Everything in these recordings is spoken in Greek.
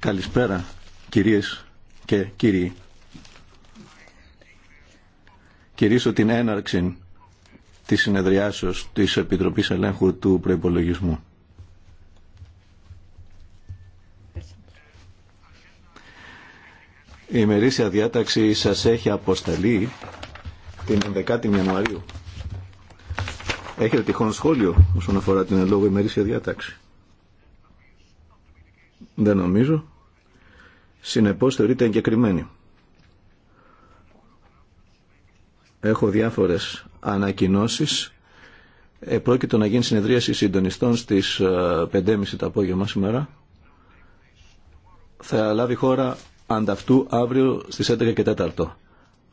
Καλησπέρα κυρίες και κύριοι. Κυρίσω την έναρξη της συνεδριάσεως της Επιτροπής Ελέγχου του Προϋπολογισμού. Η ημερήσια διάταξη σας έχει αποσταλεί την 11η Ιανουαρίου Έχετε τυχόν σχόλιο όσον αφορά την λόγω ημερήσια διάταξη. Δεν νομίζω. Συνεπώς θεωρείται εγκεκριμένη. Έχω διάφορες ανακοινώσεις. Επρόκειτο να γίνει συνεδρίαση συντονιστών στις 5.30 ε, το απόγευμα σήμερα. Θα λάβει χώρα ανταυτού αύριο στις 11 και 4.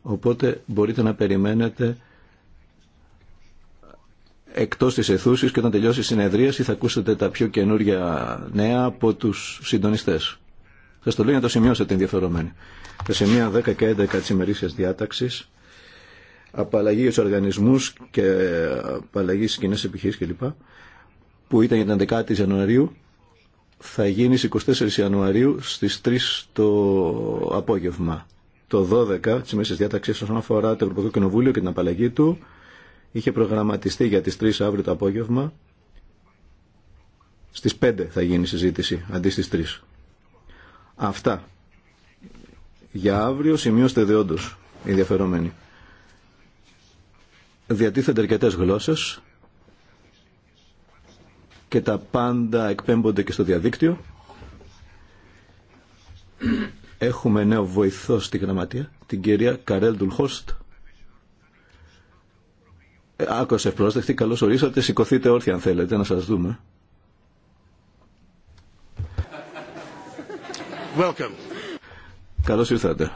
Οπότε μπορείτε να περιμένετε εκτός της αιθούσης και όταν τελειώσει η συνεδρίαση θα ακούσετε τα πιο καινούργια νέα από τους συντονιστές. Θα το λέω για να το σημειώσετε ενδιαφερομένοι. Τα σημεία 10 και 11 τη ημερήσια διάταξη, απαλλαγή για του οργανισμού και απαλλαγή στι κοινέ επιχειρήσει κλπ. που ήταν για την 11η Ιανουαρίου, θα γίνει στι 24 Ιανουαρίου στι 3 το απόγευμα. Το 12 τη μέση διάταξη όσον αφορά το Ευρωπαϊκό Κοινοβούλιο και την απαλλαγή του είχε προγραμματιστεί για τις 3 αύριο το απόγευμα. Στις 5 θα γίνει η συζήτηση, αντί στις 3. Αυτά. Για αύριο σημείωστε διόντως, ενδιαφερόμενοι. Διατίθενται αρκετέ γλώσσες και τα πάντα εκπέμπονται και στο διαδίκτυο. Έχουμε νέο βοηθό στη γραμματεία, την κυρία Καρέλ Ντουλχώστ. Άκουσε πρόσδεκτη, καλώς ορίσατε, σηκωθείτε όρθια αν θέλετε να σας δούμε. Welcome. Καλώς ήρθατε.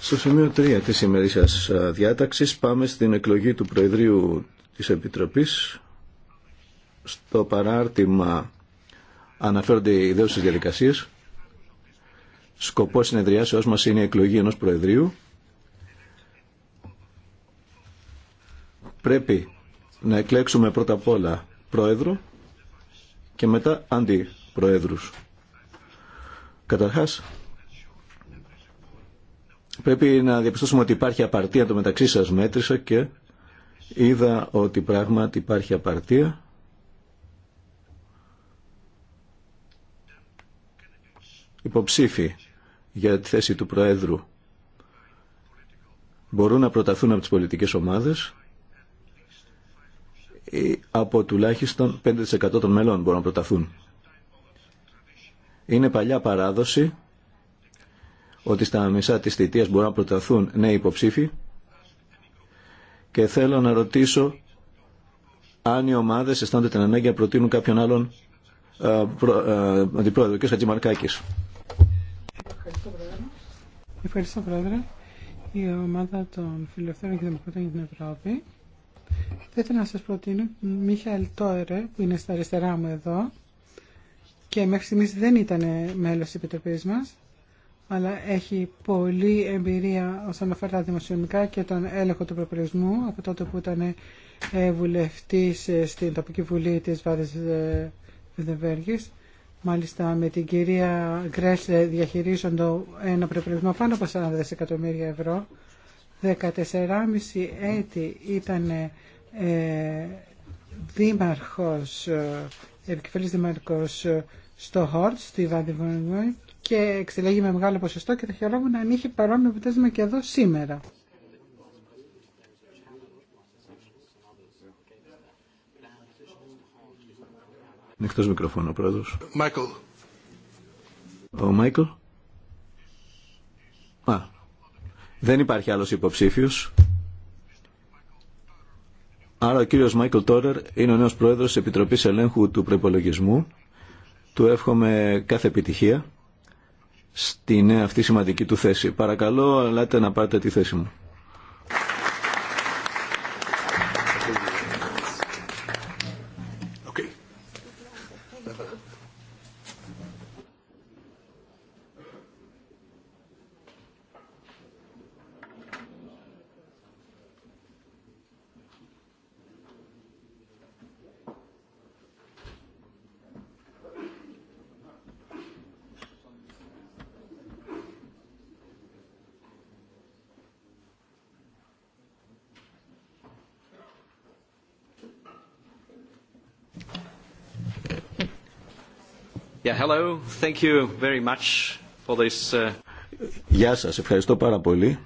Στο σημείο 3 της ημερήσιας διάταξης πάμε στην εκλογή του Προεδρίου της Επιτροπής. Στο παράρτημα αναφέρονται ιδέες στις διαδικασίες. Σκοπός συνεδριάσεώς μας είναι η εκλογή ενός Προεδρίου πρέπει να εκλέξουμε πρώτα απ' όλα πρόεδρο και μετά αντιπροέδρους. Καταρχάς, πρέπει να διαπιστώσουμε ότι υπάρχει απαρτία το μεταξύ σας μέτρησα και είδα ότι πράγματι υπάρχει απαρτία. Υποψήφοι για τη θέση του Προέδρου μπορούν να προταθούν από τις πολιτικές ομάδες από τουλάχιστον 5% των μελών μπορούν να προταθούν. Είναι παλιά παράδοση ότι στα μισά της θητείας μπορούν να προταθούν νέοι υποψήφοι και θέλω να ρωτήσω αν οι ομάδες αισθάνονται την ανάγκη να προτείνουν κάποιον άλλον ε, ε, αντιπρόεδρο, κ. Χατζημαρκάκης. Ευχαριστώ, Πρόεδρε. Ευχαριστώ, Πρόεδρε. Η ομάδα των Φιλελευθέρων και Δημοκρατών για την Ευρώπη θα ήθελα να σας προτείνω Μιχαήλ Τόερε που είναι στα αριστερά μου εδώ και μέχρι στιγμής δεν ήταν μέλος της Επιτροπής μας αλλά έχει πολλή εμπειρία όσον αφορά τα δημοσιονομικά και τον έλεγχο του προπορισμού από τότε που ήταν ε, βουλευτής ε, στην τοπική βουλή της Βάδης ε, Βιδεβέργης. Μάλιστα με την κυρία Γκρέσλε διαχειρίζονται ένα προπορισμό πάνω από 40 δισεκατομμύρια ευρώ 14,5 έτη ήταν ε, δήμαρχος, ε, επικεφαλής δήμαρχος ε, στο Χόρτ, στη Βαντιβονιβόνη και εξελέγει με μεγάλο ποσοστό και θα χαιρόμουν να είχε παρόμοιο αποτέλεσμα και εδώ σήμερα. Εκτός μικροφώνου ο πρόεδρος. Michael. Ο Μάικλ. Α, δεν υπάρχει άλλος υποψήφιος. Άρα ο κύριος Μάικλ Τόρερ είναι ο νέος πρόεδρος της Επιτροπής Ελέγχου του Προπολογισμού. Του εύχομαι κάθε επιτυχία στη νέα αυτή σημαντική του θέση. Παρακαλώ, ελάτε να πάρετε τη θέση μου. hello. Uh, Γεια σας, ευχαριστώ πάρα πολύ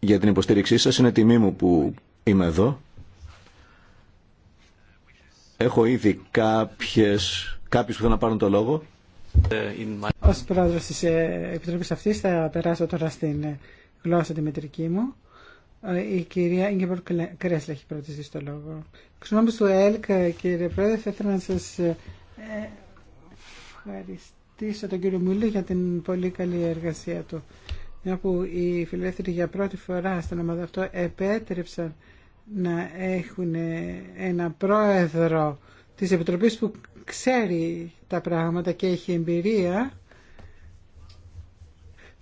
για την υποστήριξή σας. Είναι τιμή μου που είμαι εδώ. Έχω ήδη κάποιες, κάποιους που θέλουν να πάρουν το λόγο. Uh, Ως πρόεδρος της ε, Επιτροπής αυτής θα περάσω τώρα στην ε, γλώσσα τη μετρική μου. Η κυρία Ίγκεμπορ Κρέσλα έχει πρώτη ζητήσει το λόγο. Ξενόμως στο ΕΛΚ, κύριε Πρόεδρε, θα ήθελα να σα ε, ευχαριστήσω τον κύριο Μουλή για την πολύ καλή εργασία του. Μια που οι φιλελεύθεροι για πρώτη φορά στον ομάδα αυτό επέτρεψαν να έχουν ένα πρόεδρο της Επιτροπής που ξέρει τα πράγματα και έχει εμπειρία.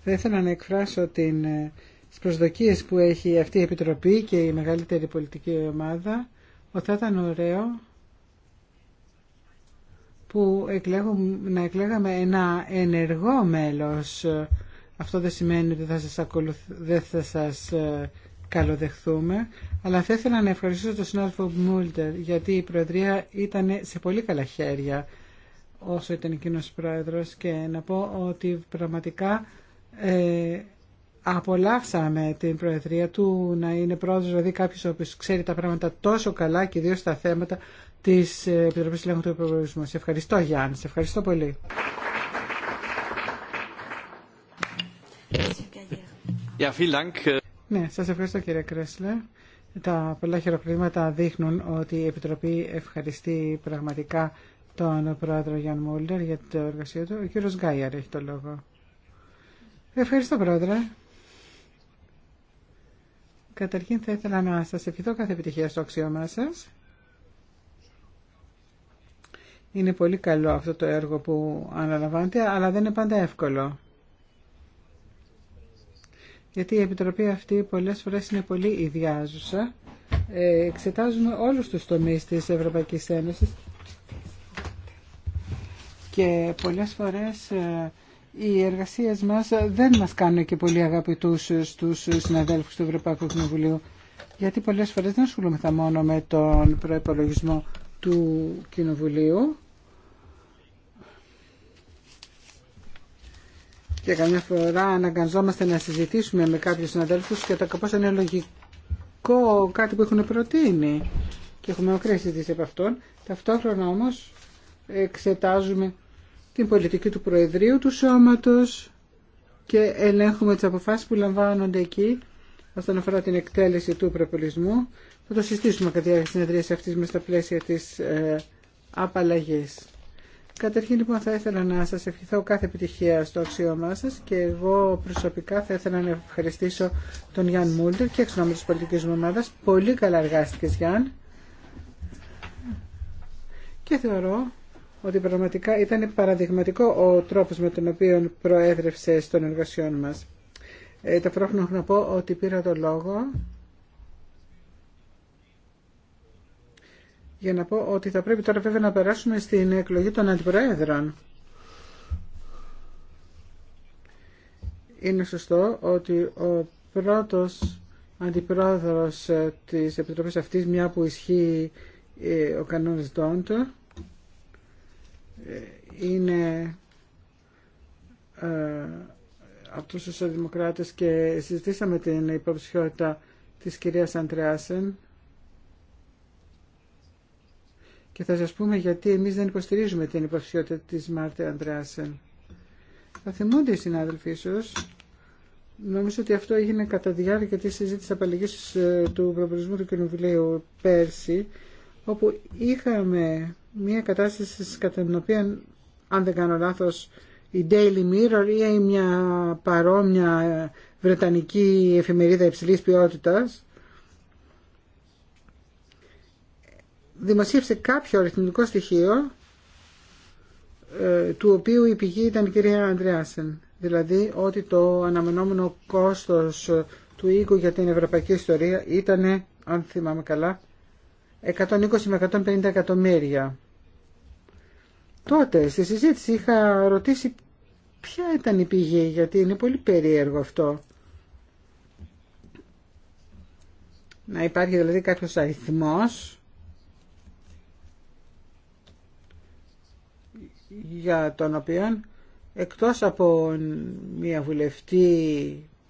Θα ήθελα να εκφράσω την ε, τις προσδοκίες που έχει αυτή η Επιτροπή και η μεγαλύτερη πολιτική ομάδα ότι θα ήταν ωραίο που να εκλέγαμε ένα ενεργό μέλος. Αυτό δεν σημαίνει ότι θα σας, δεν θα σας ε, καλοδεχθούμε, αλλά θα ήθελα να ευχαριστήσω τον συνάδελφο Μούλτερ, γιατί η Προεδρία ήταν σε πολύ καλά χέρια όσο ήταν εκείνο πρόεδρος και να πω ότι πραγματικά ε, απολαύσαμε την Προεδρία του να είναι πρόεδρος, δηλαδή κάποιος ο οποίος ξέρει τα πράγματα τόσο καλά και ιδίως τα θέματα της Επιτροπής Ελέγχου του Υπουργορισμού. Σε ευχαριστώ Γιάννη, σε ευχαριστώ πολύ. Σα ναι, σας ευχαριστώ κύριε Κρέσλε. Τα πολλά χειροκροτήματα δείχνουν ότι η Επιτροπή ευχαριστεί πραγματικά τον πρόεδρο Γιάνν Μούλτερ για την εργασία του. Ο κύριος Γκάιαρ έχει το λόγο. Ευχαριστώ πρόεδρε. Καταρχήν θα ήθελα να σας ευχηθώ κάθε επιτυχία στο αξίωμά σας. Είναι πολύ καλό αυτό το έργο που αναλαμβάνετε, αλλά δεν είναι πάντα εύκολο. Γιατί η Επιτροπή αυτή πολλές φορές είναι πολύ ιδιάζουσα. Ε, εξετάζουμε όλους τους τομείς της Ευρωπαϊκής Ένωσης και πολλές φορές ε, οι εργασίε μας δεν μας κάνουν και πολύ αγαπητούς στους συναδέλφους του Ευρωπαϊκού Κοινοβουλίου γιατί πολλές φορές δεν ασχολούμεθα μόνο με τον προϋπολογισμό του Κοινοβουλίου και καμιά φορά αναγκαζόμαστε να συζητήσουμε με κάποιους συναδέλφους και το πώ είναι λογικό κάτι που έχουν προτείνει και έχουμε οκρές συζητήσει από αυτόν ταυτόχρονα όμω, εξετάζουμε την πολιτική του Προεδρείου του Σώματος και ελέγχουμε τις αποφάσεις που λαμβάνονται εκεί όσον αφορά την εκτέλεση του προπολισμού. Θα το συστήσουμε κατά τη συνεδρία αυτή με στα πλαίσια της ε, απαλλαγής. Καταρχήν λοιπόν θα ήθελα να σας ευχηθώ κάθε επιτυχία στο αξίωμά σας και εγώ προσωπικά θα ήθελα να ευχαριστήσω τον Γιάν Μούλτερ και εξ της πολιτικής μου ομάδας. Πολύ καλά εργάστηκες Γιάν. και θεωρώ ότι πραγματικά ήταν παραδειγματικό ο τρόπος με τον οποίο προέδρευσε στον εργασιών μας. Ε, Τα πρόχνω να πω ότι πήρα το λόγο για να πω ότι θα πρέπει τώρα βέβαια να περάσουμε στην εκλογή των αντιπροέδρων. Είναι σωστό ότι ο πρώτος αντιπρόεδρος της Επιτροπής αυτής, μια που ισχύει ε, ο κανόνας Ντόντο, είναι ε, από τους σοσιαλδημοκράτες και συζητήσαμε την υποψηφιότητα της κυρίας Αντρεάσεν και θα σας πούμε γιατί εμείς δεν υποστηρίζουμε την υποψηφιότητα της Μάρτη Αντρεάσεν. Θα θυμούνται οι συνάδελφοι ίσως. Νομίζω ότι αυτό έγινε κατά τη διάρκεια της συζήτησης απαλλαγής ε, του προπολισμού του Κοινοβουλίου πέρσι, όπου είχαμε μια κατάσταση κατά την οποία, αν δεν κάνω λάθος, η Daily Mirror ή μια παρόμοια βρετανική εφημερίδα υψηλής ποιότητας δημοσίευσε κάποιο αριθμητικό στοιχείο ε, του οποίου η πηγή ήταν η κυρία Αντρέασεν. Δηλαδή ότι το αναμενόμενο κόστος ε, του οίκου για την ευρωπαϊκή ιστορία ήταν, αν θυμάμαι καλά, 120 με 150 εκατομμύρια. Τότε στη συζήτηση είχα ρωτήσει ποια ήταν η πηγή, γιατί είναι πολύ περίεργο αυτό. Να υπάρχει δηλαδή κάποιος αριθμός για τον οποίο εκτός από μια βουλευτή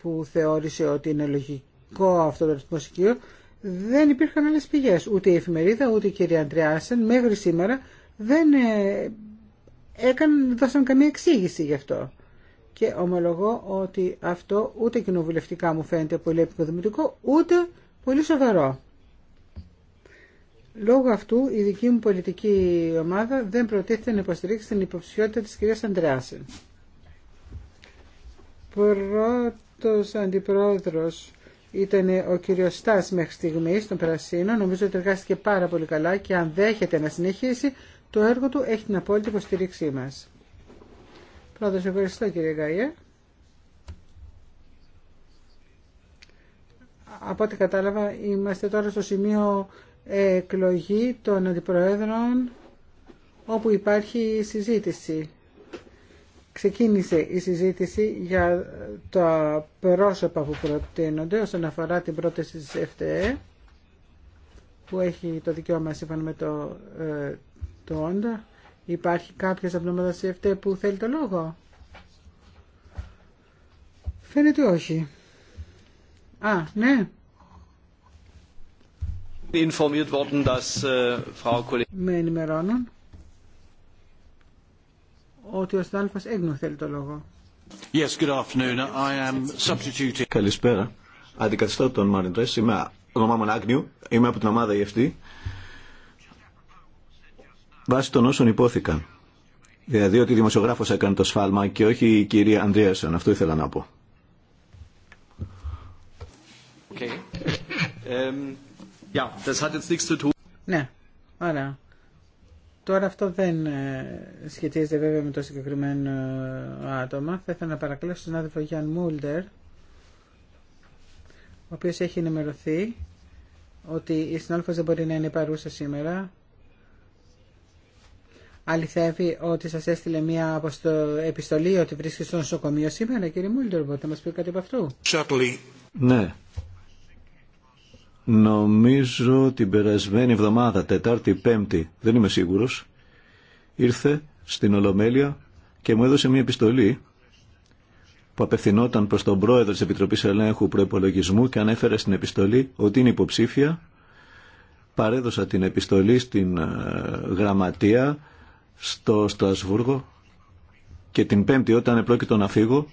που θεώρησε ότι είναι λογικό αυτό το αριθμό δεν υπήρχαν άλλες πηγές. Ούτε η εφημερίδα, ούτε η κυρία Αντριάσεν, μέχρι σήμερα δεν ε, έκανε δώσαν καμία εξήγηση γι' αυτό. Και ομολογώ ότι αυτό ούτε κοινοβουλευτικά μου φαίνεται πολύ επικοδομητικό, ούτε πολύ σοβαρό. Λόγω αυτού η δική μου πολιτική ομάδα δεν προτίθεται να υποστηρίξει την υποψηφιότητα της κυρίας Αντρεάσεν. Πρώτος αντιπρόεδρος ήταν ο κύριος Στάς μέχρι στιγμής των Πρασίνων. Νομίζω ότι εργάστηκε πάρα πολύ καλά και αν δέχεται να συνεχίσει το έργο του έχει την απόλυτη υποστήριξή μας. σε ευχαριστώ κύριε Γκάιε. Από ό,τι κατάλαβα είμαστε τώρα στο σημείο εκλογή των αντιπροέδρων όπου υπάρχει συζήτηση. Ξεκίνησε η συζήτηση για τα πρόσωπα που προτείνονται όσον αφορά την πρόταση της ΕΦΤΕ που έχει το δικαίωμα σύμφωνα με το ε, όντα. Υπάρχει κάποιος από την ομάδα CFT που θέλει το λόγο. Φαίνεται όχι. Α, ναι. Äh, Με ενημερώνουν ότι ο Στάνφος Έγνου θέλει το λόγο. Yes, good afternoon. I am substituting. Καλησπέρα. Αντικαθιστώ τον Μάριν Είμαι ονομά Άγνιου. Είμαι από την ομάδα EFT βάσει των όσων υπόθηκαν. Δηλαδή ότι η δημοσιογράφος έκανε το σφάλμα και όχι η κυρία Ανδρίασον. Αυτό ήθελα να πω. Okay. Ναι, Άρα. Τώρα αυτό δεν ε, σχετίζεται βέβαια με το συγκεκριμένο ε, άτομα. Θα ήθελα να παρακλέσω τον άδελφο Γιάνν Μούλτερ, ο οποίος έχει ενημερωθεί ότι η συνάδελφος δεν μπορεί να είναι παρούσα σήμερα αληθεύει ότι σας έστειλε μία αποστο... επιστολή ότι βρίσκεται στο νοσοκομείο σήμερα, κύριε Μούλτερ, μπορείτε να μας πει κάτι από αυτού. Ναι. Νομίζω την περασμένη εβδομάδα, Τετάρτη, Πέμπτη, δεν είμαι σίγουρος, ήρθε στην Ολομέλεια και μου έδωσε μία επιστολή που απευθυνόταν προς τον πρόεδρο της Επιτροπής Ελέγχου Προεπολογισμού... και ανέφερε στην επιστολή ότι είναι υποψήφια. Παρέδωσα την επιστολή στην ε, γραμματεία στο Στρασβούργο και την Πέμπτη όταν επρόκειτο να φύγω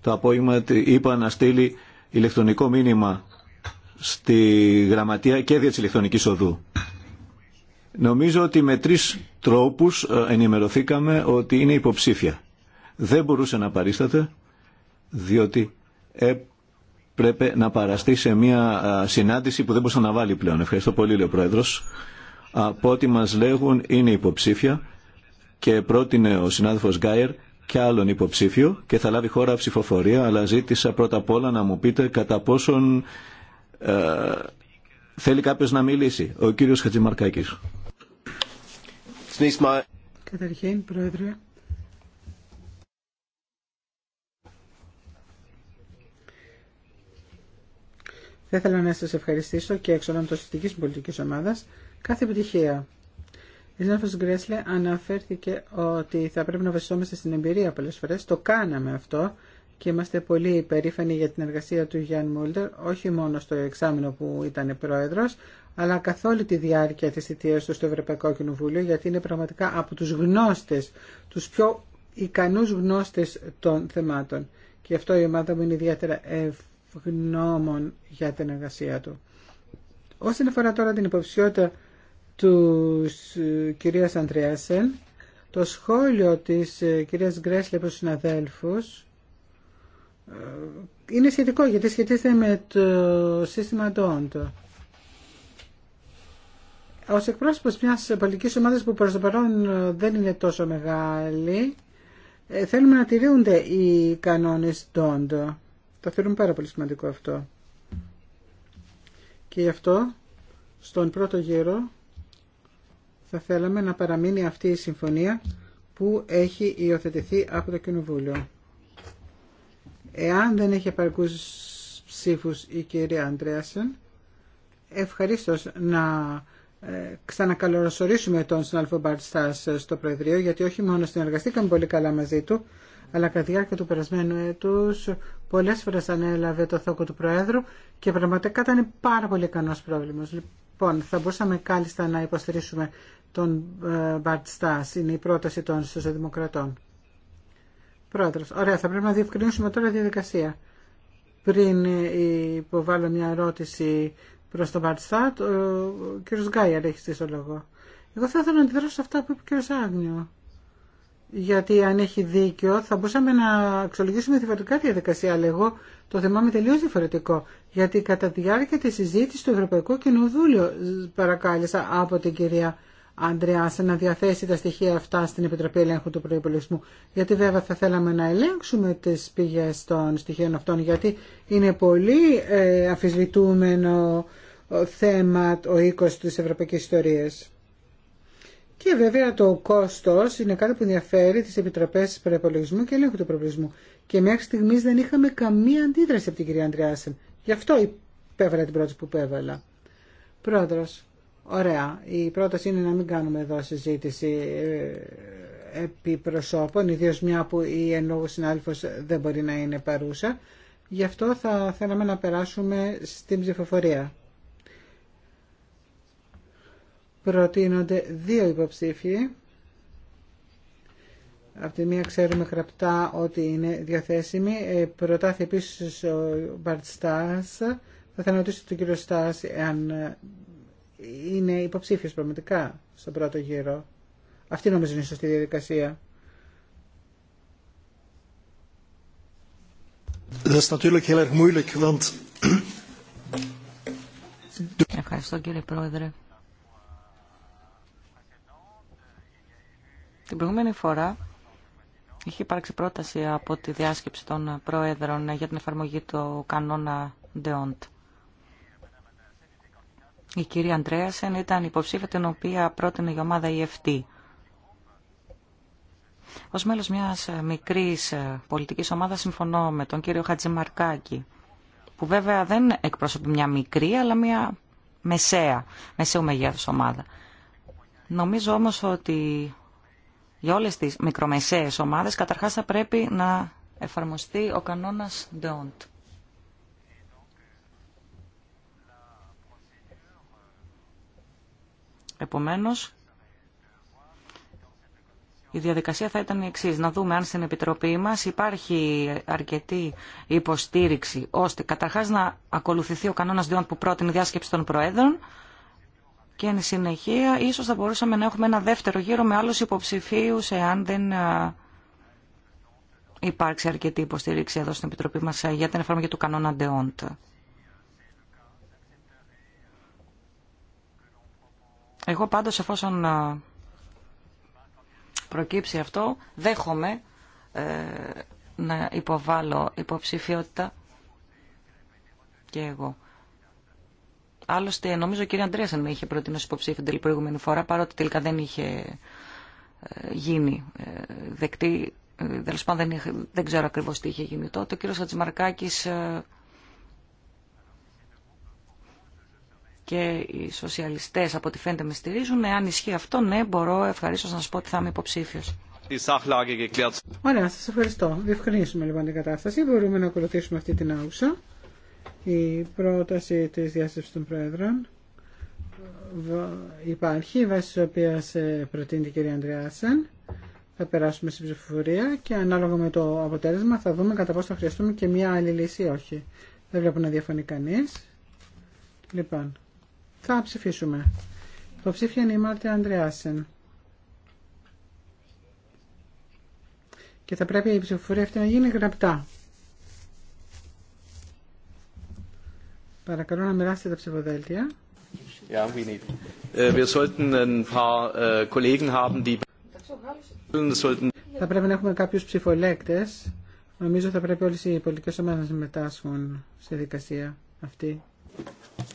το απόγευμα είπα να στείλει ηλεκτρονικό μήνυμα στη γραμματεία και δια της ηλεκτρονικής οδού. Νομίζω ότι με τρεις τρόπους ε, ενημερωθήκαμε ότι είναι υποψήφια. Δεν μπορούσε να παρίσταται διότι έπρεπε να παραστεί σε μια ε, συνάντηση που δεν μπορούσε να βάλει πλέον. Ευχαριστώ πολύ, λέει από ό,τι μας λέγουν είναι υποψήφια και πρότεινε ο συνάδελφος Γκάιερ και άλλον υποψήφιο και θα λάβει χώρα ψηφοφορία αλλά ζήτησα πρώτα απ' όλα να μου πείτε κατά πόσον ε, θέλει κάποιος να μιλήσει. Ο κύριος Χατζημαρκάκης. Καταρχήν, Πρόεδρε, θα ήθελα να σας ευχαριστήσω και εξ των συστικής πολιτικής ομάδας κάθε επιτυχία. Η συνάδελφο Γκρέσλε αναφέρθηκε ότι θα πρέπει να βασιζόμαστε στην εμπειρία πολλέ φορέ. Το κάναμε αυτό και είμαστε πολύ υπερήφανοι για την εργασία του Γιάνν Μούλτερ, όχι μόνο στο εξάμεινο που ήταν πρόεδρο, αλλά καθ' όλη τη διάρκεια τη θητεία του στο Ευρωπαϊκό Κοινοβούλιο, γιατί είναι πραγματικά από του γνώστε, του πιο ικανού γνώστε των θεμάτων. Και αυτό η ομάδα μου είναι ιδιαίτερα ευγνώμων για την εργασία του. Όσον αφορά τώρα την υποψιότητα του ε, κυρίας Αντρέασεν, το σχόλιο της ε, κυρίας Γκρέσλε προς συναδέλφους ε, είναι σχετικό γιατί σχετίζεται με το σύστημα DONT. Ω εκπρόσωπο μια πολιτική ομάδα που προ το παρόν δεν είναι τόσο μεγάλη, θέλουμε να τηρούνται οι κανόνε DONT. Το θεωρούμε πάρα πολύ σημαντικό αυτό. Και γι' αυτό, στον πρώτο γύρο, θα θέλαμε να παραμείνει αυτή η συμφωνία που έχει υιοθετηθεί από το Κοινοβούλιο. Εάν δεν έχει επαρκούς ψήφους η κυρία Αντρέασεν, ευχαρίστως να ε, ξανακαλωσορίσουμε τον Σνάλφο Μπαρτστάς στο Προεδρείο, γιατί όχι μόνο συνεργαστήκαμε πολύ καλά μαζί του, αλλά κατά τη διάρκεια του περασμένου έτους πολλές φορές ανέλαβε το θόκο του Προέδρου και πραγματικά ήταν πάρα πολύ ικανός πρόβλημα. Λοιπόν, θα μπορούσαμε κάλλιστα να υποστηρίξουμε των Στάς, ε, Είναι η πρόταση των σοσιαλδημοκρατών. Πρόεδρος. Ωραία, θα πρέπει να διευκρινίσουμε τώρα τη διαδικασία. Πριν ε, υποβάλω μια ερώτηση προς τον Στάτ, ο κύριο Γκάιαρ έχει στήσει το λόγο. Εγώ θα ήθελα να αντιδράσω σε αυτά που είπε ο κ. Άγνιο. Γιατί αν έχει δίκιο θα μπορούσαμε να αξιολογήσουμε διαφορετικά τη διαδικασία, αλλά εγώ το θυμάμαι τελείω διαφορετικό. Γιατί κατά τη διάρκεια τη συζήτηση του Ευρωπαϊκού Κοινοβούλιο ε, παρακάλεσα από την κυρία Αντρεάς να διαθέσει τα στοιχεία αυτά στην Επιτροπή Ελέγχου του Προϋπολογισμού. Γιατί βέβαια θα θέλαμε να ελέγξουμε τις πηγές των στοιχείων αυτών, γιατί είναι πολύ ε, αφισβητούμενο ε, θέμα ο οίκος της Ευρωπαϊκής Ιστορίας. Και βέβαια το κόστος είναι κάτι που ενδιαφέρει τις Επιτροπές Προϋπολογισμού και Ελέγχου του Προϋπολογισμού. Και μέχρι στιγμής δεν είχαμε καμία αντίδραση από την κυρία Αντρεάσεν. Γι' αυτό υπέβαλα την πρόταση που υπέβαλα. Πρόεδρος. Ωραία. Η πρόταση είναι να μην κάνουμε εδώ συζήτηση ε, επί προσώπων, ιδίω μια που η εν λόγω δεν μπορεί να είναι παρούσα. Γι' αυτό θα θέλαμε να περάσουμε στην ψηφοφορία. Προτείνονται δύο υποψήφοι. Από τη μία ξέρουμε γραπτά ότι είναι διαθέσιμη. Ε, προτάθη επίσης ο Μπαρτ Θα θέλω να ρωτήσω τον κύριο Στάς είναι υποψήφιο πραγματικά στον πρώτο γύρο. Αυτή νομίζω είναι η σωστή διαδικασία. Ευχαριστώ κύριε Πρόεδρε. Την προηγούμενη φορά είχε υπάρξει πρόταση από τη διάσκεψη των Πρόεδρων για την εφαρμογή του κανόνα ΔΕΟΝΤ. Η κυρία Αντρέασεν ήταν υποψήφια την οποία πρότεινε η ομάδα EFT. Ω μέλο μια ε, μικρή ε, πολιτική ομάδα συμφωνώ με τον κύριο Χατζημαρκάκη, που βέβαια δεν εκπροσωπεί μια μικρή, αλλά μια μεσαία, μεσαίου μεγέθους ομάδα. Νομίζω όμω ότι για όλε τι μικρομεσαίε ομάδες καταρχά θα πρέπει να εφαρμοστεί ο κανόνα DON'T. Επομένως, η διαδικασία θα ήταν η εξή. Να δούμε αν στην Επιτροπή μα υπάρχει αρκετή υποστήριξη ώστε καταρχά να ακολουθηθεί ο κανόνα διόν που πρότεινε η διάσκεψη των Προέδρων και εν συνεχεία ίσω θα μπορούσαμε να έχουμε ένα δεύτερο γύρο με άλλου υποψηφίου εάν δεν ε, υπάρξει αρκετή υποστήριξη εδώ στην Επιτροπή μα ε, για την εφαρμογή του κανόνα Ντεόντ. Εγώ πάντως εφόσον ε, προκύψει αυτό, δέχομαι ε, να υποβάλω υποψηφιότητα και εγώ. Άλλωστε, νομίζω ο κύριος Αντρέασεν με είχε προτείνει ως υποψήφιο την προηγούμενη φορά, παρότι τελικά δεν είχε ε, γίνει δεκτή. δεν, ξέρω ακριβώ τι είχε γίνει τότε. Ο κύριο και οι σοσιαλιστές από ό,τι φαίνεται με στηρίζουν. Εάν ισχύει αυτό, ναι, μπορώ ευχαρίστως να σας πω ότι θα είμαι υποψήφιος. Ωραία, σας ευχαριστώ. Διευκρινίσουμε λοιπόν την κατάσταση. Μπορούμε να ακολουθήσουμε αυτή την άγουσα. Η πρόταση της διάσκεψης των Πρόεδρων υπάρχει, βάσει της οποίας ε, προτείνει η κυρία Αντριάσεν. Θα περάσουμε στην ψηφοφορία και ανάλογα με το αποτέλεσμα θα δούμε κατά πόσο θα χρειαστούμε και μια άλλη λύση ή όχι. Δεν βλέπω να διαφωνεί κανεί, Λοιπόν, θα ψηφίσουμε. Το είναι η Μάρτια Ανδρεάσεν. Και θα πρέπει η ψηφοφορία αυτή να γίνει γραπτά. Παρακαλώ να μοιράσετε τα ψηφοδέλτια. Äh, äh, θα πρέπει να έχουμε κάποιου ψηφολέκτε. Νομίζω θα πρέπει όλε οι πολιτικέ ομάδε να συμμετάσχουν στη δικασία αυτή.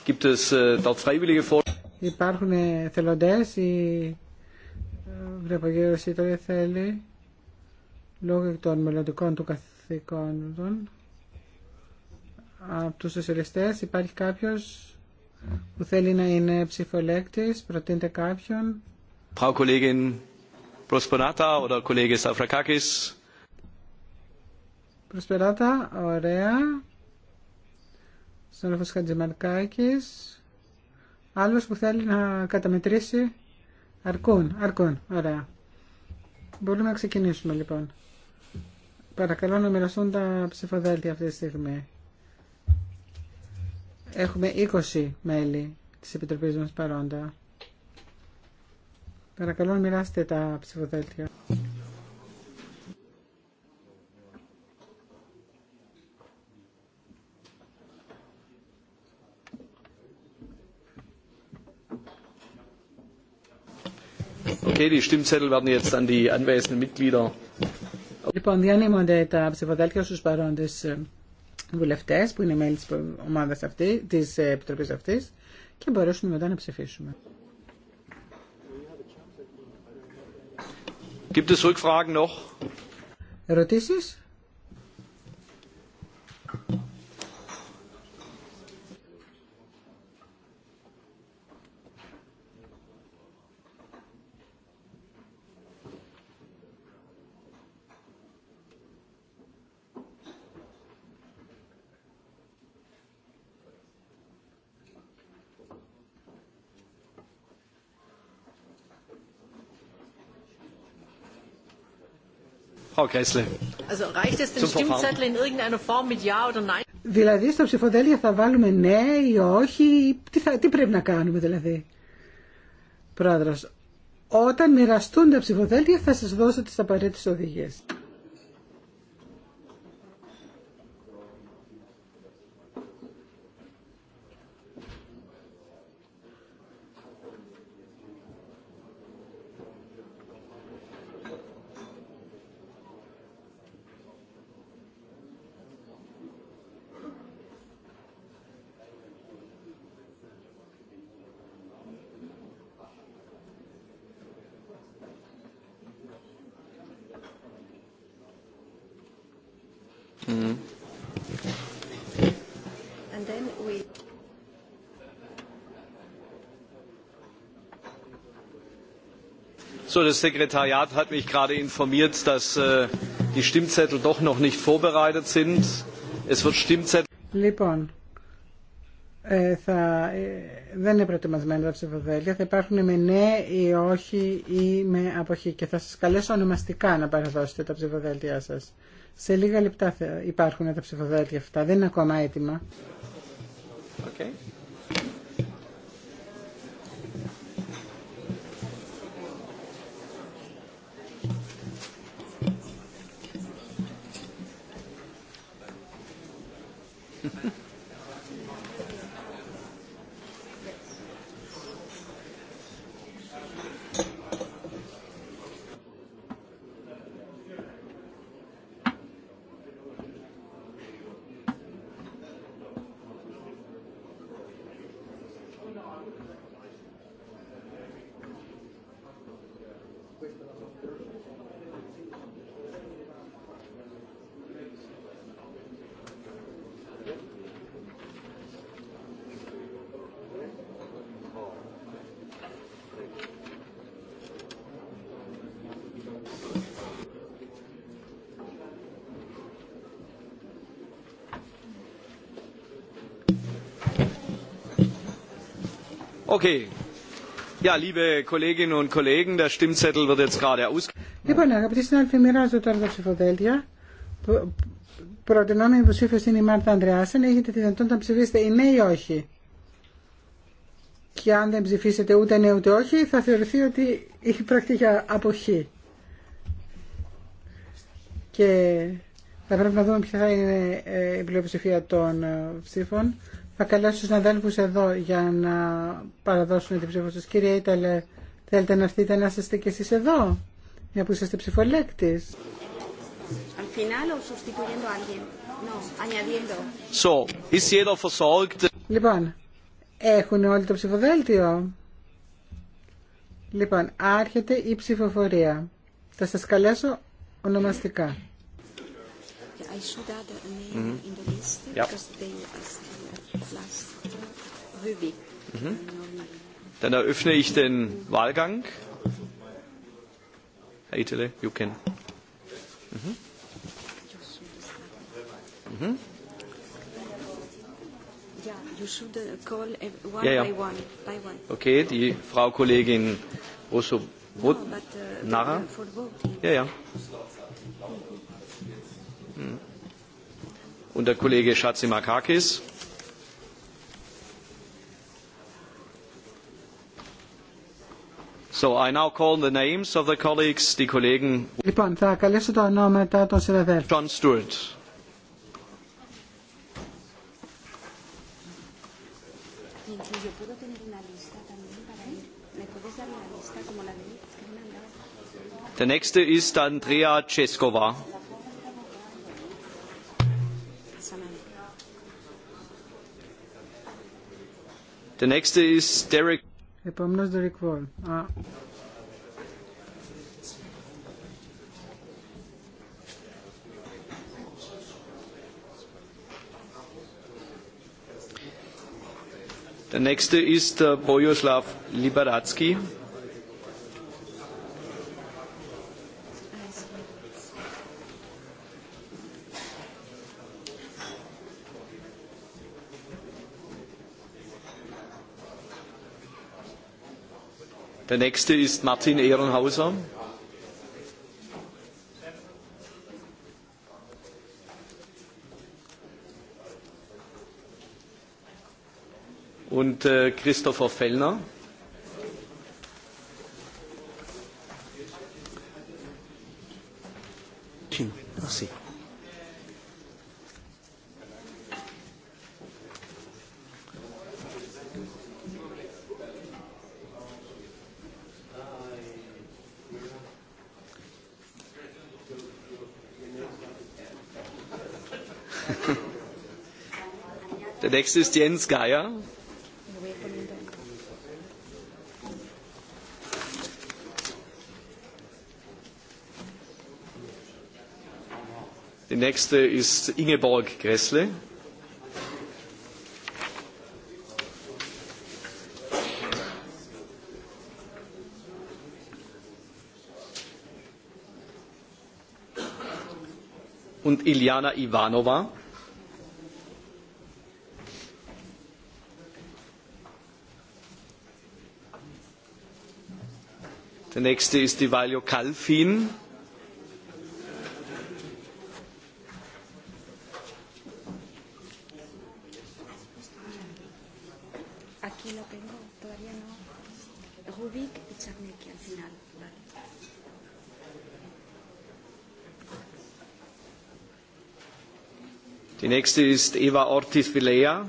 Äh, Υπάρχουν ε, θελοντές, η Ευρωπαϊκή τώρα θέλει λόγω των μελλοντικών του καθηκόντων από του σοσιαλιστέ, υπάρχει κάποιος που θέλει να είναι ψηφολέκτης, προτείνεται κάποιον. Frau Kollegin Prosperata oder Kollege Safrakakis. Προσπεράτα, ωραία. Ρόφος Χατζημαρκάκης. Άλλος που θέλει να καταμετρήσει. Αρκούν, αρκούν, ωραία. Μπορούμε να ξεκινήσουμε λοιπόν. Παρακαλώ να μοιραστούν τα ψηφοδέλτια αυτή τη στιγμή. Έχουμε 20 μέλη της Επιτροπής μας παρόντα. Παρακαλώ να μοιράσετε τα ψηφοδέλτια. Okay, die Stimmzettel werden jetzt an die anwesenden Mitglieder. Λοιπόν, διανύμονται τα ψηφοδέλτια στους παρόντες ε, βουλευτές που είναι μέλη της ομάδας αυτής, της ε, επιτροπής αυτής και μπορέσουμε μετά να ψηφίσουμε. Gibt es Rückfragen noch? Ερωτήσεις? Δηλαδή στο ψηφοδέλτιο θα βάλουμε ναι ή όχι, τι, θα, τι πρέπει να κάνουμε δηλαδή. Πρόεδρος, όταν μοιραστούν τα ψηφοδέλτια θα σας δώσω τις απαραίτητες οδηγίες. so das sekretariat hat mich Λοιπόν, δεν είναι προετοιμασμένα τα ψηφοδέλτια. Θα υπάρχουν με ναι ή όχι ή με αποχή. Και θα σα καλέσω ονομαστικά να παραδώσετε τα ψηφοδέλτια σα. Σε λίγα λεπτά θα υπάρχουν τα ψηφοδέλτια αυτά. Δεν είναι ακόμα έτοιμα. Okay. Λοιπόν, αγαπητοί συνάδελφοι, μοιράζω τώρα τα ψηφοδέλτια. Προτινόμενη υποψήφιο είναι η Μάρτα Ανδρεάσεν. Έχετε τη δυνατότητα να ψηφίσετε ή ναι ή όχι. Και αν δεν ψηφίσετε ούτε ναι ούτε όχι, θα θεωρηθεί ότι έχει πρακτική αποχή. Και θα πρέπει να δούμε ποια θα είναι ε, η πλειοψηφία των ε, ψήφων. Θα καλέσω τους αδέλφους εδώ για να παραδώσουν την ψήφο σας. Κύριε Ήταλε, θέλετε να έρθετε να είστε και εσείς εδώ, μια που είστε ψηφολέκτης. Λοιπόν, έχουν όλοι το ψηφοδέλτιο. Λοιπόν, άρχεται η ψηφοφορία. Θα σας καλέσω ονομαστικά. Dann eröffne ich den Wahlgang. Herr Itele, you can. Okay, die Frau Kollegin Russo Nara? Ja, ja. Und der Kollege Schatzimakakis. So I now call the names of the colleagues, the colleagues... Λοιπόν, θα καλέσω τα ονόματα των συναδέλφων. John Stewart. Der nächste ist Andrea Ceskova. Der nächste ist Derek Επόμενος Ντορικ Βόλ. Der nächste ist Bojoslav Liberatsky. Der nächste ist Martin Ehrenhauser. Und Christopher Fellner. ist Jens Geier. Die nächste ist Ingeborg Gressle. Und Iliana Ivanova. Der nächste ist Valio Kalfin. Die nächste ist Eva Ortiz-Vilea.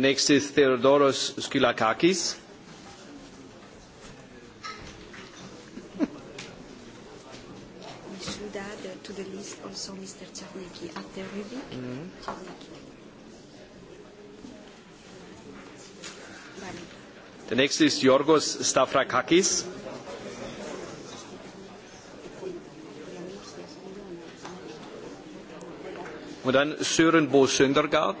The next is Theodoros Skylakakis. is Yorgos Stavrakakis. Und dann Sören Bo Söndergaard.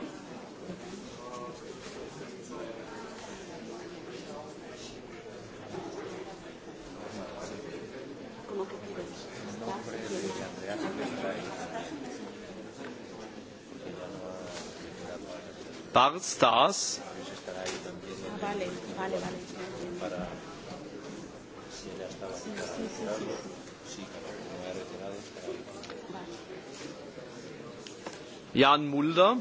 März Jan Mulder.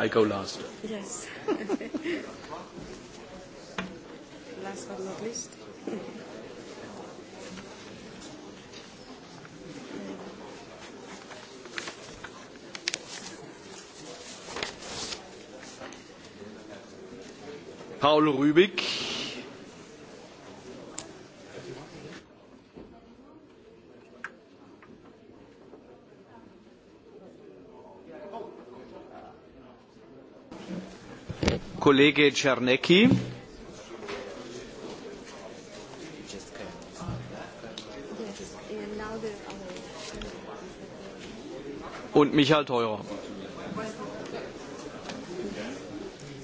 I go last. Yes. last but not least. Paul Rübig. Kollege Czarnecki. Und Michael Theurer.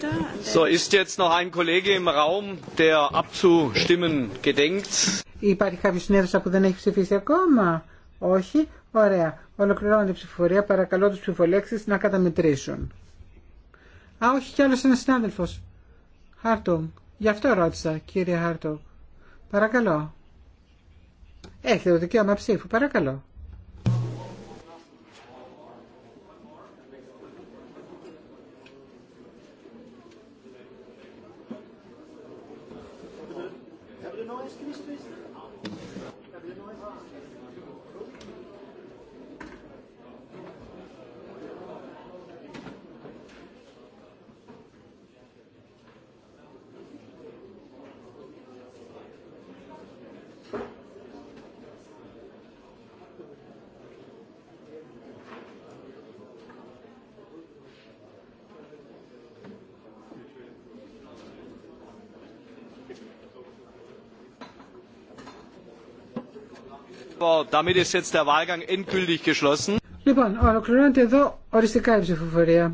Uh, Υπάρχει κάποιο συνέδριος που δεν έχει ψηφίσει ακόμα. Όχι. Ωραία. Ολοκληρώνεται η ψηφοφορία. Παρακαλώ τους ψηφολέξει να καταμετρήσουν. Α, όχι κι άλλο ένα συνέδριο. Χάρτο, γι' συνάδελφος. Χάρτογκ. Γι' αυτό ρώτησα, κύριε Χάρτογκ. Παρακαλώ. Έχετε το δικαίωμα ψήφου. Παρακαλώ. Λοιπόν, ολοκληρώνεται εδώ οριστικά η ψηφοφορία.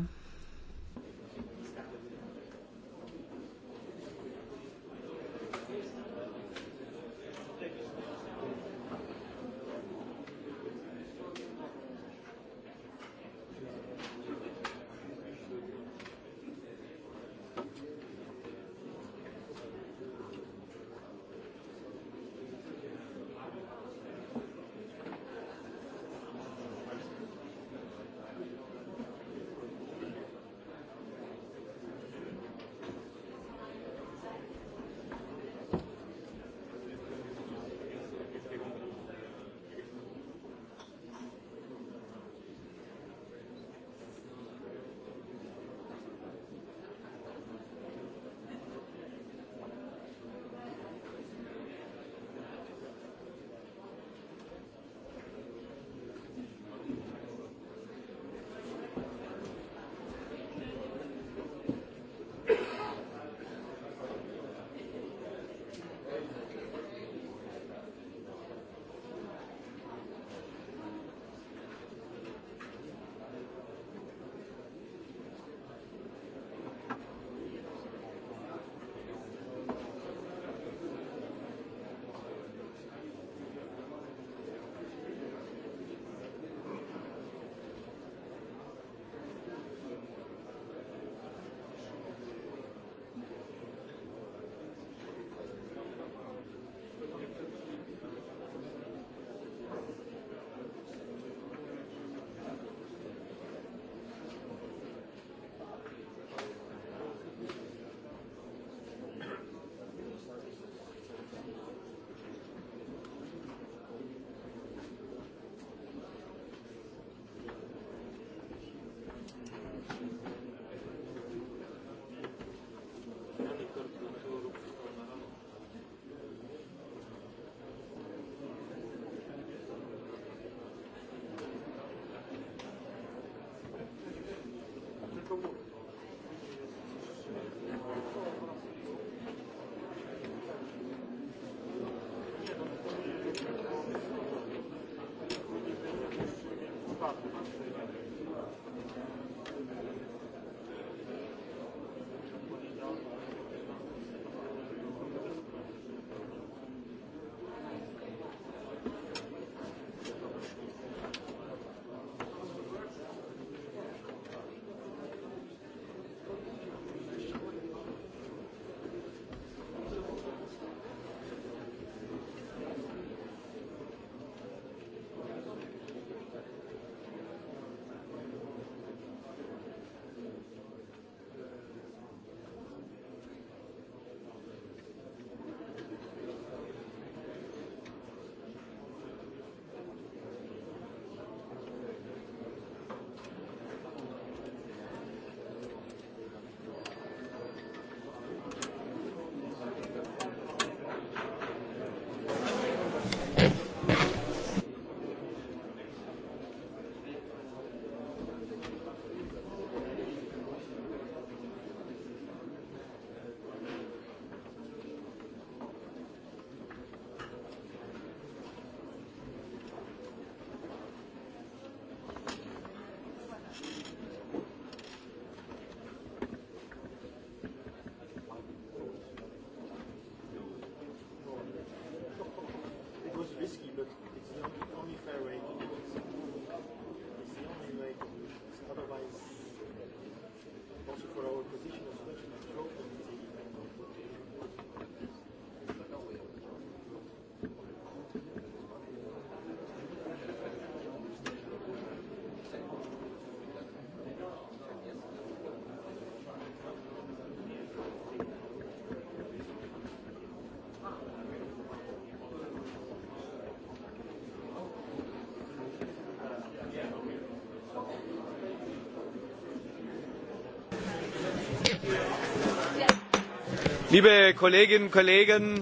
Liebe Kolleginnen Kollegen.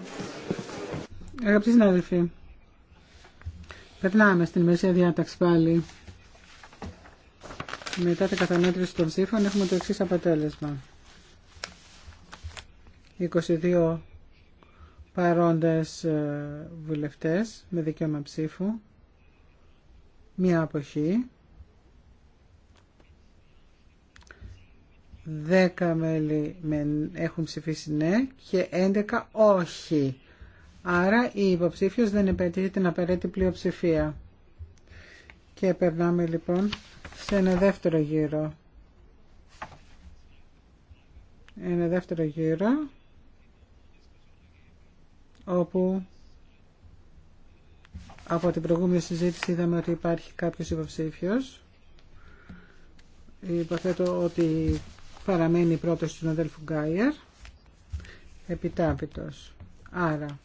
Αγαπητοί συνάδελφοι, περνάμε στην μεσαία διάταξη πάλι. Μετά την καταμέτρηση των ψήφων έχουμε το εξή αποτέλεσμα. 22 παρόντες ε, βουλευτέ με δικαίωμα ψήφου, μία αποχή, 10 μέλη έχουν ψηφίσει ναι και 11 όχι. Άρα η υποψήφιος δεν επέτυχε την απαραίτητη πλειοψηφία. Και περνάμε λοιπόν σε ένα δεύτερο γύρο. Ένα δεύτερο γύρο όπου από την προηγούμενη συζήτηση είδαμε ότι υπάρχει κάποιος υποψήφιος. Υποθέτω ότι παραμένει η πρόταση του αδέλφου Γκάιερ επιτάπητος. Άρα,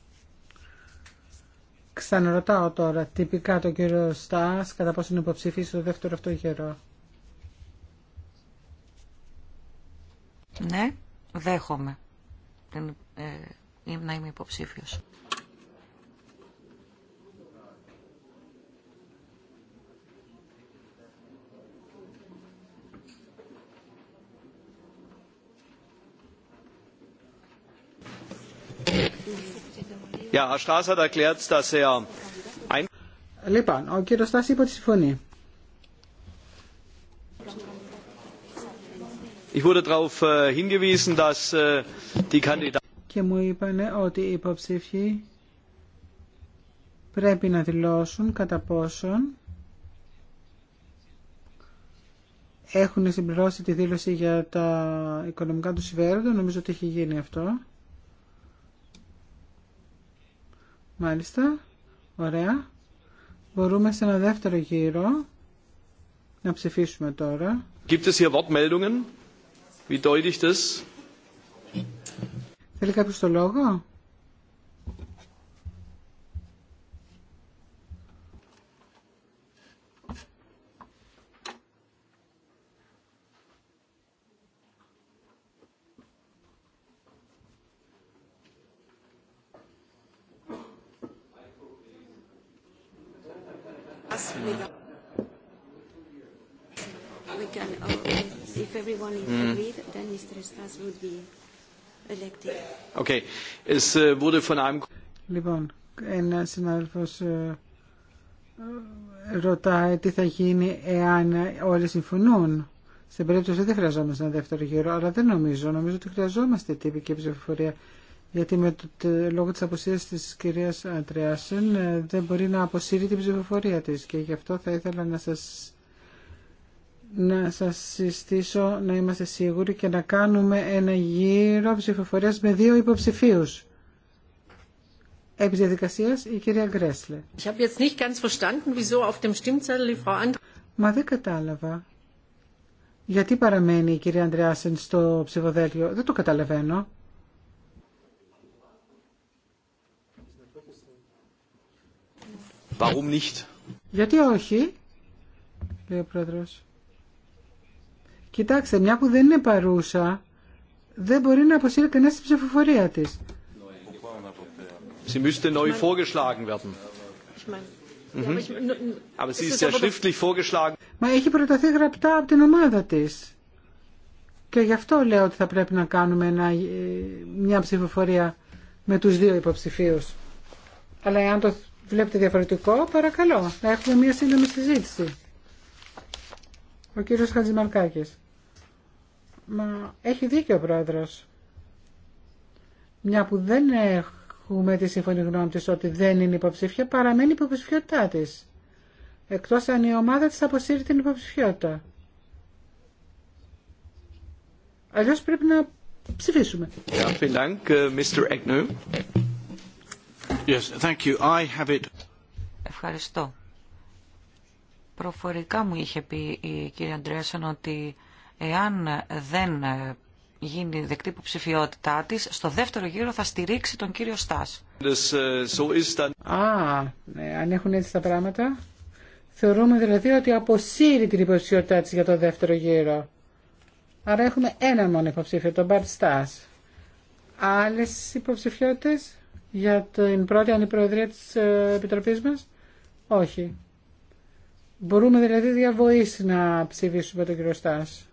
ξαναρωτάω τώρα τυπικά το κύριο Στάς κατά πόσο είναι υποψηφί στο δεύτερο αυτό γερό. Ναι, δέχομαι ε, να είμαι υποψήφιος. Er λοιπόν, ο κύριο Στάση είπε ότι συμφωνεί. Äh, äh, Και μου είπανε ότι οι υποψήφοι πρέπει να δηλώσουν κατά πόσον έχουν συμπληρώσει τη δήλωση για τα οικονομικά του συμφέροντα. Νομίζω ότι έχει γίνει αυτό. Μάλιστα. Ωραία. Μπορούμε σε ένα δεύτερο γύρο να ψηφίσουμε τώρα. Gibt es hier Wortmeldungen? Wie das? Θέλει κάποιο το λόγο? Äh, λοιπόν, ένα συνάδελφο ε, ρωτάει τι θα γίνει εάν όλοι συμφωνούν. Στην περίπτωση δεν χρειαζόμαστε ένα δεύτερο γύρο, αλλά δεν νομίζω. Νομίζω ότι χρειαζόμαστε τυπική ψηφοφορία. Γιατί με το, λόγω τη αποσύρσης τη κυρία Αντρεάσεν ε, δεν μπορεί να αποσύρει την ψηφοφορία τη. και γι' αυτό θα ήθελα να σα να σας συστήσω να είμαστε σίγουροι και να κάνουμε ένα γύρο ψηφοφορίας με δύο υποψηφίους. Επί η κυρία Γκρέσλε. Μα δεν κατάλαβα. Γιατί παραμένει η κυρία Αντρεάσεν στο ψηφοδέλτιο. Δεν το καταλαβαίνω. Warum Γιατί όχι, λέει ο πρόεδρος. Κοιτάξτε, μια που δεν είναι παρούσα, δεν μπορεί να αποσύρει κανένα την ψηφοφορία τη. Sie müsste neu vorgeschlagen Μα έχει προταθεί γραπτά από την ομάδα τη. Και γι' αυτό λέω ότι θα πρέπει να κάνουμε ε, μια ψηφοφορία με τους δύο υποψηφίους. Αλλά εάν το βλέπετε διαφορετικό, παρακαλώ, να έχουμε μια σύντομη συζήτηση. Ο κύριος Χατζημαρκάκης. Μα έχει δίκιο ο πρόεδρος. Μια που δεν έχουμε τη σύμφωνη γνώμη της ότι δεν είναι υποψήφια, παραμένει υποψηφιότητά της. Εκτός αν η ομάδα της αποσύρει την υποψηφιότητα. Αλλιώς πρέπει να ψηφίσουμε. Äh, Ευχαριστώ. Προφορικά μου είχε πει η κυρία Αντρέασον ότι εάν δεν γίνει δεκτή υποψηφιότητά τη, στο δεύτερο γύρο θα στηρίξει τον κύριο Στάς. Ε, Α, ναι, αν έχουν έτσι τα πράγματα. Θεωρούμε δηλαδή ότι αποσύρει την υποψηφιότητά τη για το δεύτερο γύρο. Άρα έχουμε ένα μόνο υποψήφιο, τον Μπαρτ Στάς. Άλλες υποψηφιότητες για την πρώτη ανυπροεδρία της ε, Επιτροπής μας. Όχι. Μπορούμε δηλαδή διαβοήσει να ψηφίσουμε τον κύριο Στάς.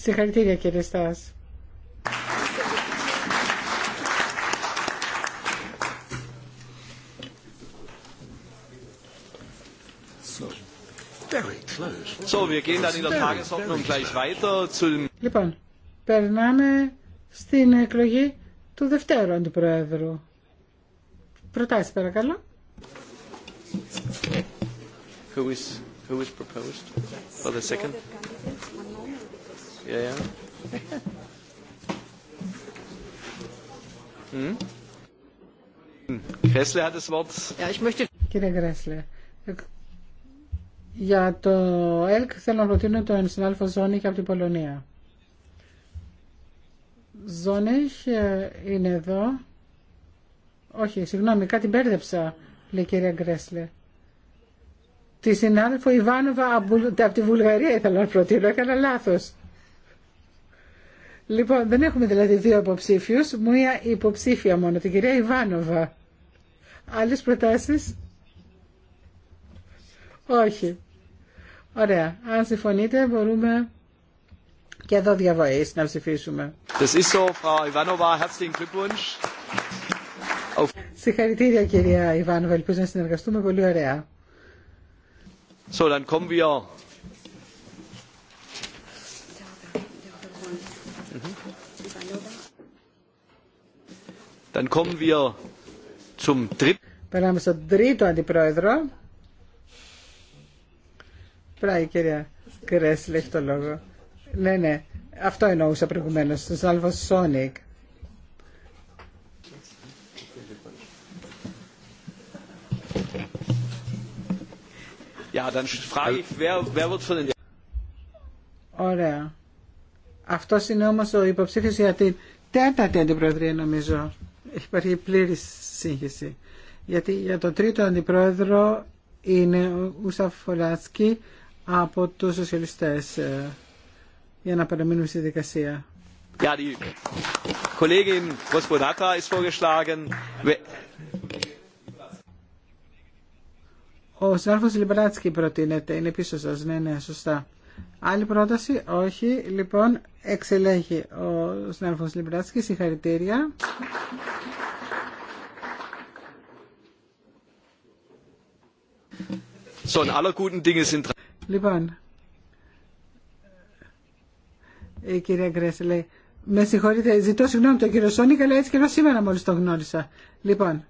Συγχαρητήρια κύριε Στάς. Λοιπόν, περνάμε στην εκλογή του Δευτέρου Αντιπροέδρου. Προτάσεις παρακαλώ. Who is who is proposed yes. for the second? Yeah. yeah. hmm? Gressle hat das Wort. Ja, ich möchte. Kira Γκρέσλε, για το ΕΛΚ θέλω να προτείνω τον συνάδελφο Ζώνη από την Πολωνία. Ζώνιχ ε, είναι εδώ. Όχι, συγγνώμη, κάτι μπέρδεψα, λέει η κυρία Γκρέσλε τη συνάδελφο Ιβάνοβα από τη Βουλγαρία ήθελα να προτείνω, έκανα λάθος. Λοιπόν, δεν έχουμε δηλαδή δύο υποψήφιου, μία υποψήφια μόνο, την κυρία Ιβάνοβα. Άλλε προτάσει. Όχι. Ωραία. Αν συμφωνείτε, μπορούμε και εδώ διαβοή να ψηφίσουμε. Συγχαρητήρια, κυρία Ιβάνοβα. Ελπίζω να συνεργαστούμε πολύ ωραία. So, dann στον τρίτο αντιπρόεδρο. Πράγει κυρία Κρέσλε, έχει το λόγο. Ναι, ναι, αυτό εννοούσα προηγουμένω, το Σάλβο Σόνικ. Ωραία. Αυτό είναι όμω ο υποψήφιο για την τέταρτη αντιπροεδρία, νομίζω. Υπάρχει πλήρη σύγχυση. Γιατί για τον τρίτο αντιπρόεδρο είναι ο Ούσαφ Φολάτσκι από του Σοσιαλιστέ ε, για να παραμείνουμε στη δικασία. Ja, die Kollegin ist ο συνάδελφος Λιμπράτσκι προτείνεται, είναι πίσω σα, ναι, ναι, σωστά. Άλλη πρόταση, όχι, λοιπόν, εξελέγει ο συνάδελφος Λιμπράτσκι, συγχαρητήρια. Λοιπόν, η κυρία Γκρέση λέει, με συγχωρείτε, ζητώ συγγνώμη τον κύριο Σόνικα, αλλά έτσι και εγώ σήμερα μόλις τον γνώρισα. Λοιπόν,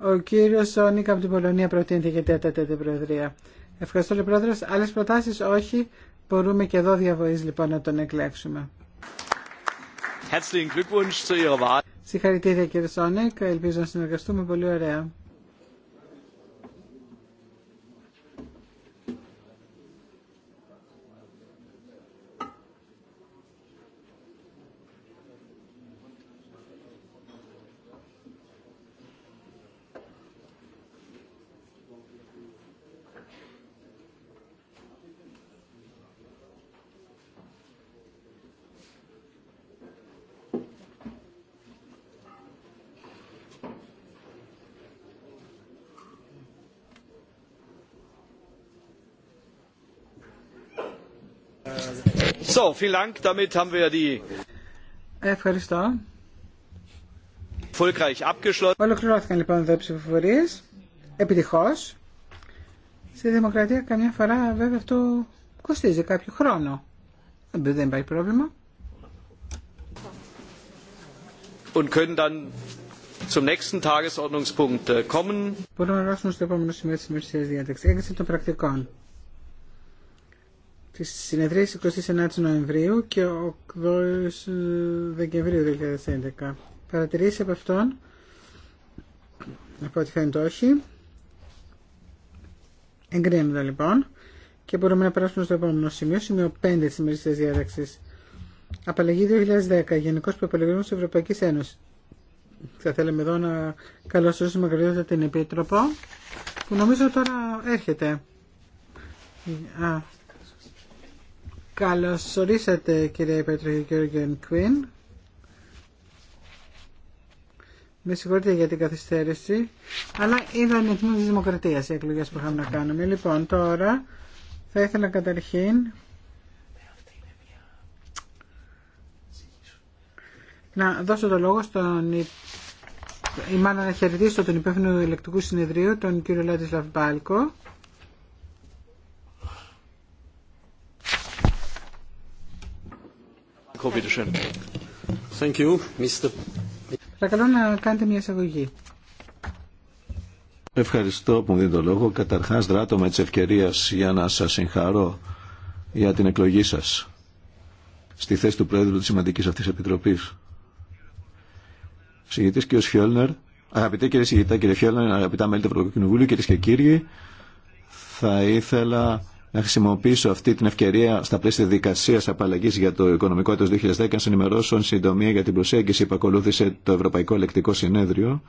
ο κύριο Σόνικα από την Πολωνία προτείνεται για τέταρτη προεδρία. Ευχαριστώ, λέει πρόεδρο. Άλλε προτάσει όχι. Μπορούμε και εδώ διαβοή λοιπόν να τον εκλέξουμε. Συγχαρητήρια κύριε Σόνικ. Ελπίζω να συνεργαστούμε πολύ ωραία. So, vielen Dank. Damit haben wir die Ευχαριστώ. Ολοκληρώθηκαν λοιπόν εδώ οι ψηφοφορίε. Επιτυχώ. Στη δημοκρατία καμιά φορά βέβαια αυτό κοστίζει κάποιο χρόνο. Δεν υπάρχει πρόβλημα. Und können dann zum nächsten Tagesordnungspunkt äh, kommen. Μπορούμε να γράψουμε στο επόμενο σημείο τη ημερησία διάταξη. Έγκριση των πρακτικών τη συνεδρια 29 Νοεμβρίου και 8 ε, Δεκεμβρίου 2011. Παρατηρήσει από αυτόν, από ό,τι φαίνεται όχι. Εγκρίνονται λοιπόν και μπορούμε να περάσουμε στο επόμενο σημείο, σημείο 5 τη ημερήσιας διάταξη. Απαλλαγή 2010, Γενικός Προπολογισμό τη Ευρωπαϊκής Ένωση. Θα θέλαμε εδώ να καλωσορίσουμε καλύτερα την Επίτροπο, που νομίζω τώρα έρχεται. Α, Καλώς ορίσατε κυρία Πέτρο και Κουίν. Με συγχωρείτε για την καθυστέρηση, αλλά είδα η της Δημοκρατία οι εκλογέ που είχαμε να κάνουμε. Λοιπόν, τώρα θα ήθελα καταρχήν να δώσω το λόγο στον ή μάλλον να χαιρετήσω τον υπεύθυνο ηλεκτρικού συνεδρίου, τον κύριο Λάτισλαβ Μπάλκο. να κάνετε μια εισαγωγή. Ευχαριστώ που μου δίνετε το λόγο. Καταρχά δράτω με τη ευκαιρία για να σα συγχαρώ για την εκλογή σα στη θέση του Πρόεδρου τη σημαντική αυτή επιτροπή. Συγητή κ. Φιόλνερ, αγαπητέ κύριε Συγητά, κ. Φιόλνερ, αγαπητά μέλη του Ευρωπαϊκού Κοινοβουλίου, κυρίες και κύριοι, θα ήθελα να χρησιμοποιήσω αυτή την ευκαιρία στα πλαίσια δικασία απαλλαγή για το οικονομικό έτος 2010 να σα ενημερώσω συντομία για την προσέγγιση που ακολούθησε το Ευρωπαϊκό Ελεκτικό Συνέδριο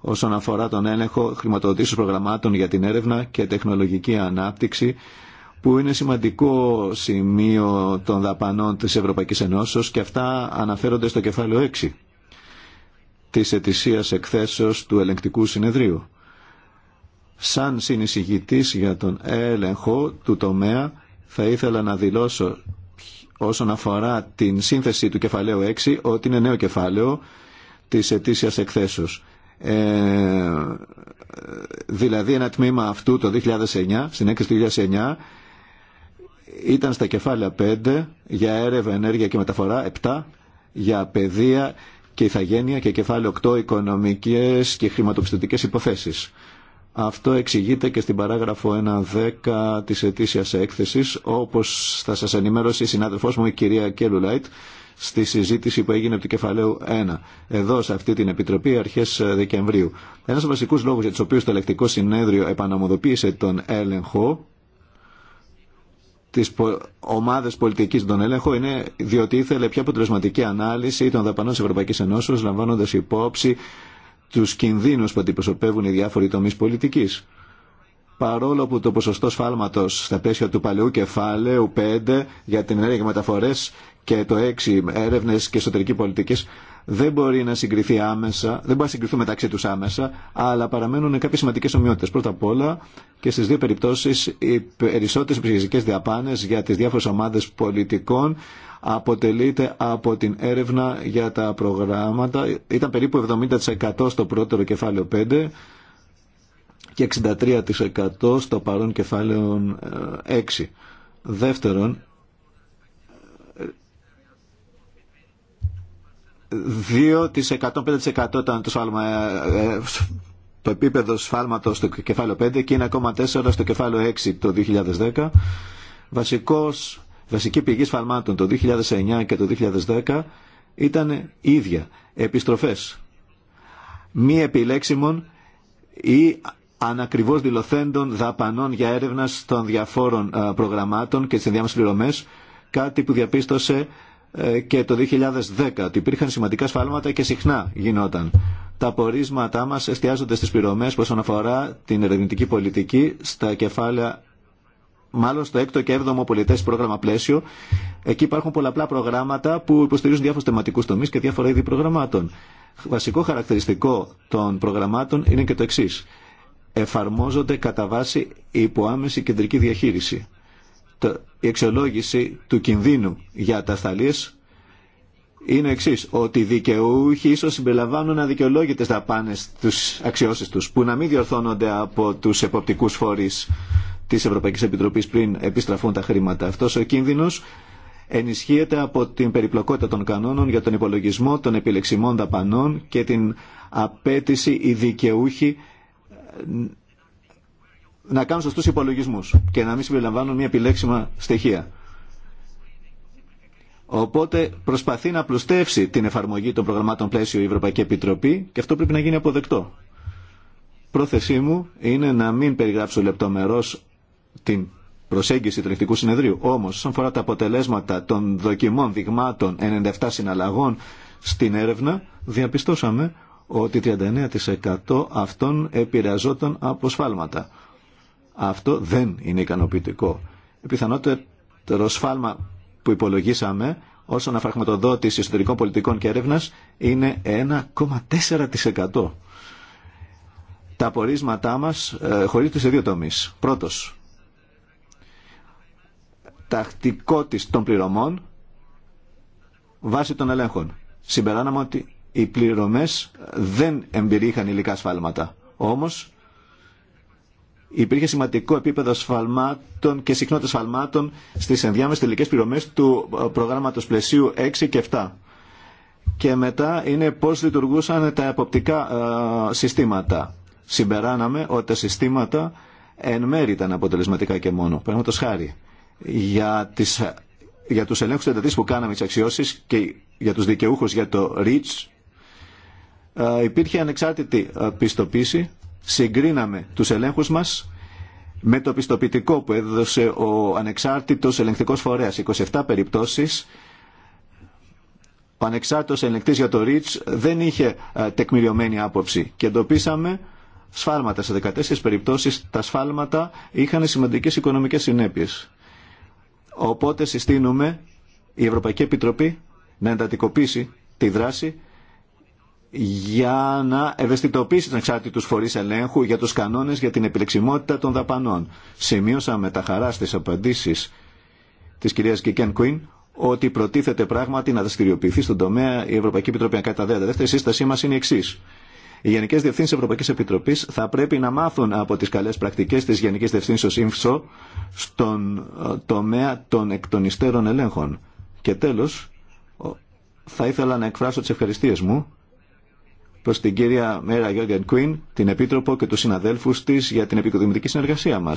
όσον αφορά τον έλεγχο χρηματοδοτήσεων προγραμμάτων για την έρευνα και τεχνολογική ανάπτυξη που είναι σημαντικό σημείο των δαπανών της Ευρωπαϊκής Ενώσεως και αυτά αναφέρονται στο κεφάλαιο 6 της ετησίας εκθέσεως του ελεγκτικού συνεδρίου. Σαν συνεισηγητής για τον έλεγχο του τομέα θα ήθελα να δηλώσω όσον αφορά την σύνθεση του κεφαλαίου 6 ότι είναι νέο κεφάλαιο της ετήσιας εκθέσεως. Ε, δηλαδή ένα τμήμα αυτού το 2009, στην έκθεση του 2009 ήταν στα κεφάλαια 5 για έρευνα, ενέργεια και μεταφορά, 7 για παιδεία και ηθαγένεια και κεφάλαιο 8 οικονομικές και χρηματοπιστωτικές υποθέσεις. Αυτό εξηγείται και στην παράγραφο 1.10 της ετήσιας έκθεσης, όπως θα σας ενημέρωσε η συνάδελφός μου η κυρία Κέλουλάιτ στη συζήτηση που έγινε από το κεφαλαίο 1, εδώ σε αυτή την Επιτροπή αρχές Δεκεμβρίου. Ένας βασικός λόγος για τους οποίους το ελεκτικό συνέδριο επαναμοδοποίησε τον έλεγχο τι ομάδε πολιτική των έλεγχο είναι διότι ήθελε πιο αποτελεσματική ανάλυση των δαπανών τη Ευρωπαϊκή Ενώσεω, λαμβάνοντα υπόψη τους κινδύνους που αντιπροσωπεύουν οι διάφοροι τομείς πολιτικής. Παρόλο που το ποσοστό σφάλματος στα πλαίσια του παλαιού κεφάλαιου 5 για την ενέργεια μεταφορές και το 6 έρευνες και εσωτερική πολιτικής δεν μπορεί να συγκριθεί άμεσα, δεν μπορεί να συγκριθούν μεταξύ του άμεσα, αλλά παραμένουν κάποιε σημαντικέ ομοιότητε. Πρώτα απ' όλα και στι δύο περιπτώσει οι περισσότερε ψυχικέ διαπάνε για τι διάφορε ομάδε πολιτικών αποτελείται από την έρευνα για τα προγράμματα. Ήταν περίπου 70% στο πρώτο κεφάλαιο 5 και 63% στο παρόν κεφάλαιο 6. Ε, Δεύτερον, 2% ήταν το, σφάλμα, ε, ε, το επίπεδο σφάλματο στο κεφάλαιο 5 και είναι ακόμα 4% στο κεφάλαιο 6 το 2010. Βασικός, βασική πηγή σφαλμάτων το 2009 και το 2010 ήταν ίδια. Επιστροφές μη επιλέξιμων ή ανακριβώ δηλωθέντων δαπανών για έρευνα των διαφόρων ε, προγραμμάτων και τι ενδιάμεσε πληρωμέ. κάτι που διαπίστωσε ε, και το 2010 ότι υπήρχαν σημαντικά σφάλματα και συχνά γινόταν. Τα πορίσματά μας εστιάζονται στις πληρωμές όσον αφορά την ερευνητική πολιτική στα κεφάλαια μάλλον στο 6ο και 7ο πολιτέ πρόγραμμα πλαίσιο. Εκεί υπάρχουν πολλαπλά προγράμματα που υποστηρίζουν διάφορου θεματικού τομεί και διάφορα είδη προγραμμάτων. Βασικό χαρακτηριστικό των προγραμμάτων είναι και το εξή. Εφαρμόζονται κατά βάση υπό άμεση κεντρική διαχείριση η εξολόγηση του κινδύνου για τα ασθαλείς είναι εξή, ότι οι δικαιούχοι ίσως συμπεριλαμβάνουν αδικαιολόγητες δαπάνες τους αξιώσεις τους, που να μην διορθώνονται από τους εποπτικούς φορείς της Ευρωπαϊκής Επιτροπής πριν επιστραφούν τα χρήματα. Αυτός ο κίνδυνος ενισχύεται από την περιπλοκότητα των κανόνων για τον υπολογισμό των επιλεξιμών δαπανών και την απέτηση οι δικαιούχοι να κάνουν σωστού υπολογισμού και να μην συμπεριλαμβάνουν μια επιλέξιμα στοιχεία. Οπότε προσπαθεί να πλουστεύσει την εφαρμογή των προγραμμάτων πλαίσιο η Ευρωπαϊκή Επιτροπή και αυτό πρέπει να γίνει αποδεκτό. Πρόθεσή μου είναι να μην περιγράψω λεπτομερώ την προσέγγιση του ελεκτικού συνεδρίου. Όμω, όσον αφορά τα αποτελέσματα των δοκιμών δειγμάτων 97 συναλλαγών στην έρευνα, διαπιστώσαμε ότι 39% αυτών επηρεαζόταν από σφάλματα. Αυτό δεν είναι ικανοποιητικό. Πιθανότερο σφάλμα που υπολογίσαμε όσον να εσωτερικών πολιτικών και έρευνα είναι 1,4%. Τα απορίσματά μας ε, χωρίζονται σε δύο τομείς. Πρώτος, της των πληρωμών βάσει των ελέγχων. Συμπεράναμε ότι οι πληρωμές δεν εμπειρήχαν υλικά σφάλματα. Όμως υπήρχε σημαντικό επίπεδο σφαλμάτων και συχνότητα σφαλμάτων στις ενδιάμεσες τελικέ πληρωμέ του ε, προγράμματο πλαισίου 6 και 7. Και μετά είναι πώ λειτουργούσαν τα εποπτικά ε, συστήματα. Συμπεράναμε ότι τα συστήματα εν μέρη ήταν αποτελεσματικά και μόνο. Παραδείγματο χάρη για, τις, για τους ελέγχους που κάναμε τις αξιώσεις και για τους δικαιούχους για το REACH ε, υπήρχε ανεξάρτητη πιστοποίηση συγκρίναμε τους ελέγχους μας με το πιστοποιητικό που έδωσε ο ανεξάρτητος ελεγκτικός φορέας. 27 περιπτώσεις ο ανεξάρτητος ελεγκτής για το ΡΙΤΣ δεν είχε ε, τεκμηριωμένη άποψη και εντοπίσαμε σφάλματα. Σε 14 περιπτώσεις τα σφάλματα είχαν σημαντικές οικονομικές συνέπειες. Οπότε συστήνουμε η Ευρωπαϊκή Επιτροπή να εντατικοποιήσει τη δράση για να ευαισθητοποιήσει τον εξάρτητου φορεί ελέγχου για του κανόνε για την επιλεξιμότητα των δαπανών. Σημείωσα με τα χαρά στι απαντήσει τη κυρία Κικέν Κουίν ότι προτίθεται πράγματι να δραστηριοποιηθεί στον τομέα η Ευρωπαϊκή Επιτροπή. Κατά δέντα. Δεύτερη σύστασή μα είναι η εξή. Οι Γενικέ Διευθύνσει Ευρωπαϊκή Επιτροπή θα πρέπει να μάθουν από τι καλέ πρακτικέ τη Γενική Διευθύνσεω ΙΜΦΣΟ στον ε, τομέα των εκτονιστέρων ελέγχων. Και τέλο, θα ήθελα να εκφράσω τι ευχαριστίε μου προ την κυρία Μέρα Γιώργεν Κουίν, την Επίτροπο και του συναδέλφου τη για την επικοδομητική συνεργασία μα.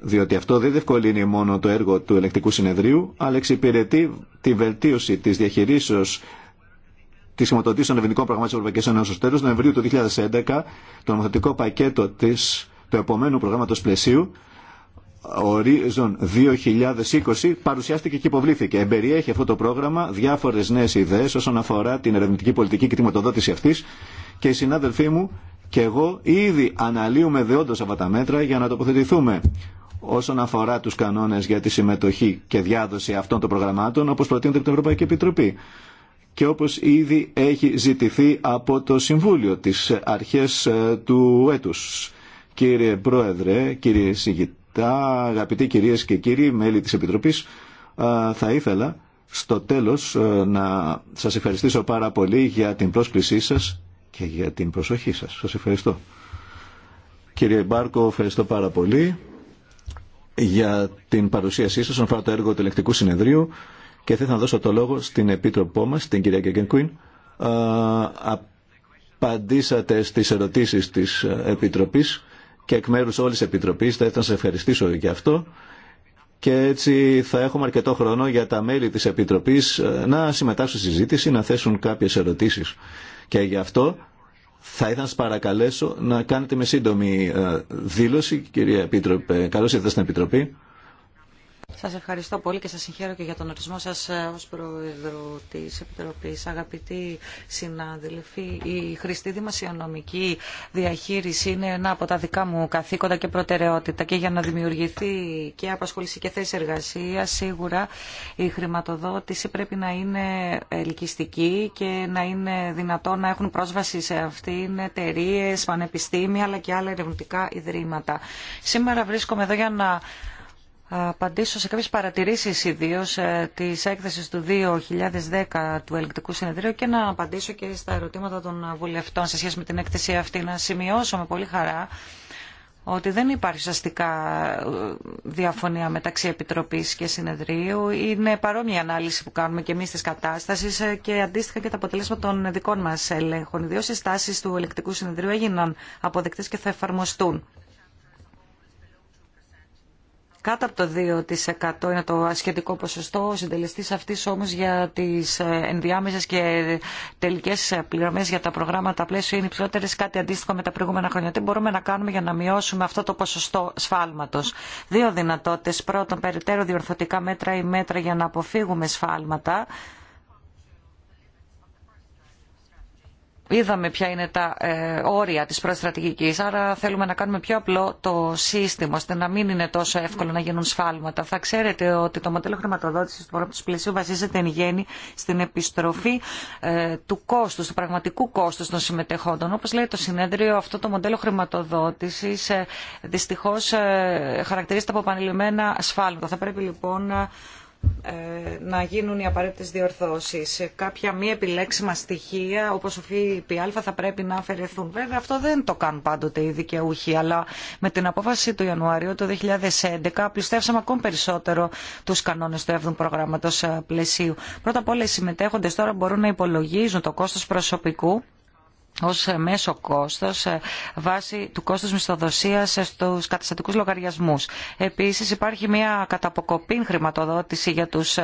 Διότι αυτό δεν διευκολύνει μόνο το έργο του ελεκτικού συνεδρίου, αλλά εξυπηρετεί τη βελτίωση τη διαχειρήσεω τη χρηματοδοτή των ερευνητικών προγραμμάτων τη Ευρωπαϊκή Ένωση. Στο τέλο Νοεμβρίου του 2011, το νομοθετικό πακέτο τη του επομένου προγράμματο πλαισίου Horizon 2020 παρουσιάστηκε και υποβλήθηκε. Εμπεριέχει αυτό το πρόγραμμα διάφορε νέε ιδέε όσον αφορά την ερευνητική πολιτική και τη μετοδότηση αυτή και οι συνάδελφοί μου και εγώ ήδη αναλύουμε δεόντω αυτά τα μέτρα για να τοποθετηθούμε όσον αφορά του κανόνε για τη συμμετοχή και διάδοση αυτών των προγραμμάτων όπω προτείνονται από την Ευρωπαϊκή Επιτροπή και όπως ήδη έχει ζητηθεί από το Συμβούλιο τις αρχές ε, του έτους. Κύριε Πρόεδρε, κύριε Συγητή, τα αγαπητοί κυρίες και κύριοι, μέλη της Επιτροπής, θα ήθελα στο τέλος να σας ευχαριστήσω πάρα πολύ για την πρόσκλησή σας και για την προσοχή σας. Σας ευχαριστώ. Κύριε Μπάρκο, ευχαριστώ πάρα πολύ για την παρουσίασή σας στον το έργο του Ελεκτικού Συνεδρίου και θα ήθελα να δώσω το λόγο στην Επίτροπό μας, την κυρία Κέγκεν Κουίν. Απαντήσατε στις ερωτήσεις της Επιτροπής και εκ μέρους όλη τη Επιτροπής θα ήθελα να σα ευχαριστήσω για αυτό και έτσι θα έχουμε αρκετό χρόνο για τα μέλη της Επιτροπής ε, να συμμετάσχουν στη συζήτηση, να θέσουν κάποιες ερωτήσεις. Και γι' αυτό θα ήθελα να σα παρακαλέσω να κάνετε με σύντομη ε, δήλωση, κυρία Επίτροπε. Καλώς ήρθατε στην Επιτροπή. Σας ευχαριστώ πολύ και σας συγχαίρω και για τον ορισμό σας ε, ως Πρόεδρο της Επιτροπής. Αγαπητοί συνάδελφοι, η χρηστή δημοσιονομική διαχείριση είναι ένα από τα δικά μου καθήκοντα και προτεραιότητα και για να δημιουργηθεί και απασχόληση και θέση εργασία σίγουρα η χρηματοδότηση πρέπει να είναι ελκυστική και να είναι δυνατό να έχουν πρόσβαση σε αυτήν εταιρείε, πανεπιστήμια αλλά και άλλα ερευνητικά ιδρύματα. Σήμερα βρίσκομαι εδώ για να απαντήσω σε κάποιες παρατηρήσεις ιδίως ε, της έκθεσης του 2010 του Ελεκτικού Συνεδρίου και να απαντήσω και στα ερωτήματα των βουλευτών σε σχέση με την έκθεση αυτή. Να σημειώσω με πολύ χαρά ότι δεν υπάρχει ουσιαστικά ε, διαφωνία μεταξύ Επιτροπής και Συνεδρίου. Είναι παρόμοια ανάλυση που κάνουμε και εμείς της κατάστασης ε, και αντίστοιχα και τα αποτελέσματα των δικών μας ελέγχων. Οι δύο συστάσεις του Ελεκτικού Συνεδρίου έγιναν αποδεκτές και θα εφαρμοστούν. Κάτω από το 2% είναι το ασχετικό ποσοστό. Ο συντελεστή αυτή όμω για τι ε, ενδιάμεσε και τελικέ πληρωμέ για τα προγράμματα πλαίσιο είναι υψηλότερε, κάτι αντίστοιχο με τα προηγούμενα χρόνια. Τι μπορούμε να κάνουμε για να μειώσουμε αυτό το ποσοστό σφάλματο. Δύο δυνατότητε. Πρώτον, περαιτέρω διορθωτικά μέτρα ή μέτρα για να αποφύγουμε σφάλματα Είδαμε ποια είναι τα ε, όρια της προστρατηγικής, άρα θέλουμε να κάνουμε πιο απλό το σύστημα, ώστε να μην είναι τόσο εύκολο να γίνουν σφάλματα. Θα ξέρετε ότι το μοντέλο χρηματοδότησης του πρόγραμματος πλαισίου βασίζεται εν γέννη στην επιστροφή ε, του κόστους, του πραγματικού κόστους των συμμετεχόντων. Όπως λέει το συνέδριο, αυτό το μοντέλο χρηματοδότησης ε, δυστυχώς ε, χαρακτηρίζεται από επανειλημμένα σφάλματα. Θα πρέπει λοιπόν ε, να γίνουν οι απαραίτητες διορθώσεις. Κάποια μη επιλέξιμα στοιχεία, όπως ο ΦΠΑ, θα πρέπει να αφαιρεθούν. Βέβαια, αυτό δεν το κάνουν πάντοτε οι δικαιούχοι, αλλά με την απόφαση του Ιανουαρίου του 2011 πλουστεύσαμε ακόμη περισσότερο τους κανόνες του 7ου προγράμματος ε, πλαισίου. Πρώτα απ' όλα, οι συμμετέχοντες τώρα μπορούν να υπολογίζουν το κόστος προσωπικού ως ε, μέσο κόστος ε, βάσει του κόστους μισθοδοσίας ε, στους καταστατικούς λογαριασμούς. Επίσης υπάρχει μια καταποκοπή χρηματοδότηση για τους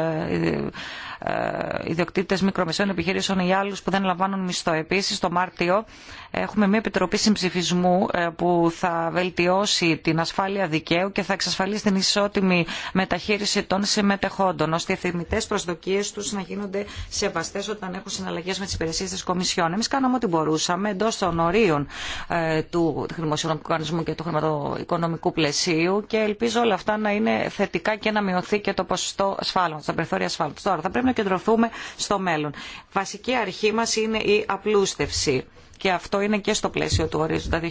ιδιοκτήτες μικρομεσαίων επιχειρήσεων ή άλλους που δεν λαμβάνουν μισθό. Επίσης το Μάρτιο Έχουμε μια επιτροπή συμψηφισμού ε, που θα βελτιώσει την ασφάλεια δικαίου και θα εξασφαλίσει την ισότιμη μεταχείριση των συμμετεχόντων, ώστε οι θεμητέ προσδοκίε του να γίνονται σεβαστέ όταν έχουν συναλλαγέ με τι υπηρεσίε τη Κομισιόν. Εμεί κάναμε ό,τι μπορούσαμε εντό των ορίων ε, του χρηματοοικονομικού και του χρηματοοικονομικού πλαισίου και ελπίζω όλα αυτά να είναι θετικά και να μειωθεί και το ποσοστό ασφάλματο, τα περιθώρια ασφάλματο. Τώρα θα πρέπει να κεντρωθούμε στο μέλλον. Βασική αρχή μα είναι η απλούστευση και αυτό είναι και στο πλαίσιο του ορίζοντα 2020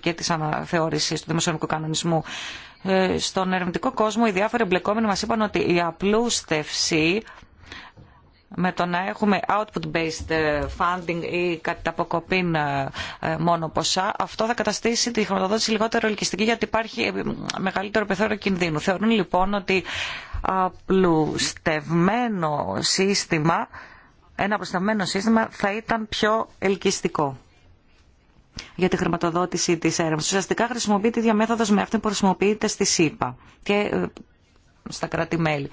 και της αναθεώρησης του δημοσιονομικού κανονισμού. Ε, στον ερευνητικό κόσμο οι διάφοροι εμπλεκόμενοι μας είπαν ότι η απλούστευση με το να έχουμε output-based ε, funding ή κατά κοπήν ε, μόνο ποσά, αυτό θα καταστήσει τη χρηματοδότηση λιγότερο ελκυστική γιατί υπάρχει μεγαλύτερο πεθόριο κινδύνου. Θεωρούν λοιπόν ότι απλουστευμένο σύστημα ένα προσταμένο σύστημα θα ήταν πιο ελκυστικό για τη χρηματοδότηση της έρευνας. Ουσιαστικά χρησιμοποιείται η ίδια μέθοδος με αυτή που χρησιμοποιείται στη ΣΥΠΑ και ε, στα κράτη-μέλη.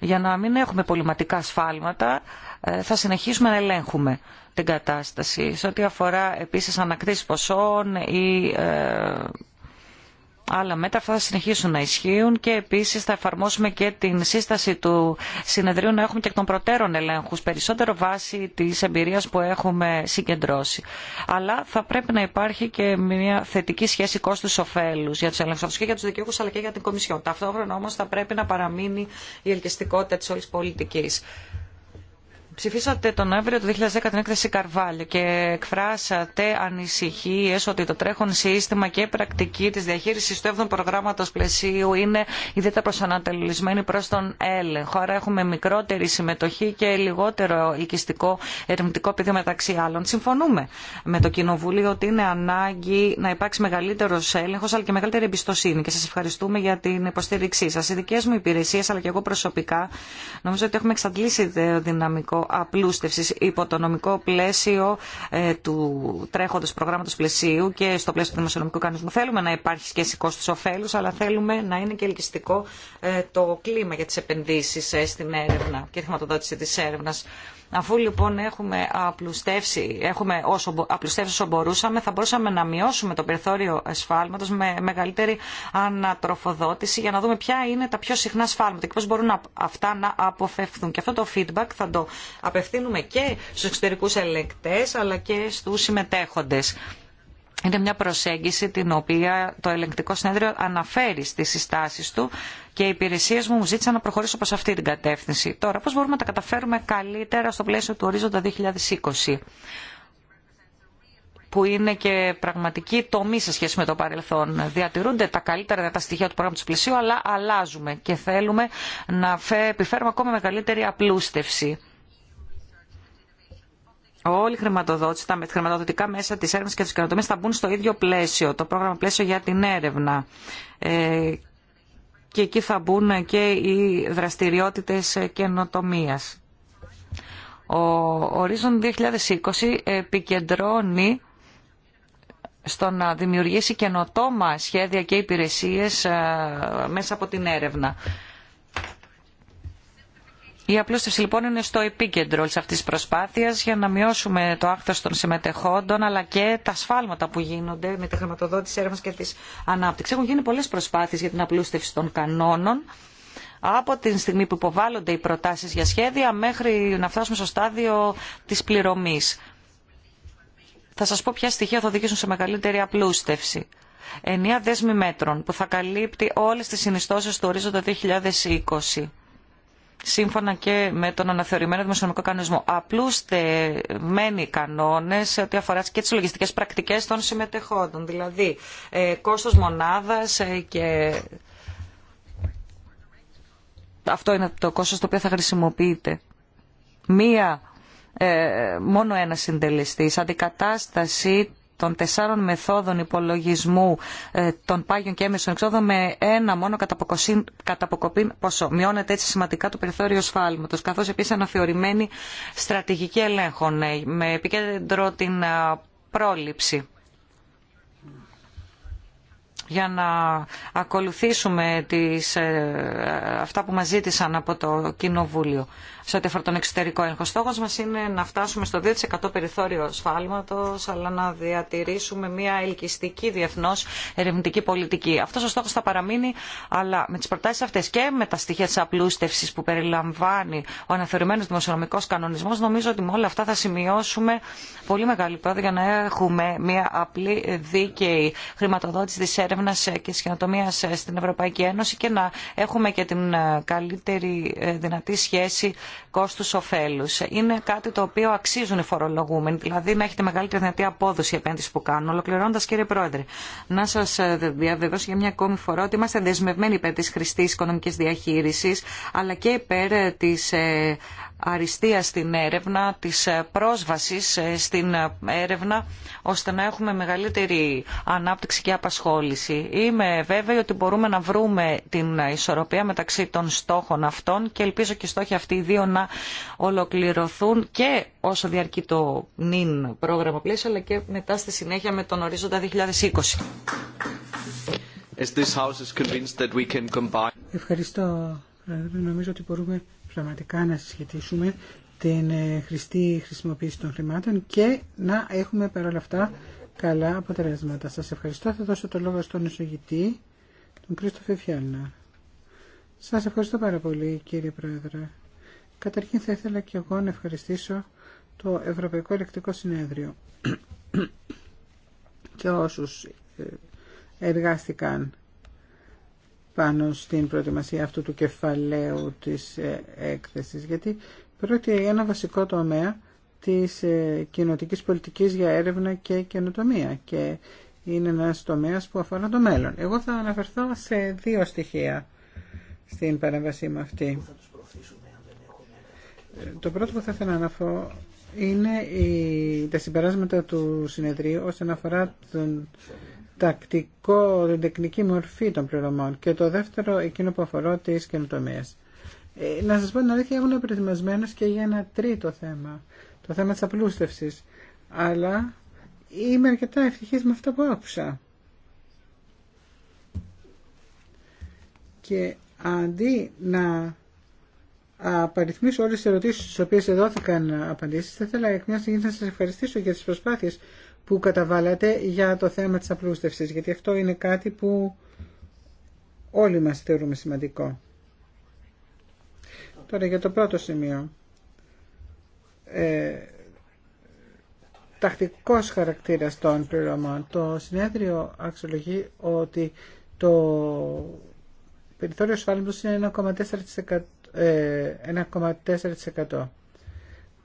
Για να μην έχουμε πολυματικά σφάλματα, ε, θα συνεχίσουμε να ελέγχουμε την κατάσταση. Σε ό,τι αφορά επίσης ανακτήσεις ποσών ή ε, άλλα μέτρα θα συνεχίσουν να ισχύουν και επίσης θα εφαρμόσουμε και την σύσταση του συνεδρίου να έχουμε και εκ των προτέρων ελέγχου, περισσότερο βάσει τη εμπειρία που έχουμε συγκεντρώσει. Αλλά θα πρέπει να υπάρχει και μια θετική σχέση κόστου κόστους-οφέλους για του ελέγχου αυτού και για τους δικαιούχου αλλά και για την Κομισιόν. Ταυτόχρονα όμω θα πρέπει να παραμείνει η ελκυστικότητα τη όλη πολιτική. Ψηφίσατε τον Νοέμβριο του 2010 την έκθεση Καρβάλιο και εκφράσατε ανησυχίε ότι το τρέχον σύστημα και πρακτική τη διαχείριση του 7ου προγράμματο πλαισίου είναι ιδιαίτερα προσανατολισμένη προ τον έλεγχο. Άρα έχουμε μικρότερη συμμετοχή και λιγότερο οικιστικό ερευνητικό πεδίο μεταξύ άλλων. Συμφωνούμε με το Κοινοβούλιο ότι είναι ανάγκη να υπάρξει μεγαλύτερο έλεγχο αλλά και μεγαλύτερη εμπιστοσύνη και σα ευχαριστούμε για την υποστήριξή σα. Οι δικέ μου υπηρεσίε αλλά και εγώ προσωπικά νομίζω ότι έχουμε εξαντλήσει δυναμικό απλούστευση απλούστευσης υπό το νομικό πλαίσιο ε, του τρέχοντος προγράμματος πλαισίου και στο πλαίσιο του δημοσιονομικού κανονισμού. Θέλουμε να υπάρχει σχέση κόστος ωφέλους, αλλά θέλουμε να είναι και ελκυστικό ε, το κλίμα για τις επενδύσεις ε, στην έρευνα και τη χρηματοδότηση της έρευνας. Αφού λοιπόν έχουμε απλουστεύσει, έχουμε όσο, απλουστεύσει όσο μπορούσαμε, θα μπορούσαμε να μειώσουμε το περιθώριο σφάλματος με μεγαλύτερη ανατροφοδότηση για να δούμε ποια είναι τα πιο συχνά σφάλματα και πώς μπορούν αυτά να αποφευθούν. Και αυτό το feedback θα το απευθύνουμε και στους εξωτερικούς ελεγκτές αλλά και στους συμμετέχοντες είναι μια προσέγγιση την οποία το ελεγκτικό συνέδριο αναφέρει στις συστάσεις του και οι υπηρεσίες μου μου ζήτησαν να προχωρήσω προς αυτή την κατεύθυνση. Τώρα, πώς μπορούμε να τα καταφέρουμε καλύτερα στο πλαίσιο του ορίζοντα 2020 που είναι και πραγματική τομή σε σχέση με το παρελθόν. Διατηρούνται τα καλύτερα τα στοιχεία του πρόγραμματος πλαισίου, αλλά αλλάζουμε και θέλουμε να επιφέρουμε ακόμα μεγαλύτερη απλούστευση Όλοι οι χρηματοδότηση, τα χρηματοδοτικά μέσα τη έρευνα και τη καινοτομία θα μπουν στο ίδιο πλαίσιο, το πρόγραμμα πλαίσιο για την έρευνα. Ε, και εκεί θα μπουν και οι δραστηριότητες καινοτομία. Ο Horizon 2020 επικεντρώνει στο να δημιουργήσει καινοτόμα σχέδια και υπηρεσίες ε, μέσα από την έρευνα. Η απλούστευση λοιπόν είναι στο επίκεντρο όλης αυτής της προσπάθειας για να μειώσουμε το άκτος των συμμετεχόντων αλλά και τα σφάλματα που γίνονται με τη χρηματοδότηση έρευνα και της ανάπτυξης. Έχουν γίνει πολλές προσπάθειες για την απλούστευση των κανόνων από την στιγμή που υποβάλλονται οι προτάσεις για σχέδια μέχρι να φτάσουμε στο στάδιο της πληρωμής. Θα σας πω ποια στοιχεία θα οδηγήσουν σε μεγαλύτερη απλούστευση. Ενία δέσμη μέτρων που θα καλύπτει όλες τις συνιστώσεις του ορίζοντα 2020 σύμφωνα και με τον αναθεωρημένο δημοσιονομικό κανονισμό. μένει κανόνε ό,τι αφορά και τι λογιστικέ πρακτικέ των συμμετεχόντων. Δηλαδή, ε, κόστο μονάδα ε, και. Αυτό είναι το κόστος το οποίο θα χρησιμοποιείτε. Μία, ε, μόνο ένα συντελεστής, αντικατάσταση των τεσσάρων μεθόδων υπολογισμού ε, των πάγιων και έμεσων εξόδων με ένα μόνο καταποκοπή ποσό. Μειώνεται έτσι σημαντικά το περιθώριο σφάλματο, καθώ επίση αναθεωρημένη στρατηγική ελέγχων ε, με επικέντρο την ε, πρόληψη για να ακολουθήσουμε τις, αυτά που μας ζήτησαν από το Κοινοβούλιο σε ό,τι αφορά τον εξωτερικό έλεγχο. Στόχος μας είναι να φτάσουμε στο 2% περιθώριο σφάλματος, αλλά να διατηρήσουμε μια ελκυστική διεθνώς ερευνητική πολιτική. Αυτός ο στόχος θα παραμείνει, αλλά με τις προτάσεις αυτές και με τα στοιχεία της απλούστευσης που περιλαμβάνει ο αναθεωρημένος δημοσιονομικός κανονισμός, νομίζω ότι με όλα αυτά θα σημειώσουμε πολύ μεγάλη πρόοδο για να έχουμε μια απλή δίκαιη χρηματοδότηση της έρευνας και της καινοτομίας στην Ευρωπαϊκή Ένωση και να έχουμε και την ε, καλύτερη ε, δυνατή σχέση Κόστου ωφέλου. Είναι κάτι το οποίο αξίζουν οι φορολογούμενοι, δηλαδή να έχετε μεγαλύτερη δυνατή απόδοση η επένδυση που κάνουν. Ολοκληρώνοντα, κύριε Πρόεδρε, να σα ε, διαβεβαιώσω για μια ακόμη φορά ότι είμαστε δεσμευμένοι υπέρ τη χρηστή οικονομική διαχείριση, αλλά και υπέρ ε, τη ε, αριστεία στην έρευνα, της πρόσβασης ε, στην ε, έρευνα, ώστε να έχουμε μεγαλύτερη ανάπτυξη και απασχόληση. Είμαι βέβαιη ότι μπορούμε να βρούμε την ισορροπία μεταξύ των στόχων αυτών και ελπίζω και οι στόχοι αυτοί οι δύο να ολοκληρωθούν και όσο διαρκεί το νυν πρόγραμμα πλαίσιο, αλλά και μετά στη συνέχεια με τον ορίζοντα 2020. this Νομίζω ότι μπορούμε πραγματικά να συσχετίσουμε την ε, χρηστή χρησιμοποίηση των χρημάτων και να έχουμε παρόλα αυτά καλά αποτελέσματα. Σας ευχαριστώ. Θα δώσω το λόγο στον εισηγητή, τον Κρίστο Φιάλνα. Σας ευχαριστώ πάρα πολύ κύριε Πρόεδρε. Καταρχήν θα ήθελα και εγώ να ευχαριστήσω το Ευρωπαϊκό Ελεκτικό Συνέδριο και όσους ε, εργάστηκαν πάνω στην προετοιμασία αυτού του κεφαλαίου της ε, έκθεσης, γιατί πρόκειται για ένα βασικό τομέα της ε, κοινοτικής πολιτικής για έρευνα και καινοτομία και είναι ένας τομέας που αφορά το μέλλον. Εγώ θα αναφερθώ σε δύο στοιχεία στην παρέμβασή μου αυτή. Το πρώτο που θα ήθελα να αναφώ είναι τα συμπεράσματα του συνεδρίου όσον αφορά τον, τακτικό, την τεχνική μορφή των πληρωμών και το δεύτερο εκείνο που αφορά τις καινοτομίε. Ε, να σα πω την αλήθεια, ήμουν προετοιμασμένο και για ένα τρίτο θέμα, το θέμα της απλούστευσης. Αλλά είμαι αρκετά ευτυχής με αυτό που άκουσα. Και αντί να απαριθμίσω όλες τις ερωτήσεις στις οποίες δόθηκαν απαντήσει, θα ήθελα εκ στιγμή να σα ευχαριστήσω για τι προσπάθειε που καταβάλατε για το θέμα της απλούστευσης, γιατί αυτό είναι κάτι που όλοι μας θεωρούμε σημαντικό. Τώρα για το πρώτο σημείο. Ε, τακτικός χαρακτήρας των πληρωμών. Το συνέδριο αξιολογεί ότι το περιθώριο ασφάλιμπτος είναι 1,4%.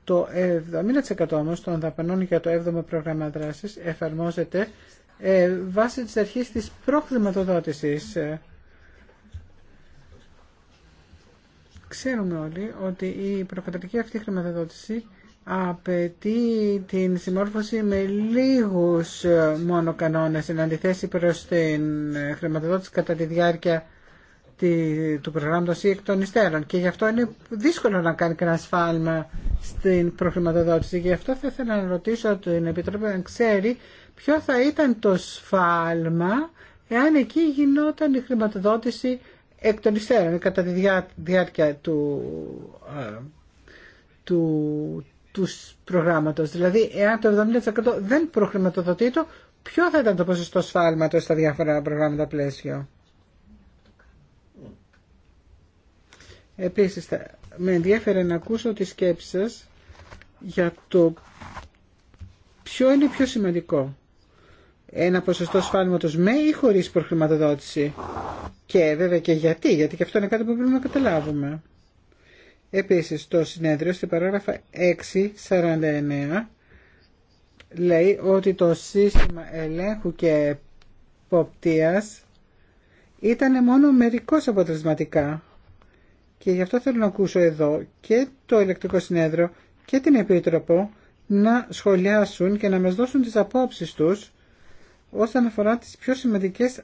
Το 70% όμως των δαπανών για το 7ο πρόγραμμα δράσης εφαρμόζεται ε, βάσει της αρχής της προχρηματοδότησης. Ξέρουμε όλοι ότι η προκατατική αυτή χρηματοδότηση απαιτεί την συμμόρφωση με λίγους μόνο κανόνες εν αντιθέσει προς την χρηματοδότηση κατά τη διάρκεια του προγράμματος ή εκ των υστέρων και γι' αυτό είναι δύσκολο να κάνει κανένα σφάλμα στην προχρηματοδότηση. Γι' αυτό θα ήθελα να ρωτήσω την Επιτροπή να ξέρει ποιο θα ήταν το σφάλμα εάν εκεί γινόταν η χρηματοδότηση εκ των υστέρων κατά τη διάρκεια του, ε, του, του προγράμματος. Δηλαδή, εάν το 70% δεν προχρηματοδοτεί ποιο θα ήταν το ποσοστό σφάλματος στα διάφορα προγράμματα πλαίσιο. Επίσης, με ενδιαφέρει να ακούσω τη σκέψη σας για το ποιο είναι πιο σημαντικό. Ένα ποσοστό σφάλματος με ή χωρίς προχρηματοδότηση. Και βέβαια και γιατί, γιατί και αυτό είναι κάτι που πρέπει να καταλάβουμε. Επίσης, το συνέδριο στην παράγραφα 649 λέει ότι το σύστημα ελέγχου και εποπτείας ήταν μόνο μερικώς αποτελεσματικά και γι' αυτό θέλω να ακούσω εδώ και το ηλεκτρικό συνέδριο και την Επίτροπο να σχολιάσουν και να μας δώσουν τις απόψεις τους όσον αφορά τις πιο σημαντικές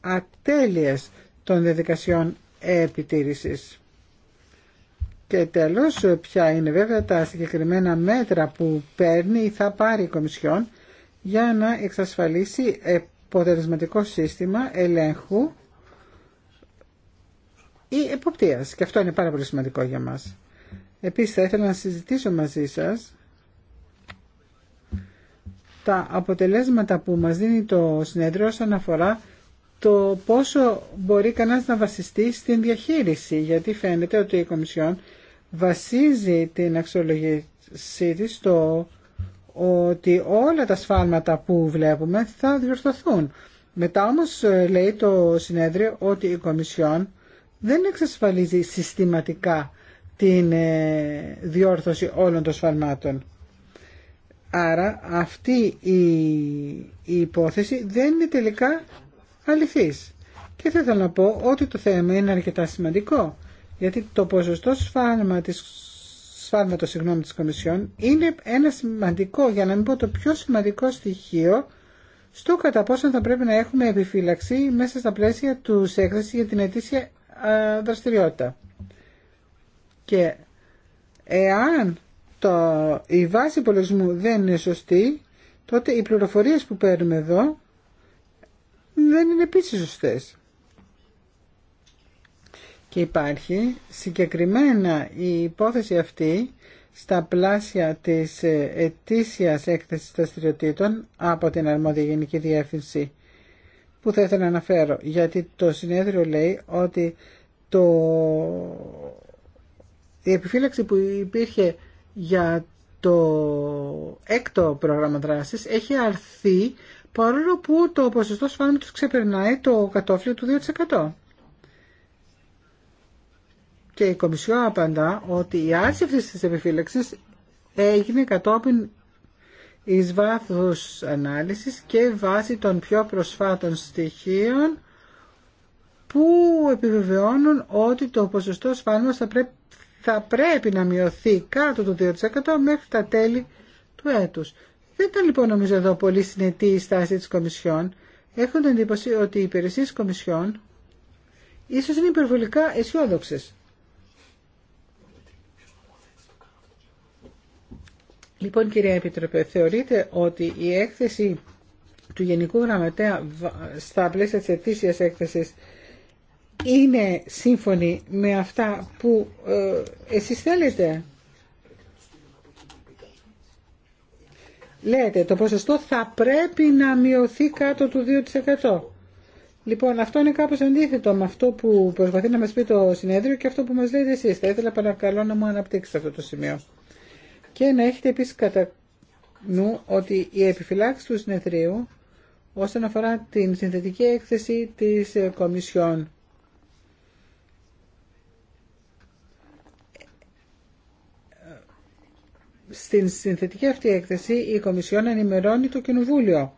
ατέλειες των διαδικασιών επιτήρησης. Και τέλος, ποια είναι βέβαια τα συγκεκριμένα μέτρα που παίρνει ή θα πάρει η Κομισιόν για να εξασφαλίσει αποτελεσματικό σύστημα ελέγχου ή εποπτείας. Και αυτό είναι πάρα πολύ σημαντικό για μας. Επίσης θα ήθελα να συζητήσω μαζί σας τα αποτελέσματα που μας δίνει το συνέδριο όσον αφορά το πόσο μπορεί κανένας να βασιστεί στην διαχείριση, γιατί φαίνεται ότι η Κομισιόν βασίζει την αξιολογήσή της στο ότι όλα τα σφάλματα που βλέπουμε θα διορθωθούν. Μετά όμως λέει το συνέδριο ότι η Κομισιόν δεν εξασφαλίζει συστηματικά την ε, διόρθωση όλων των σφαλμάτων. Άρα αυτή η υπόθεση δεν είναι τελικά αληθής. Και θα ήθελα να πω ότι το θέμα είναι αρκετά σημαντικό, γιατί το ποσοστό σφάλμα της, σφάλματος συγγνώμη, της Κομισιόν είναι ένα σημαντικό, για να μην πω το πιο σημαντικό στοιχείο, στο κατά πόσο θα πρέπει να έχουμε επιφύλαξη μέσα στα πλαίσια του έκθεση για την ετήσια ε, δραστηριότητα. Και εάν το, η βάση υπολογισμού δεν είναι σωστή, τότε οι πληροφορίες που παίρνουμε εδώ δεν είναι επίσης σωστές. Και υπάρχει συγκεκριμένα η υπόθεση αυτή στα πλάσια της ε, ετήσιας έκθεσης δραστηριοτήτων από την Αρμόδια Γενική Διεύθυνση που θα ήθελα να αναφέρω. Γιατί το συνέδριο λέει ότι το... η επιφύλαξη που υπήρχε για το έκτο πρόγραμμα δράσης έχει αρθεί παρόλο που το ποσοστό σφάλματος ξεπερνάει το κατόφλιο του 2%. Και η Κομισιό απαντά ότι η άρση αυτής της επιφύλαξης έγινε κατόπιν εις βάθους ανάλυσης και βάσει των πιο προσφάτων στοιχείων που επιβεβαιώνουν ότι το ποσοστό σφάλμα θα, θα πρέπει να μειωθεί κάτω του 2% μέχρι τα τέλη του έτους. Δεν ήταν λοιπόν νομίζω εδώ πολύ συνετή η στάση της Κομισιόν. Έχουν την εντύπωση ότι οι υπηρεσίες Κομισιόν ίσως είναι υπερβολικά αισιόδοξε. Λοιπόν κυρία Επιτροπέ, θεωρείτε ότι η έκθεση του Γενικού Γραμματέα στα πλαίσια της ετήσιας έκθεσης είναι σύμφωνη με αυτά που ε, εσείς θέλετε. Λέτε το ποσοστό θα πρέπει να μειωθεί κάτω του 2%. Λοιπόν, αυτό είναι κάπως αντίθετο με αυτό που προσπαθεί να μας πει το συνέδριο και αυτό που μας λέτε εσείς. Θα ήθελα παρακαλώ να μου αναπτύξετε αυτό το σημείο. Και να έχετε επίσης κατά νου ότι η επιφυλάξη του συνεδρίου όσον αφορά την συνθετική έκθεση της ε, Κομισιόν στην συνθετική αυτή έκθεση η Κομισιόν ενημερώνει το Κοινοβούλιο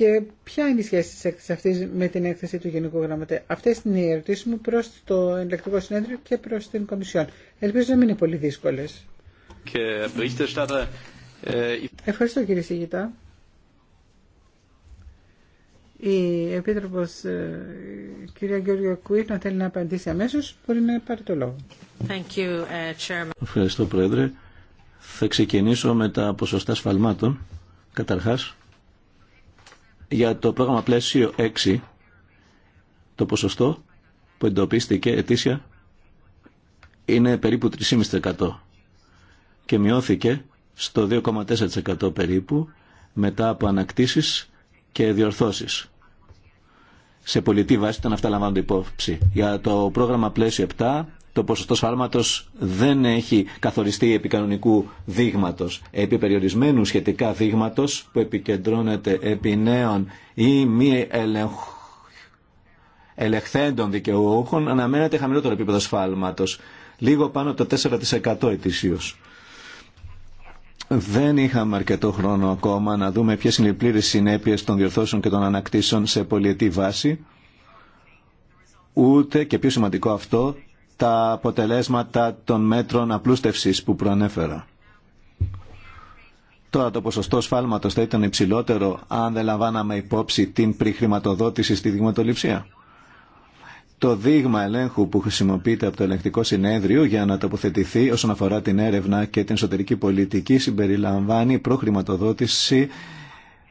και ποια είναι η σχέση της έκθεσης αυτής με την έκθεση του Γενικού Γραμματέα. Αυτές είναι οι ερωτήσει μου προς το Ελεκτρικό Συνέδριο και προς την Κομισιόν. Ελπίζω να μην είναι πολύ δύσκολες. Και... Ε, Ευχαριστώ κύριε Σιγητά. Η Επίτροπος ε, κυρία Γεώργια να θέλει να απαντήσει αμέσως, μπορεί να πάρει το λόγο. Ε, Ευχαριστώ Πρόεδρε. Θα ξεκινήσω με τα ποσοστά σφαλμάτων. Καταρχάς, για το πρόγραμμα πλαίσιο 6 το ποσοστό που εντοπίστηκε ετήσια είναι περίπου 3,5% και μειώθηκε στο 2,4% περίπου μετά από ανακτήσεις και διορθώσεις. Σε πολιτή βάση ήταν αυτά λαμβάνονται υπόψη. Για το πρόγραμμα πλαίσιο 7 το ποσοστό σφάλματο δεν έχει καθοριστεί επί κανονικού δείγματος. Επί περιορισμένου σχετικά δείγματο που επικεντρώνεται επί νέων ή μη ελεγχθέντων δικαιούχων αναμένεται χαμηλότερο επίπεδο σφάλματο, Λίγο πάνω από το 4% ετησίω. Δεν είχαμε αρκετό χρόνο ακόμα να δούμε ποιες είναι οι πλήρες συνέπειες των διορθώσεων και των ανακτήσεων σε πολιετή βάση, ούτε και πιο σημαντικό αυτό τα αποτελέσματα των μέτρων απλούστευσης που προανέφερα. Τώρα το ποσοστό σφάλματος θα ήταν υψηλότερο αν δεν λαμβάναμε υπόψη την χρηματοδότηση στη δειγματοληψία. Το δείγμα ελέγχου που χρησιμοποιείται από το ελεγκτικό συνέδριο για να τοποθετηθεί όσον αφορά την έρευνα και την εσωτερική πολιτική συμπεριλαμβάνει προχρηματοδότηση,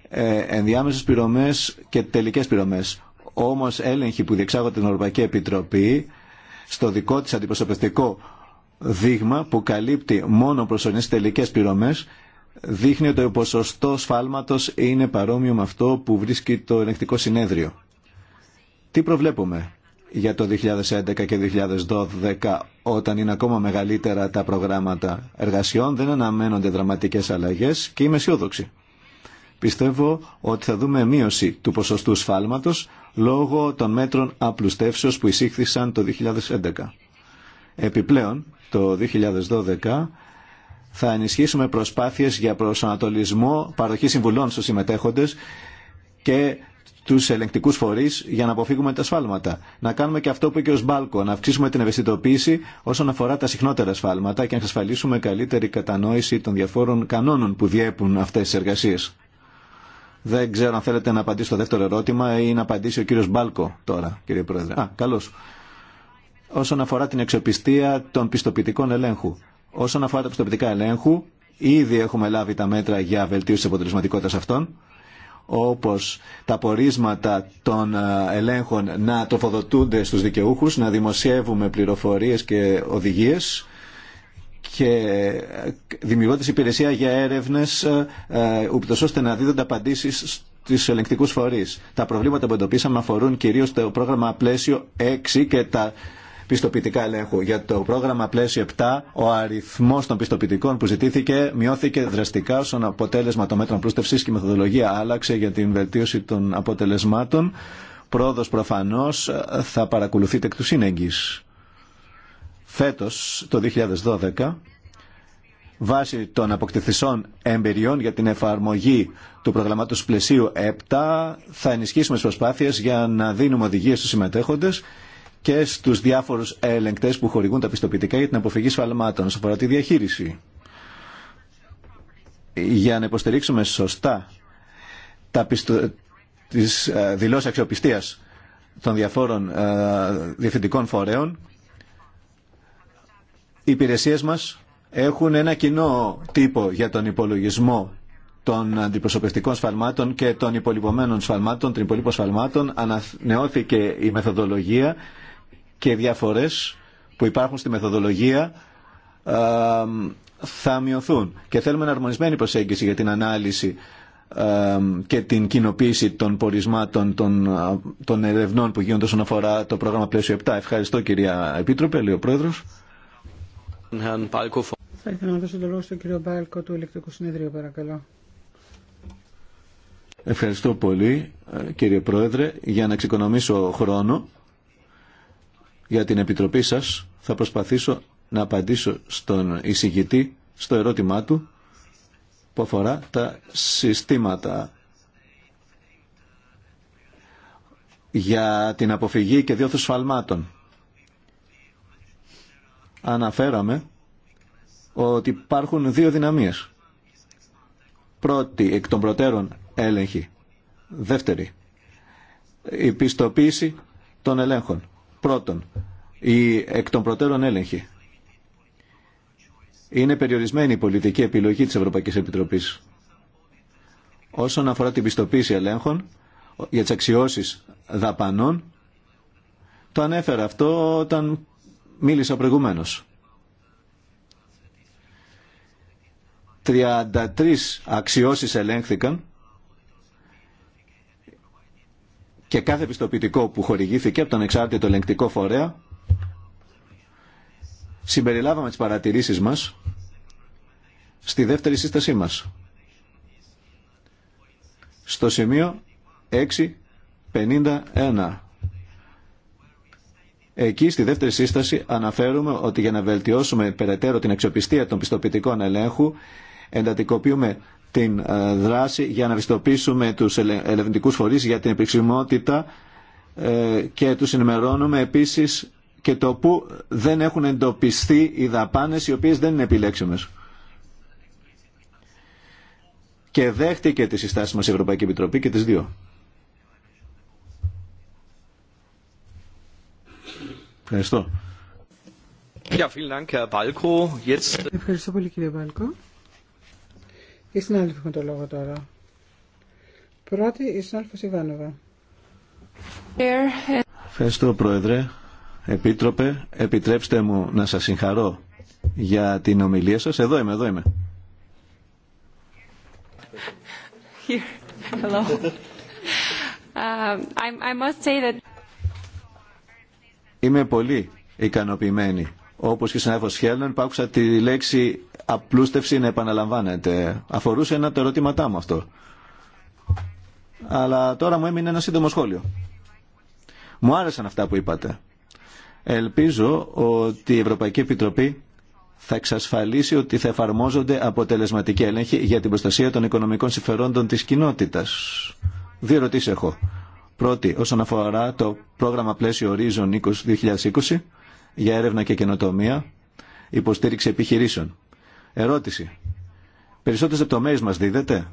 ε, ενδιάμεσες πληρωμές και τελικές πληρωμές. Όμως έλεγχοι που διεξάγονται την Ευρωπαϊκή Επιτροπή στο δικό της αντιπροσωπευτικό δείγμα που καλύπτει μόνο προσωρινές τελικές πληρωμές δείχνει ότι ο ποσοστό σφάλματος είναι παρόμοιο με αυτό που βρίσκει το ελεκτικό συνέδριο. Τι προβλέπουμε για το 2011 και 2012 όταν είναι ακόμα μεγαλύτερα τα προγράμματα εργασιών δεν αναμένονται δραματικές αλλαγές και είμαι αισιόδοξη. Πιστεύω ότι θα δούμε μείωση του ποσοστού σφάλματος λόγω των μέτρων απλουστεύσεως που εισήχθησαν το 2011. Επιπλέον, το 2012 θα ενισχύσουμε προσπάθειες για προσανατολισμό παροχή συμβουλών στους συμμετέχοντες και τους ελεγκτικούς φορείς για να αποφύγουμε τα σφάλματα. Να κάνουμε και αυτό που είπε ο Σμπάλκο, να αυξήσουμε την ευαισθητοποίηση όσον αφορά τα συχνότερα σφάλματα και να ασφαλίσουμε καλύτερη κατανόηση των διαφόρων κανόνων που διέπουν αυτές τις εργασίες. Δεν ξέρω αν θέλετε να απαντήσω το δεύτερο ερώτημα ή να απαντήσει ο κύριος Μπάλκο τώρα, κύριε Πρόεδρε. Α, καλώς. Όσον αφορά την εξοπιστία των πιστοποιητικών ελέγχου. Όσον αφορά τα πιστοποιητικά ελέγχου, ήδη έχουμε λάβει τα μέτρα για βελτίωση της αποτελεσματικότητας αυτών όπως τα πορίσματα των ε, ελέγχων να τροφοδοτούνται στους δικαιούχους, να δημοσιεύουμε πληροφορίες και οδηγίες και δημιουργώντα υπηρεσία για έρευνες ε, ε, ούτω ώστε να δίδονται απαντήσεις του ελεγκτικού φορεί. Τα προβλήματα που εντοπίσαμε αφορούν κυρίω το πρόγραμμα πλαίσιο 6 και τα πιστοποιητικά ελέγχου. Για το πρόγραμμα πλαίσιο 7, ο αριθμό των πιστοποιητικών που ζητήθηκε μειώθηκε δραστικά όσον αποτέλεσμα των μέτρων πλούστευση και η μεθοδολογία άλλαξε για την βελτίωση των αποτελεσμάτων. Πρόοδο προφανώ θα παρακολουθείτε εκ του σύνεγγυ φέτος, το 2012, βάσει των αποκτηθισών εμπειριών για την εφαρμογή του προγραμμάτου πλαισίου 7 θα ενισχύσουμε τις προσπάθειες για να δίνουμε οδηγίες στους συμμετέχοντες και στους διάφορους ελεγκτές που χορηγούν τα πιστοποιητικά για την αποφυγή σφαλμάτων σε αφορά τη διαχείριση. Για να υποστηρίξουμε σωστά τα πιστο... τις ε, αξιοπιστίας των διαφόρων ε, διευθυντικών φορέων οι υπηρεσίε μα έχουν ένα κοινό τύπο για τον υπολογισμό των αντιπροσωπευτικών σφαλμάτων και των υπολοιπωμένων σφαλμάτων, των υπολείπων σφαλμάτων, ανανεώθηκε η μεθοδολογία και οι διαφορές που υπάρχουν στη μεθοδολογία θα μειωθούν. Και θέλουμε αρμονισμένη προσέγγιση για την ανάλυση και την κοινοποίηση των πορισμάτων των, των ερευνών που γίνονται όσον αφορά το πρόγραμμα πλαίσιο 7. Ευχαριστώ κυρία Επίτροπε, λέει ο Πρόεδρος. Θα ήθελα να δώσω το λόγο στον κύριο Μπάλκο του ηλεκτρικού Συνεδρίου, παρακαλώ. Ευχαριστώ πολύ, ε, κύριε Πρόεδρε. Για να εξοικονομήσω χρόνο για την Επιτροπή σας, θα προσπαθήσω να απαντήσω στον εισηγητή στο ερώτημά του που αφορά τα συστήματα για την αποφυγή και διόθου σφαλμάτων αναφέραμε ότι υπάρχουν δύο δυναμίες. Πρώτη, εκ των προτέρων έλεγχη. Δεύτερη, η πιστοποίηση των ελέγχων. Πρώτον, η εκ των προτέρων έλεγχη. Είναι περιορισμένη η πολιτική επιλογή της Ευρωπαϊκής Επιτροπής. Όσον αφορά την πιστοποίηση ελέγχων για τις αξιώσεις δαπανών, το ανέφερα αυτό όταν μίλησα προηγουμένως. 33 αξιώσεις ελέγχθηκαν και κάθε πιστοποιητικό που χορηγήθηκε από τον εξάρτητο ελεγκτικό φορέα συμπεριλάβαμε τις παρατηρήσεις μας στη δεύτερη σύστασή μας. Στο σημείο 6.51 Εκεί στη δεύτερη σύσταση αναφέρουμε ότι για να βελτιώσουμε περαιτέρω την αξιοπιστία των πιστοποιητικών ελέγχου εντατικοποιούμε την ε, δράση για να βιστοποιήσουμε τους ελευνητικούς φορείς για την επιξημότητα ε, και τους ενημερώνουμε επίσης και το που δεν έχουν εντοπιστεί οι δαπάνες οι οποίες δεν είναι επιλέξιμες. Και δέχτηκε τις συστάσεις μας η Ευρωπαϊκή Επιτροπή και τις δύο. Ευχαριστώ. Ευχαριστώ πολύ κύριε Μπάλκο. Οι συνάδελφοι έχουν το λόγο τώρα. Πρώτη η συνάδελφος Ιβάνοβα. Ευχαριστώ Πρόεδρε. Επίτροπε, επιτρέψτε μου να σας συγχαρώ για την ομιλία σας. Εδώ είμαι, εδώ είμαι. Here. Hello. Uh, I, I must say that... Είμαι πολύ ικανοποιημένη. Όπως και ο συνάδελφος Χέλλον, άκουσα τη λέξη απλούστευση να επαναλαμβάνεται. Αφορούσε ένα από τα ερωτήματά μου αυτό. Αλλά τώρα μου έμεινε ένα σύντομο σχόλιο. Μου άρεσαν αυτά που είπατε. Ελπίζω ότι η Ευρωπαϊκή Επιτροπή θα εξασφαλίσει ότι θα εφαρμόζονται αποτελεσματικοί έλεγχοι για την προστασία των οικονομικών συμφερόντων της κοινότητας. Δύο ερωτήσεις έχω. Πρώτη, όσον αφορά το πρόγραμμα πλαίσιο Horizon 2020 για έρευνα και καινοτομία, υποστήριξη επιχειρήσεων. Ερώτηση. Περισσότερες λεπτομέρειες μας δίδεται.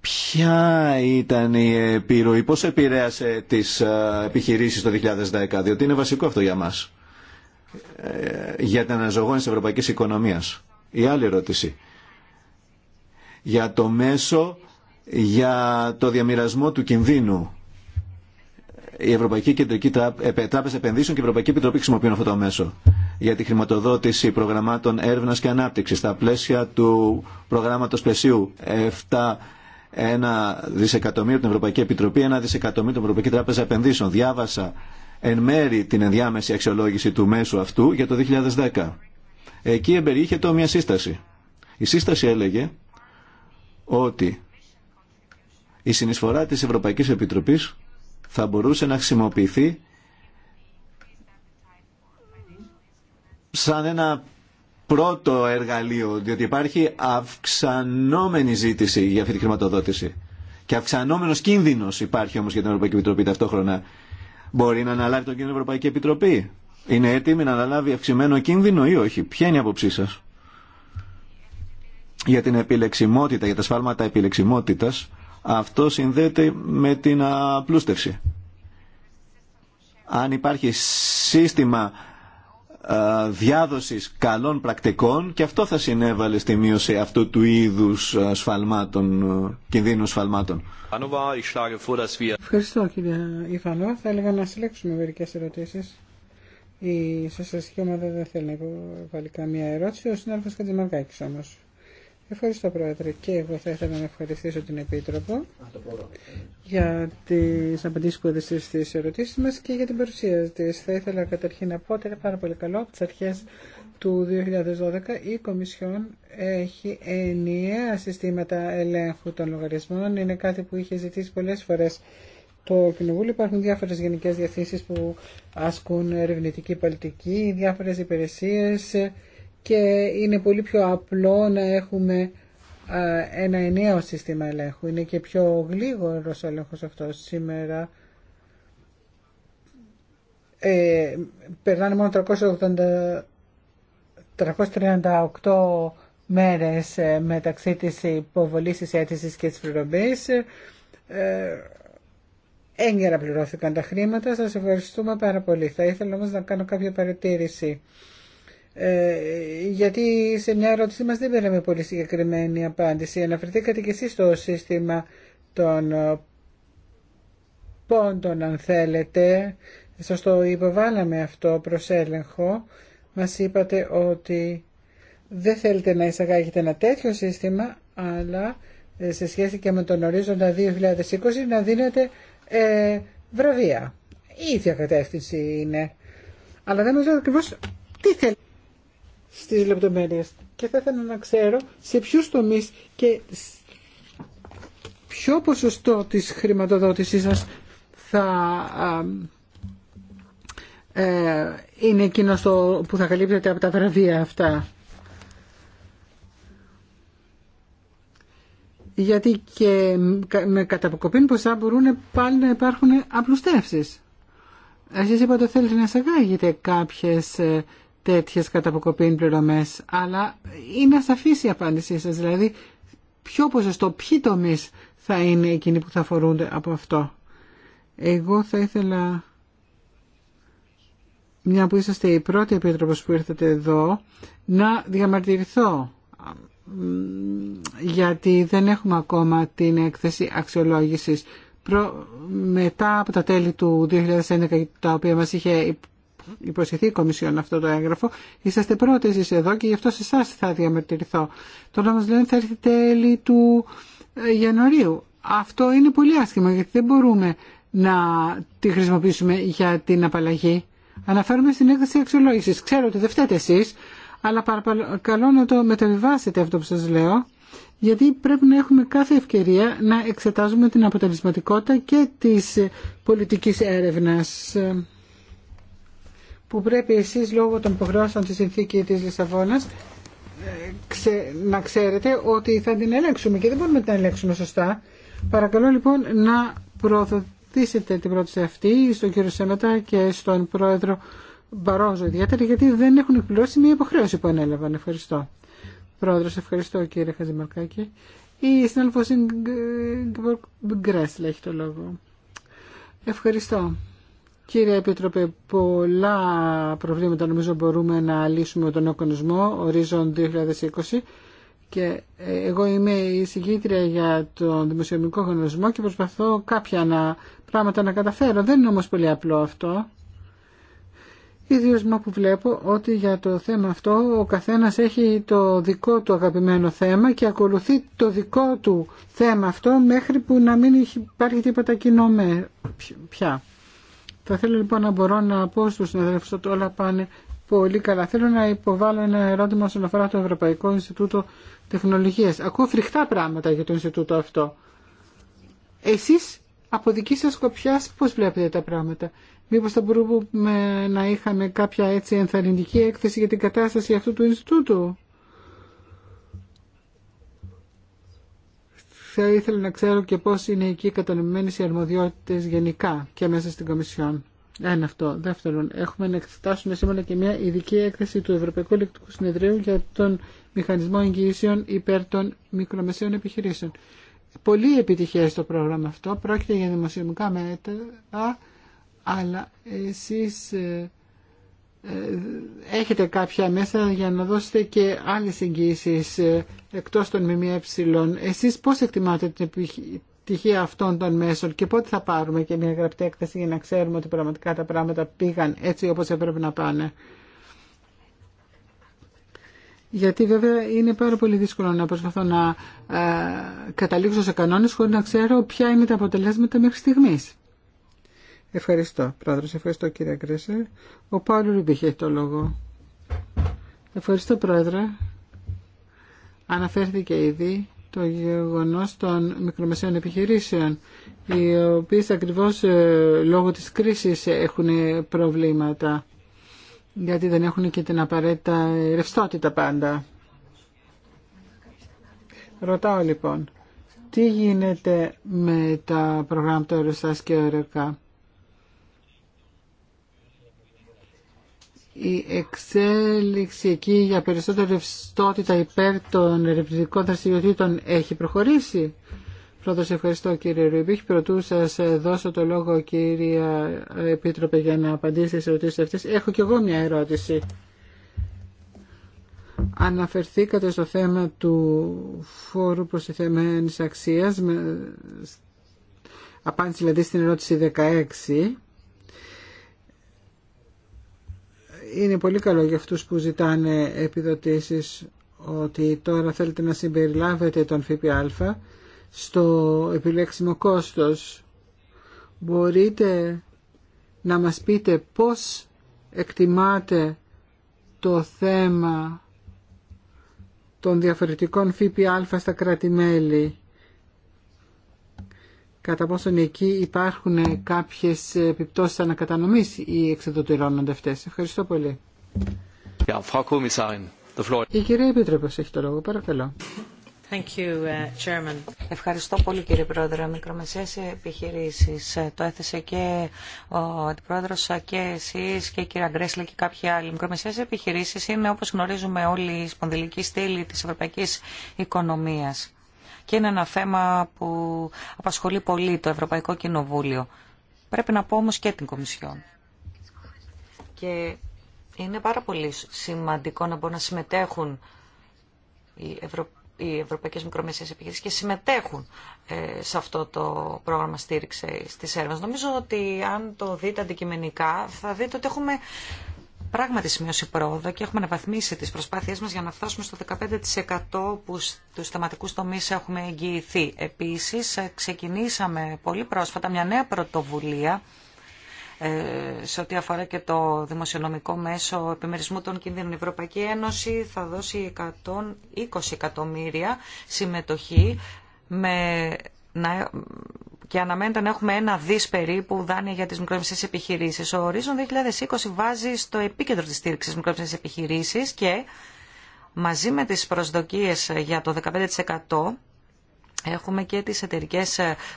Ποια ήταν η επιρροή, πώς επηρέασε τις επιχειρήσεις το 2010, διότι είναι βασικό αυτό για μας, ε, για την αναζωγόνηση της ευρωπαϊκής οικονομίας. Η άλλη ερώτηση. Για το μέσο για το διαμοιρασμό του κινδύνου. Η Ευρωπαϊκή Κεντρική ε, Τράπεζα Επενδύσεων και η Ευρωπαϊκή Επιτροπή χρησιμοποιούν αυτό το μέσο για τη χρηματοδότηση προγραμμάτων έρευνα και ανάπτυξη στα πλαίσια του προγράμματο πλαισίου 7 ένα δισεκατομμύριο την Ευρωπαϊκή Επιτροπή, ένα δισεκατομμύριο την Ευρωπαϊκή Τράπεζα Επενδύσεων. Διάβασα εν μέρη την ενδιάμεση αξιολόγηση του μέσου αυτού για το 2010. Εκεί εμπεριείχε το μια σύσταση. Η σύσταση έλεγε ότι η συνεισφορά της Ευρωπαϊκής Επιτροπής θα μπορούσε να χρησιμοποιηθεί σαν ένα πρώτο εργαλείο, διότι υπάρχει αυξανόμενη ζήτηση για αυτή τη χρηματοδότηση. Και αυξανόμενο κίνδυνο υπάρχει όμω για την Ευρωπαϊκή Επιτροπή ταυτόχρονα. Μπορεί να αναλάβει τον κίνδυνο η Ευρωπαϊκή Επιτροπή. Είναι έτοιμη να αναλάβει αυξημένο κίνδυνο ή όχι. Ποια είναι η άποψή σα για την επιλεξιμότητα, για τα σφάλματα επιλεξιμότητα αυτό συνδέεται με την απλούστευση. Αν υπάρχει σύστημα ε, διάδοσης καλών πρακτικών και αυτό θα συνέβαλε στη μείωση αυτού του είδους ε, σφαλμάτων, ε, κινδύνου σφαλμάτων. Ευχαριστώ κύριε Ιφανό. Θα έλεγα να συλλέξουμε μερικέ ερωτήσεις. Η σωσταστική ομάδα δεν θέλει να βάλει καμία ερώτηση. Ο συνάδελφος Κατζημαρκάκης όμως. Ευχαριστώ Πρόεδρε και εγώ θα ήθελα να ευχαριστήσω την Επίτροπο για τις απαντήσεις που έδωσε στις ερωτήσεις μας και για την παρουσία της. Θα ήθελα καταρχήν να πω ότι είναι πάρα πολύ καλό από τις αρχές του 2012 η Κομισιόν έχει ενιαία συστήματα ελέγχου των λογαριασμών. Είναι κάτι που είχε ζητήσει πολλές φορές το Κοινοβούλιο. Υπάρχουν διάφορες γενικές διαθέσεις που άσκουν ερευνητική πολιτική, διάφορες υπηρεσίες, και είναι πολύ πιο απλό να έχουμε ένα ενιαίο σύστημα ελέγχου. Είναι και πιο γλίγορος ο έλεγχος αυτός σήμερα. Ε, περνάνε μόνο 380, 338 μέρες ε, μεταξύ της υποβολής της αίτησης και της πληρωμής. Ε, έγκαιρα πληρώθηκαν τα χρήματα. Σας ευχαριστούμε πάρα πολύ. Θα ήθελα όμως να κάνω κάποια παρατήρηση. Ε, γιατί σε μια ερώτησή μας δεν πήραμε πολύ συγκεκριμένη απάντηση. Αναφερθήκατε και εσείς στο σύστημα των πόντων, αν θέλετε. Σας το υποβάλαμε αυτό προς έλεγχο. Μας είπατε ότι δεν θέλετε να εισαγάγετε ένα τέτοιο σύστημα, αλλά ε, σε σχέση και με τον ορίζοντα 2020 να δίνετε ε, βραβεία. Η ίδια κατεύθυνση είναι. Αλλά δεν μας λέτε ακριβώς τι θέλετε στις λεπτομέρειες. Και θα ήθελα να ξέρω σε ποιους τομείς και ποιο ποσοστό της χρηματοδότησής σας θα ε, είναι εκείνο το που θα καλύπτεται από τα βραβεία αυτά. Γιατί και με καταποκοπήν ποσά μπορούν πάλι να υπάρχουν απλουστεύσεις. Εσείς είπατε θέλετε να σαγάγετε κάποιες ε, Τέτοιε καταποκοπήν πληρωμέ, αλλά είναι ασαφή η απάντησή σας, δηλαδή ποιο ποσοστό, ποιοι τομεί θα είναι εκείνοι που θα αφορούνται από αυτό. Εγώ θα ήθελα, μια που είσαστε η πρώτη επίτροπος που ήρθατε εδώ, να διαμαρτυρηθώ γιατί δεν έχουμε ακόμα την έκθεση αξιολόγησης μετά από τα τέλη του 2011 τα οποία μας είχε υποσχεθεί η Κομισιόν αυτό το έγγραφο. Είσαστε πρώτες εσείς εδώ και γι' αυτό σε εσά θα διαμαρτυρηθώ. Τώρα μας λένε θα έρθει τέλη του ε, Ιανουαρίου. Αυτό είναι πολύ άσχημο γιατί δεν μπορούμε να τη χρησιμοποιήσουμε για την απαλλαγή. αναφέρουμε στην έκθεση αξιολόγηση. Ξέρω ότι δεν φταίτε εσεί, αλλά παρακαλώ να το μεταβιβάσετε αυτό που σα λέω, γιατί πρέπει να έχουμε κάθε ευκαιρία να εξετάζουμε την αποτελεσματικότητα και τη πολιτική έρευνα που πρέπει εσείς λόγω των υποχρεώσεων της συνθήκη της Λισαβόνας να ξέρετε ότι θα την ελέγξουμε και δεν μπορούμε να την ελέγξουμε σωστά. Παρακαλώ λοιπόν να προωθήσετε την πρόταση αυτή στον κύριο Σένατα και στον πρόεδρο Μπαρόζο ιδιαίτερα γιατί δεν έχουν εκπληρώσει μια υποχρέωση που ανέλαβαν. Ευχαριστώ. Πρόεδρος, ευχαριστώ κύριε Χαζημαρκάκη. Η συνάδελφος Γκρέσλα έχει το λόγο. Ευχαριστώ. Κύριε Επίτροπε, πολλά προβλήματα νομίζω μπορούμε να λύσουμε με τον οργανισμό Ορίζον 2020 και ε, εγώ είμαι η συγκήτρια για τον δημοσιονομικό οργανισμό και προσπαθώ κάποια να, πράγματα να καταφέρω. Δεν είναι όμως πολύ απλό αυτό. Ιδίως μα που βλέπω ότι για το θέμα αυτό ο καθένας έχει το δικό του αγαπημένο θέμα και ακολουθεί το δικό του θέμα αυτό μέχρι που να μην υπάρχει τίποτα κοινό με πια. Θα θέλω λοιπόν να μπορώ να πω στου συναδέλφου ότι όλα πάνε πολύ καλά. Θέλω να υποβάλω ένα ερώτημα όσον αφορά το Ευρωπαϊκό Ινστιτούτο Τεχνολογία. Ακούω φρικτά πράγματα για το Ινστιτούτο αυτό. Εσεί, από δική σα σκοπιά πώ βλέπετε τα πράγματα. Μήπως θα μπορούμε να είχαμε κάποια έτσι ενθαρρυντική έκθεση για την κατάσταση αυτού του Ινστιτούτου. θα ήθελα να ξέρω και πώς είναι εκεί κατανομημένες οι αρμοδιότητες γενικά και μέσα στην Κομισιόν. Ένα αυτό. Δεύτερον, έχουμε να εξετάσουμε σήμερα και μια ειδική έκθεση του Ευρωπαϊκού Ελεκτικού Συνεδρίου για τον μηχανισμό εγγυήσεων υπέρ των μικρομεσαίων επιχειρήσεων. Πολύ επιτυχές το πρόγραμμα αυτό. Πρόκειται για δημοσιονομικά μέτρα, αλλά εσείς ε, ε, έχετε κάποια μέσα για να δώσετε και άλλες εγγύησεις ε, εκτός των ΜΜΕ, εσείς πώς εκτιμάτε την επιτυχία αυτών των μέσων και πότε θα πάρουμε και μια γραπτή έκθεση για να ξέρουμε ότι πραγματικά τα πράγματα πήγαν έτσι όπως έπρεπε να πάνε. Γιατί βέβαια είναι πάρα πολύ δύσκολο να προσπαθώ να ε, καταλήξω σε κανόνες χωρίς να ξέρω ποια είναι τα αποτελέσματα μέχρι στιγμής. Ευχαριστώ, πρόεδρος. Ευχαριστώ, κύριε Γκρέσερ. Ο Παύλου Ρουμπίχ έχει το λόγο. Ευχαριστώ, πρόεδρε. Αναφέρθηκε ήδη το γεγονός των μικρομεσαίων επιχειρήσεων, οι οποίες ακριβώς ε, λόγω της κρίσης έχουν προβλήματα, γιατί δεν έχουν και την απαραίτητα ρευστότητα πάντα. Ρωτάω λοιπόν, τι γίνεται με τα προγράμματα Eurostars και ΕΡΕΚΑ. η εξέλιξη εκεί για περισσότερη ευστότητα υπέρ των ερευνητικών δραστηριοτήτων έχει προχωρήσει. Πρώτα σε ευχαριστώ κύριε Ρουμπίχ. Πρωτού σα ε, δώσω το λόγο κύριε Επίτροπε για να απαντήσετε στι ερωτήσει αυτέ. Έχω κι εγώ μια ερώτηση. Αναφερθήκατε στο θέμα του φόρου προστιθέμενης αξίας, με... απάντηση δηλαδή στην ερώτηση 16 είναι πολύ καλό για αυτούς που ζητάνε επιδοτήσεις ότι τώρα θέλετε να συμπεριλάβετε τον ΦΠΑ στο επιλέξιμο κόστος. Μπορείτε να μας πείτε πώς εκτιμάτε το θέμα των διαφορετικών ΦΠΑ στα κρατη κατά πόσον εκεί υπάρχουν κάποιες επιπτώσεις ανακατανομής ή εξεδοτηρώνονται αυτές. Ευχαριστώ πολύ. Η κυρία Επίτροπος έχει το λόγο. Παρακαλώ. Thank you, uh, Ευχαριστώ πολύ κύριε Πρόεδρε. Μικρομεσαίες επιχειρήσεις ε, το έθεσε και ο Αντιπρόεδρος ε, και εσείς και η κυρία Γκρέσλε και κάποιοι άλλοι. Μικρομεσαίες επιχειρήσεις είναι όπως γνωρίζουμε όλοι η σπονδυλική στήλη της ευρωπαϊκής οικονομίας και είναι ένα θέμα που απασχολεί πολύ το Ευρωπαϊκό Κοινοβούλιο. Πρέπει να πω όμως και την Κομισιόν. Και είναι πάρα πολύ σημαντικό να μπορούν να συμμετέχουν οι, Ευρω... οι ευρωπαϊκές μικρομεσαίες επιχειρήσεις και συμμετέχουν ε, σε αυτό το πρόγραμμα στήριξη της έρευνας. Νομίζω ότι αν το δείτε αντικειμενικά θα δείτε ότι έχουμε πράγματι σημειώσει πρόοδο και έχουμε αναβαθμίσει τις προσπάθειές μας για να φτάσουμε στο 15% που στους θεματικούς τομείς έχουμε εγγυηθεί. Επίσης, ε, ξεκινήσαμε πολύ πρόσφατα μια νέα πρωτοβουλία ε, σε ό,τι αφορά και το δημοσιονομικό μέσο επιμερισμού των κινδύνων. Η Ευρωπαϊκή Ένωση θα δώσει 120 εκατομμύρια συμμετοχή με και αναμένεται να έχουμε ένα δις περίπου δάνεια για τις μικρομεσαίες επιχειρήσεις. Ο Ορίζον 2020 βάζει στο επίκεντρο της στήριξης μικρομεσαίες επιχειρήσεις και μαζί με τις προσδοκίες για το 15% έχουμε και τις εταιρικέ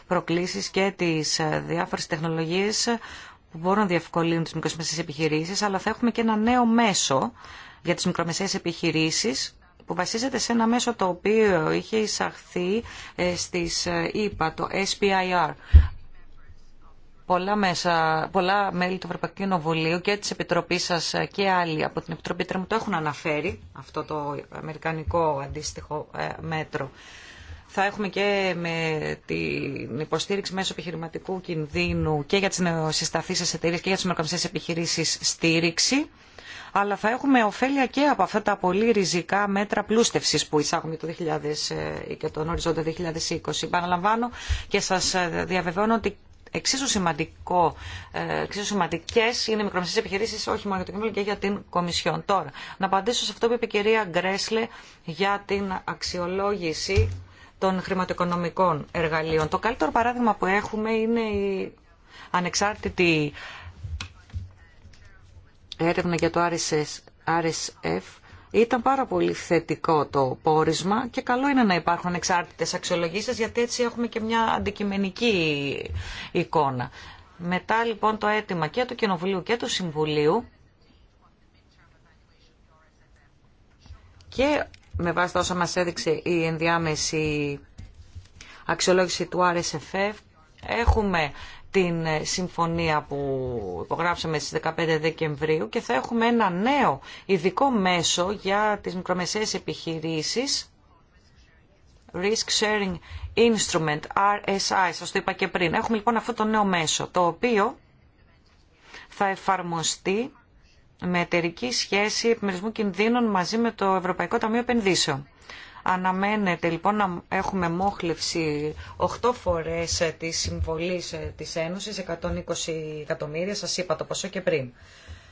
προκλήσεις και τις διάφορες τεχνολογίες που μπορούν να διευκολύνουν τις μικρομεσαίες επιχειρήσεις, αλλά θα έχουμε και ένα νέο μέσο για τις μικρομεσαίες επιχειρήσεις που βασίζεται σε ένα μέσο το οποίο είχε εισαχθεί ε, στις ΕΠΑ, το SPIR. Πολλά, μέσα, πολλά μέλη του Ευρωπαϊκού Κοινοβουλίου και της Επιτροπής σας και άλλοι από την Επιτροπή Τρέμου το έχουν αναφέρει, αυτό το αμερικανικό αντίστοιχο ε, μέτρο. Θα έχουμε και με την υποστήριξη μέσω επιχειρηματικού κινδύνου και για τις νεοσυσταθείς εταιρείε και για τις μεροκαμιστές επιχειρήσεις στήριξη αλλά θα έχουμε ωφέλεια και από αυτά τα πολύ ριζικά μέτρα πλούστευση που εισάγουμε το 2000 ε, και τον οριζόντα 2020. Παναλαμβάνω και σα ε, διαβεβαιώνω ότι εξίσου, σημαντικό, ε, εξίσου σημαντικές είναι οι μικρομεσαίε επιχειρήσεις όχι μόνο για το κοινό και για την Κομισιόν. Τώρα, να απαντήσω σε αυτό που είπε η κυρία Γκρέσλε για την αξιολόγηση των χρηματοοικονομικών εργαλείων. Το καλύτερο παράδειγμα που έχουμε είναι η ανεξάρτητη έρευνα για το RSS, RSF ήταν πάρα πολύ θετικό το πόρισμα και καλό είναι να υπάρχουν εξάρτητες αξιολογήσεις γιατί έτσι έχουμε και μια αντικειμενική εικόνα. Μετά λοιπόν το αίτημα και του Κοινοβουλίου και του Συμβουλίου και με βάση όσα μας έδειξε η ενδιάμεση αξιολόγηση του RSFF έχουμε την συμφωνία που υπογράψαμε στις 15 Δεκεμβρίου και θα έχουμε ένα νέο ειδικό μέσο για τις μικρομεσαίες επιχειρήσεις Risk Sharing Instrument, RSI, σας το είπα και πριν. Έχουμε λοιπόν αυτό το νέο μέσο, το οποίο θα εφαρμοστεί με εταιρική σχέση επιμερισμού κινδύνων μαζί με το Ευρωπαϊκό Ταμείο Επενδύσεων. Αναμένεται λοιπόν να έχουμε μόχλευση 8 φορές ε, της συμβολής ε, της Ένωσης, 120 εκατομμύρια, σας είπα το ποσό και πριν.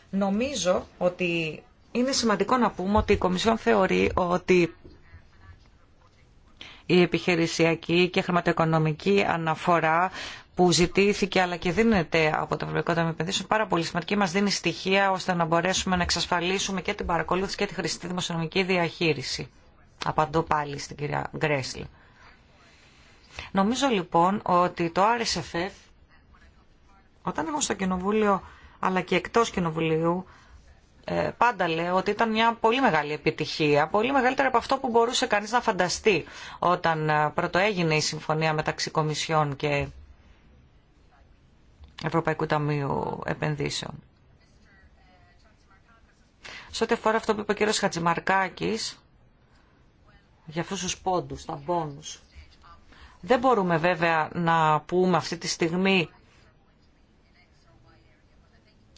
Νομίζω ότι είναι σημαντικό να πούμε ότι η Κομισιόν θεωρεί ότι η επιχειρησιακή και χρηματοοικονομική αναφορά που ζητήθηκε αλλά και δίνεται από το Ευρωπαϊκό Ταμείο Επενδύσεων πάρα πολύ σημαντική. Μα δίνει στοιχεία ώστε να μπορέσουμε να εξασφαλίσουμε και την παρακολούθηση και τη χρηστή δημοσιονομική διαχείριση. Απαντώ πάλι στην κυρία Γκρέσλι. Νομίζω λοιπόν ότι το RSFF, όταν ήμουν στο Κοινοβούλιο αλλά και εκτός Κοινοβουλίου, ε, πάντα λέω ότι ήταν μια πολύ μεγάλη επιτυχία, πολύ μεγαλύτερη από αυτό που μπορούσε κανείς να φανταστεί όταν ε, πρώτο έγινε η συμφωνία μεταξύ Κομισιών και Ευρωπαϊκού Ταμείου Επενδύσεων. Σε ό,τι αφορά αυτό που είπε ο κ. Χατζημαρκάκης, για αυτούς τους πόντους, τα μπόνους. Δεν μπορούμε βέβαια να πούμε αυτή τη στιγμή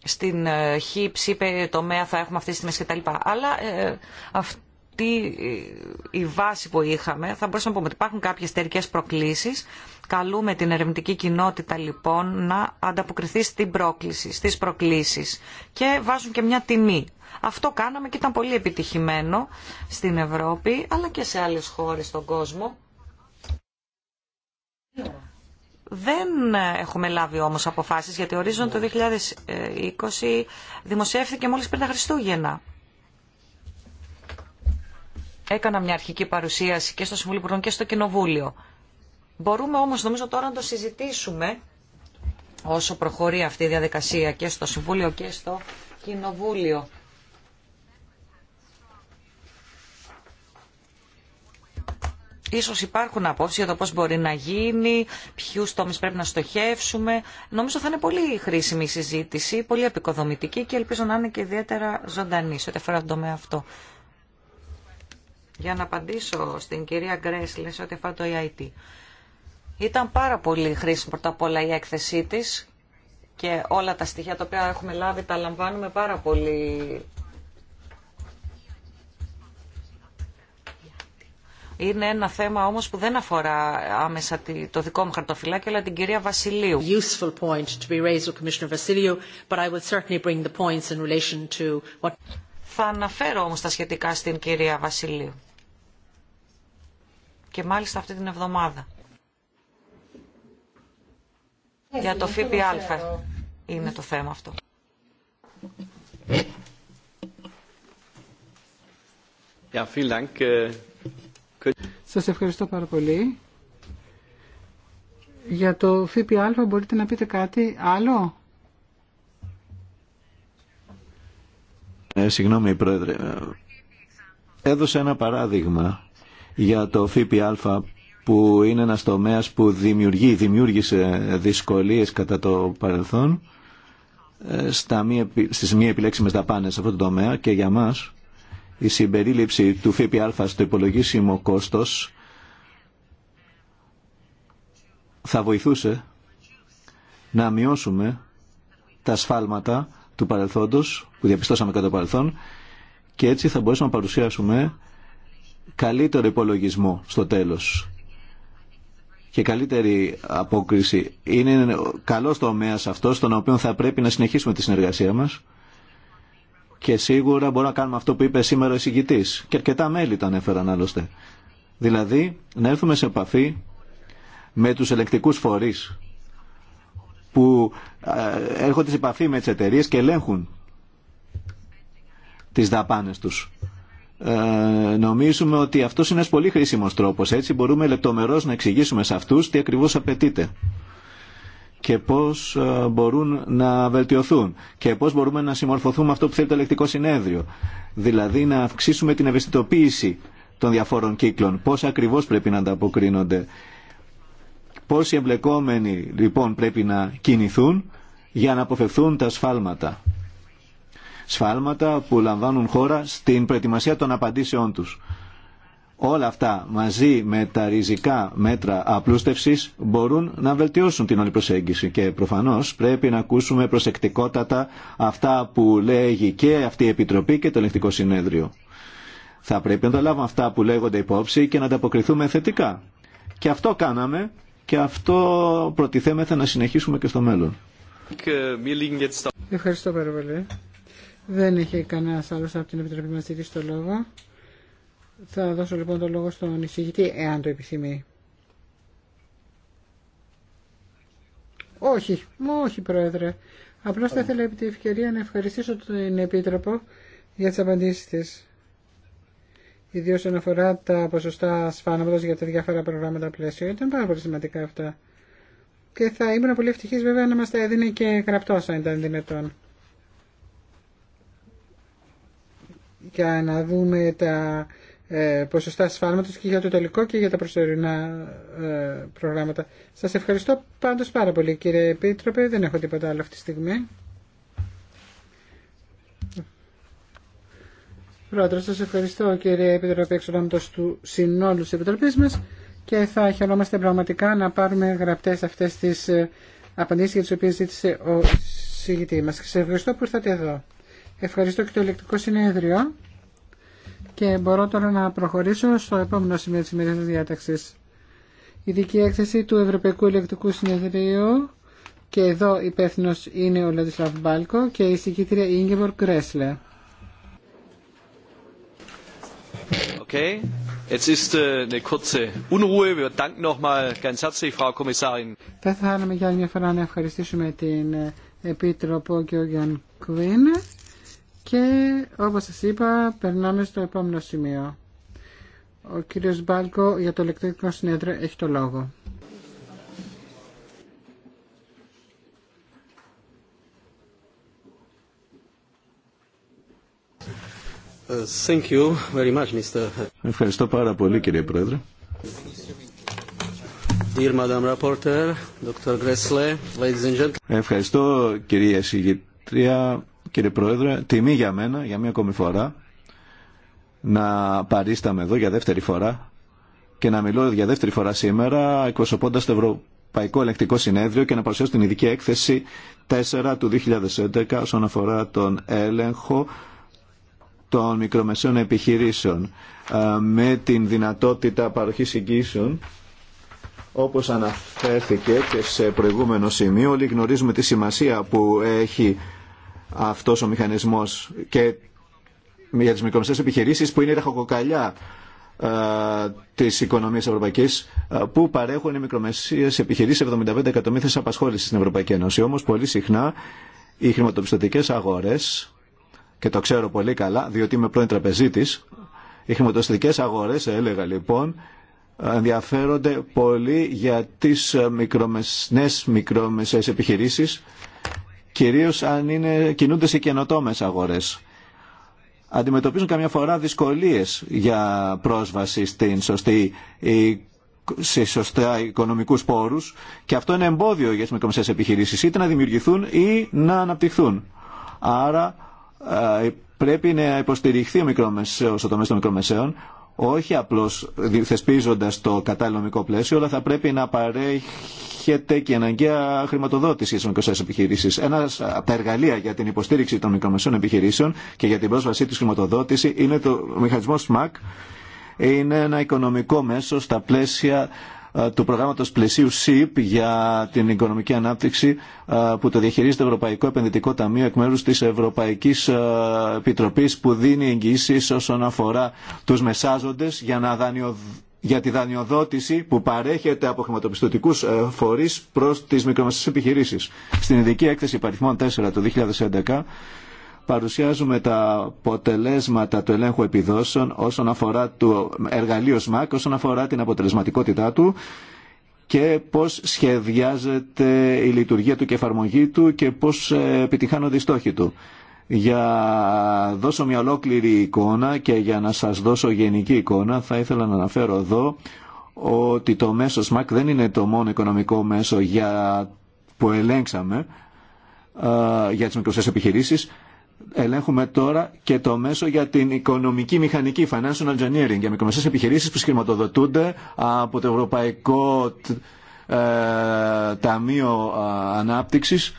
στην ε, ΧΥΠΣΥΠΕ το τομέα θα έχουμε αυτή τη τα κτλ. Αλλά ε, αυτό τη ε, η βάση που είχαμε, θα μπορούσαμε να πούμε ότι υπάρχουν κάποιε εταιρικέ προκλήσει. Καλούμε την ερευνητική κοινότητα λοιπόν να ανταποκριθεί στην πρόκληση, στι προκλήσει και βάζουν και μια τιμή. Αυτό κάναμε και ήταν πολύ επιτυχημένο στην Ευρώπη αλλά και σε άλλες χώρες στον κόσμο. Δεν έχουμε λάβει όμως αποφάσεις γιατί ορίζοντα το 2020 ναι. δημοσιεύθηκε μόλις πριν τα Χριστούγεννα. Έκανα μια αρχική παρουσίαση και στο Συμβούλιο Υπουργών και στο Κοινοβούλιο. Μπορούμε όμως νομίζω τώρα να το συζητήσουμε όσο προχωρεί αυτή η διαδικασία και στο Συμβούλιο και στο Κοινοβούλιο. Ίσως υπάρχουν απόψεις για το πώς μπορεί να γίνει, ποιου τόμεις πρέπει να στοχεύσουμε. Νομίζω θα είναι πολύ χρήσιμη η συζήτηση, πολύ επικοδομητική και ελπίζω να είναι και ιδιαίτερα ζωντανή σε ό,τι αφορά τον τομέα αυτό για να απαντήσω στην κυρία Γκρέσλε σε ό,τι αφορά το EIT. Ε Ήταν πάρα πολύ χρήσιμο, πρώτα απ' όλα η έκθεσή της και όλα τα στοιχεία τα οποία έχουμε λάβει τα λαμβάνουμε πάρα πολύ Είναι ένα θέμα όμως που δεν αφορά άμεσα το δικό μου χαρτοφυλάκι, αλλά την κυρία Βασιλείου. Useful point to be raised with Commissioner Vassiliou, but I will certainly bring the points in relation to what... Θα αναφέρω όμως τα σχετικά στην κυρία Βασιλείου και μάλιστα αυτή την εβδομάδα. Ε, Για το ΦΠΑ είναι το θέμα αυτό. Äh, Σας ευχαριστώ πάρα πολύ. Για το ΦΠΑ μπορείτε να πείτε κάτι άλλο. Ε, συγγνώμη, Πρόεδρε. Έδωσα ένα παράδειγμα για το ΦΠΑ που είναι ένας τομέας που δημιουργεί, δημιούργησε δυσκολίες κατά το παρελθόν ε, στα μη, στις μη επιλέξιμες δαπάνες σε αυτό το τομέα και για μας η συμπερίληψη του ΦΠΑ στο υπολογίσιμο κόστος θα βοηθούσε να μειώσουμε τα σφάλματα του παρελθόντος που διαπιστώσαμε κατά το παρελθόν και έτσι θα μπορέσουμε να παρουσιάσουμε καλύτερο υπολογισμό στο τέλος και καλύτερη απόκριση. Είναι καλός τομέας αυτός, στον οποίο θα πρέπει να συνεχίσουμε τη συνεργασία μας και σίγουρα μπορούμε να κάνουμε αυτό που είπε σήμερα ο εισηγητής και αρκετά μέλη τα ανέφεραν άλλωστε. Δηλαδή να έρθουμε σε επαφή με τους ελεκτικούς φορείς που ε, έρχονται σε επαφή με τις εταιρείε και ελέγχουν τις δαπάνες τους. Ε, νομίζουμε ότι αυτό είναι ένα πολύ χρήσιμο τρόπο. Έτσι μπορούμε λεπτομερώς να εξηγήσουμε σε αυτούς τι ακριβώς απαιτείται και πώς ε, μπορούν να βελτιωθούν και πώς μπορούμε να συμμορφωθούμε αυτό που θέλει το ελεκτικό συνέδριο. Δηλαδή να αυξήσουμε την ευαισθητοποίηση των διαφόρων κύκλων, πώς ακριβώς πρέπει να ανταποκρίνονται. Πώς οι εμπλεκόμενοι λοιπόν πρέπει να κινηθούν για να αποφευθούν τα σφάλματα σφάλματα που λαμβάνουν χώρα στην προετοιμασία των απαντήσεών τους. Όλα αυτά μαζί με τα ριζικά μέτρα απλούστευσης μπορούν να βελτιώσουν την όλη προσέγγιση και προφανώς πρέπει να ακούσουμε προσεκτικότατα αυτά που λέγει και αυτή η Επιτροπή και το Ελεκτικό Συνέδριο. Θα πρέπει να τα λάβουμε αυτά που λέγονται υπόψη και να τα αποκριθούμε θετικά. Και αυτό κάναμε και αυτό προτιθέμεθα να συνεχίσουμε και στο μέλλον. Ευχαριστώ πάρα πολύ. Δεν έχει κανένα άλλο από την Επιτροπή μα ζητήσει το λόγο. Θα δώσω λοιπόν το λόγο στον εισηγητή, εάν το επιθυμεί. Όχι, όχι πρόεδρε. Απλώ θα ήθελα επί τη ευκαιρία να ευχαριστήσω τον Επίτροπο για τι απαντήσει τη. Ιδίω όσον αφορά τα ποσοστά σφάναματο για τα διάφορα προγράμματα πλαίσιο. Ήταν πάρα πολύ σημαντικά αυτά. Και θα ήμουν πολύ ευτυχή βέβαια να μα τα έδινε και γραπτό αν ήταν δυνατόν. για να δούμε τα ε, ποσοστά σφάλματος και για το τελικό και για τα προσωρινά ε, προγράμματα. Σας ευχαριστώ πάντως πάρα πολύ κύριε Επίτροπε, δεν έχω τίποτα άλλο αυτή τη στιγμή. Πρόεδρο, σας ευχαριστώ κύριε εξ Εξοδόματος του συνόλου της Επιτροπής μας και θα χαιρόμαστε πραγματικά να πάρουμε γραπτές αυτές τις ε, απαντήσεις για τις οποίες ζήτησε ο συγητή μας. Σας ευχαριστώ που ήρθατε εδώ. Ευχαριστώ και το ηλεκτρικό συνέδριο και μπορώ τώρα να προχωρήσω στο επόμενο σημείο της ημερής διάταξης. Ειδική έκθεση του Ευρωπαϊκού Ηλεκτρικού Συνεδρίου και εδώ υπεύθυνο είναι ο Λαντισλαβ Μπάλκο και η συγκήτρια Ίγκεβορ Κρέσλε. Okay. Jetzt ist äh, eine kurze Unruhe. Wir danken nochmal ganz herzlich, Frau Kommissarin. Θα ήθελα για μια φορά να ευχαριστήσουμε την ε, Επίτροπο Γιώργιαν Κουίν και όπως σας είπα, περνάμε στο επόμενο σημείο. Ο κύριος Μπάλκο για το ηλεκτρικό συνέδριο έχει το λόγο. Ε, thank you very much, Mr. Ευχαριστώ πάρα πολύ κύριε Πρόεδρε. Dear Madam Reporter, Dr. Gressle, ladies and gentlemen. Ευχαριστώ κυρία Συγγετρία κύριε Πρόεδρε, τιμή για μένα, για μία ακόμη φορά, να παρίσταμε εδώ για δεύτερη φορά και να μιλώ για δεύτερη φορά σήμερα εκπροσωπώντα το Ευρωπαϊκό Ελεκτικό Συνέδριο και να παρουσιάσω την ειδική έκθεση 4 του 2011 όσον αφορά τον έλεγχο των μικρομεσαίων επιχειρήσεων ε, με την δυνατότητα παροχής εγγύσεων όπως αναφέρθηκε και σε προηγούμενο σημείο όλοι γνωρίζουμε τη σημασία που έχει αυτός ο μηχανισμός και για τι μικρομεσαίε επιχειρήσει που είναι η ραχοκοκαλιά ε, της οικονομίας ευρωπαϊκής ε, που παρέχουν οι μικρομεσαίε επιχειρήσεις 75 εκατομμύρια απασχόληση στην Ευρωπαϊκή Ένωση. Όμω πολύ συχνά οι χρηματοπιστωτικέ αγορές και το ξέρω πολύ καλά διότι είμαι πρώην τραπεζίτης οι χρηματοπιστωτικέ αγορέ, έλεγα λοιπόν ενδιαφέρονται πολύ για τις νέε νέες μικρομεσαίες επιχειρήσεις κυρίως αν είναι, κινούνται σε καινοτόμες αγορές. Αντιμετωπίζουν καμιά φορά δυσκολίες για πρόσβαση στην σωστή σε σωστά οικονομικού πόρου και αυτό είναι εμπόδιο για τι μικρομεσαίε επιχειρήσει είτε να δημιουργηθούν ή να αναπτυχθούν. Άρα ε, πρέπει να υποστηριχθεί ο, ο τομέα των μικρομεσαίων όχι απλώς θεσπίζοντας το κατάλληλο νομικό πλαίσιο, αλλά θα πρέπει να παρέχεται και αναγκαία χρηματοδότηση στις μικρομεσαίες επιχειρήσεις. Ένα από τα εργαλεία για την υποστήριξη των μικρομεσαίων επιχειρήσεων και για την πρόσβασή της χρηματοδότηση είναι το μηχανισμό SMAC. Είναι ένα οικονομικό μέσο στα πλαίσια ε, του προγράμματος πλαισίου ΣΥΠ για την οικονομική ανάπτυξη ε, που το διαχειρίζει το Ευρωπαϊκό Επενδυτικό Ταμείο εκ μέρους της Ευρωπαϊκής ε, Επιτροπής που δίνει εγγυήσεις όσον αφορά τους μεσάζοντες για να για τη δανειοδότηση που παρέχεται από χρηματοπιστωτικού φορεί προς τις μικρομεσαίες επιχειρήσεις. Στην ειδική έκθεση παριθμών 4 του 2011 παρουσιάζουμε τα αποτελέσματα του ελέγχου επιδόσεων όσον αφορά το εργαλείο ΣΜΑΚ, όσον αφορά την αποτελεσματικότητά του και πώς σχεδιάζεται η λειτουργία του και εφαρμογή του και πώς ε, επιτυχάνονται οι στόχοι του. Για δώσω μια ολόκληρη εικόνα και για να σας δώσω γενική εικόνα θα ήθελα να αναφέρω εδώ ότι το μέσο ΣΜΑΚ δεν είναι το μόνο οικονομικό μέσο για... που ελέγξαμε ε, για τις μικροσές επιχειρήσεις Ελέγχουμε τώρα και το μέσο για την οικονομική μηχανική, financial engineering, για μικρομεσαίες επιχειρήσεις που σχηματοδοτούνται από το Ευρωπαϊκό ε, Ταμείο ε, Ανάπτυξης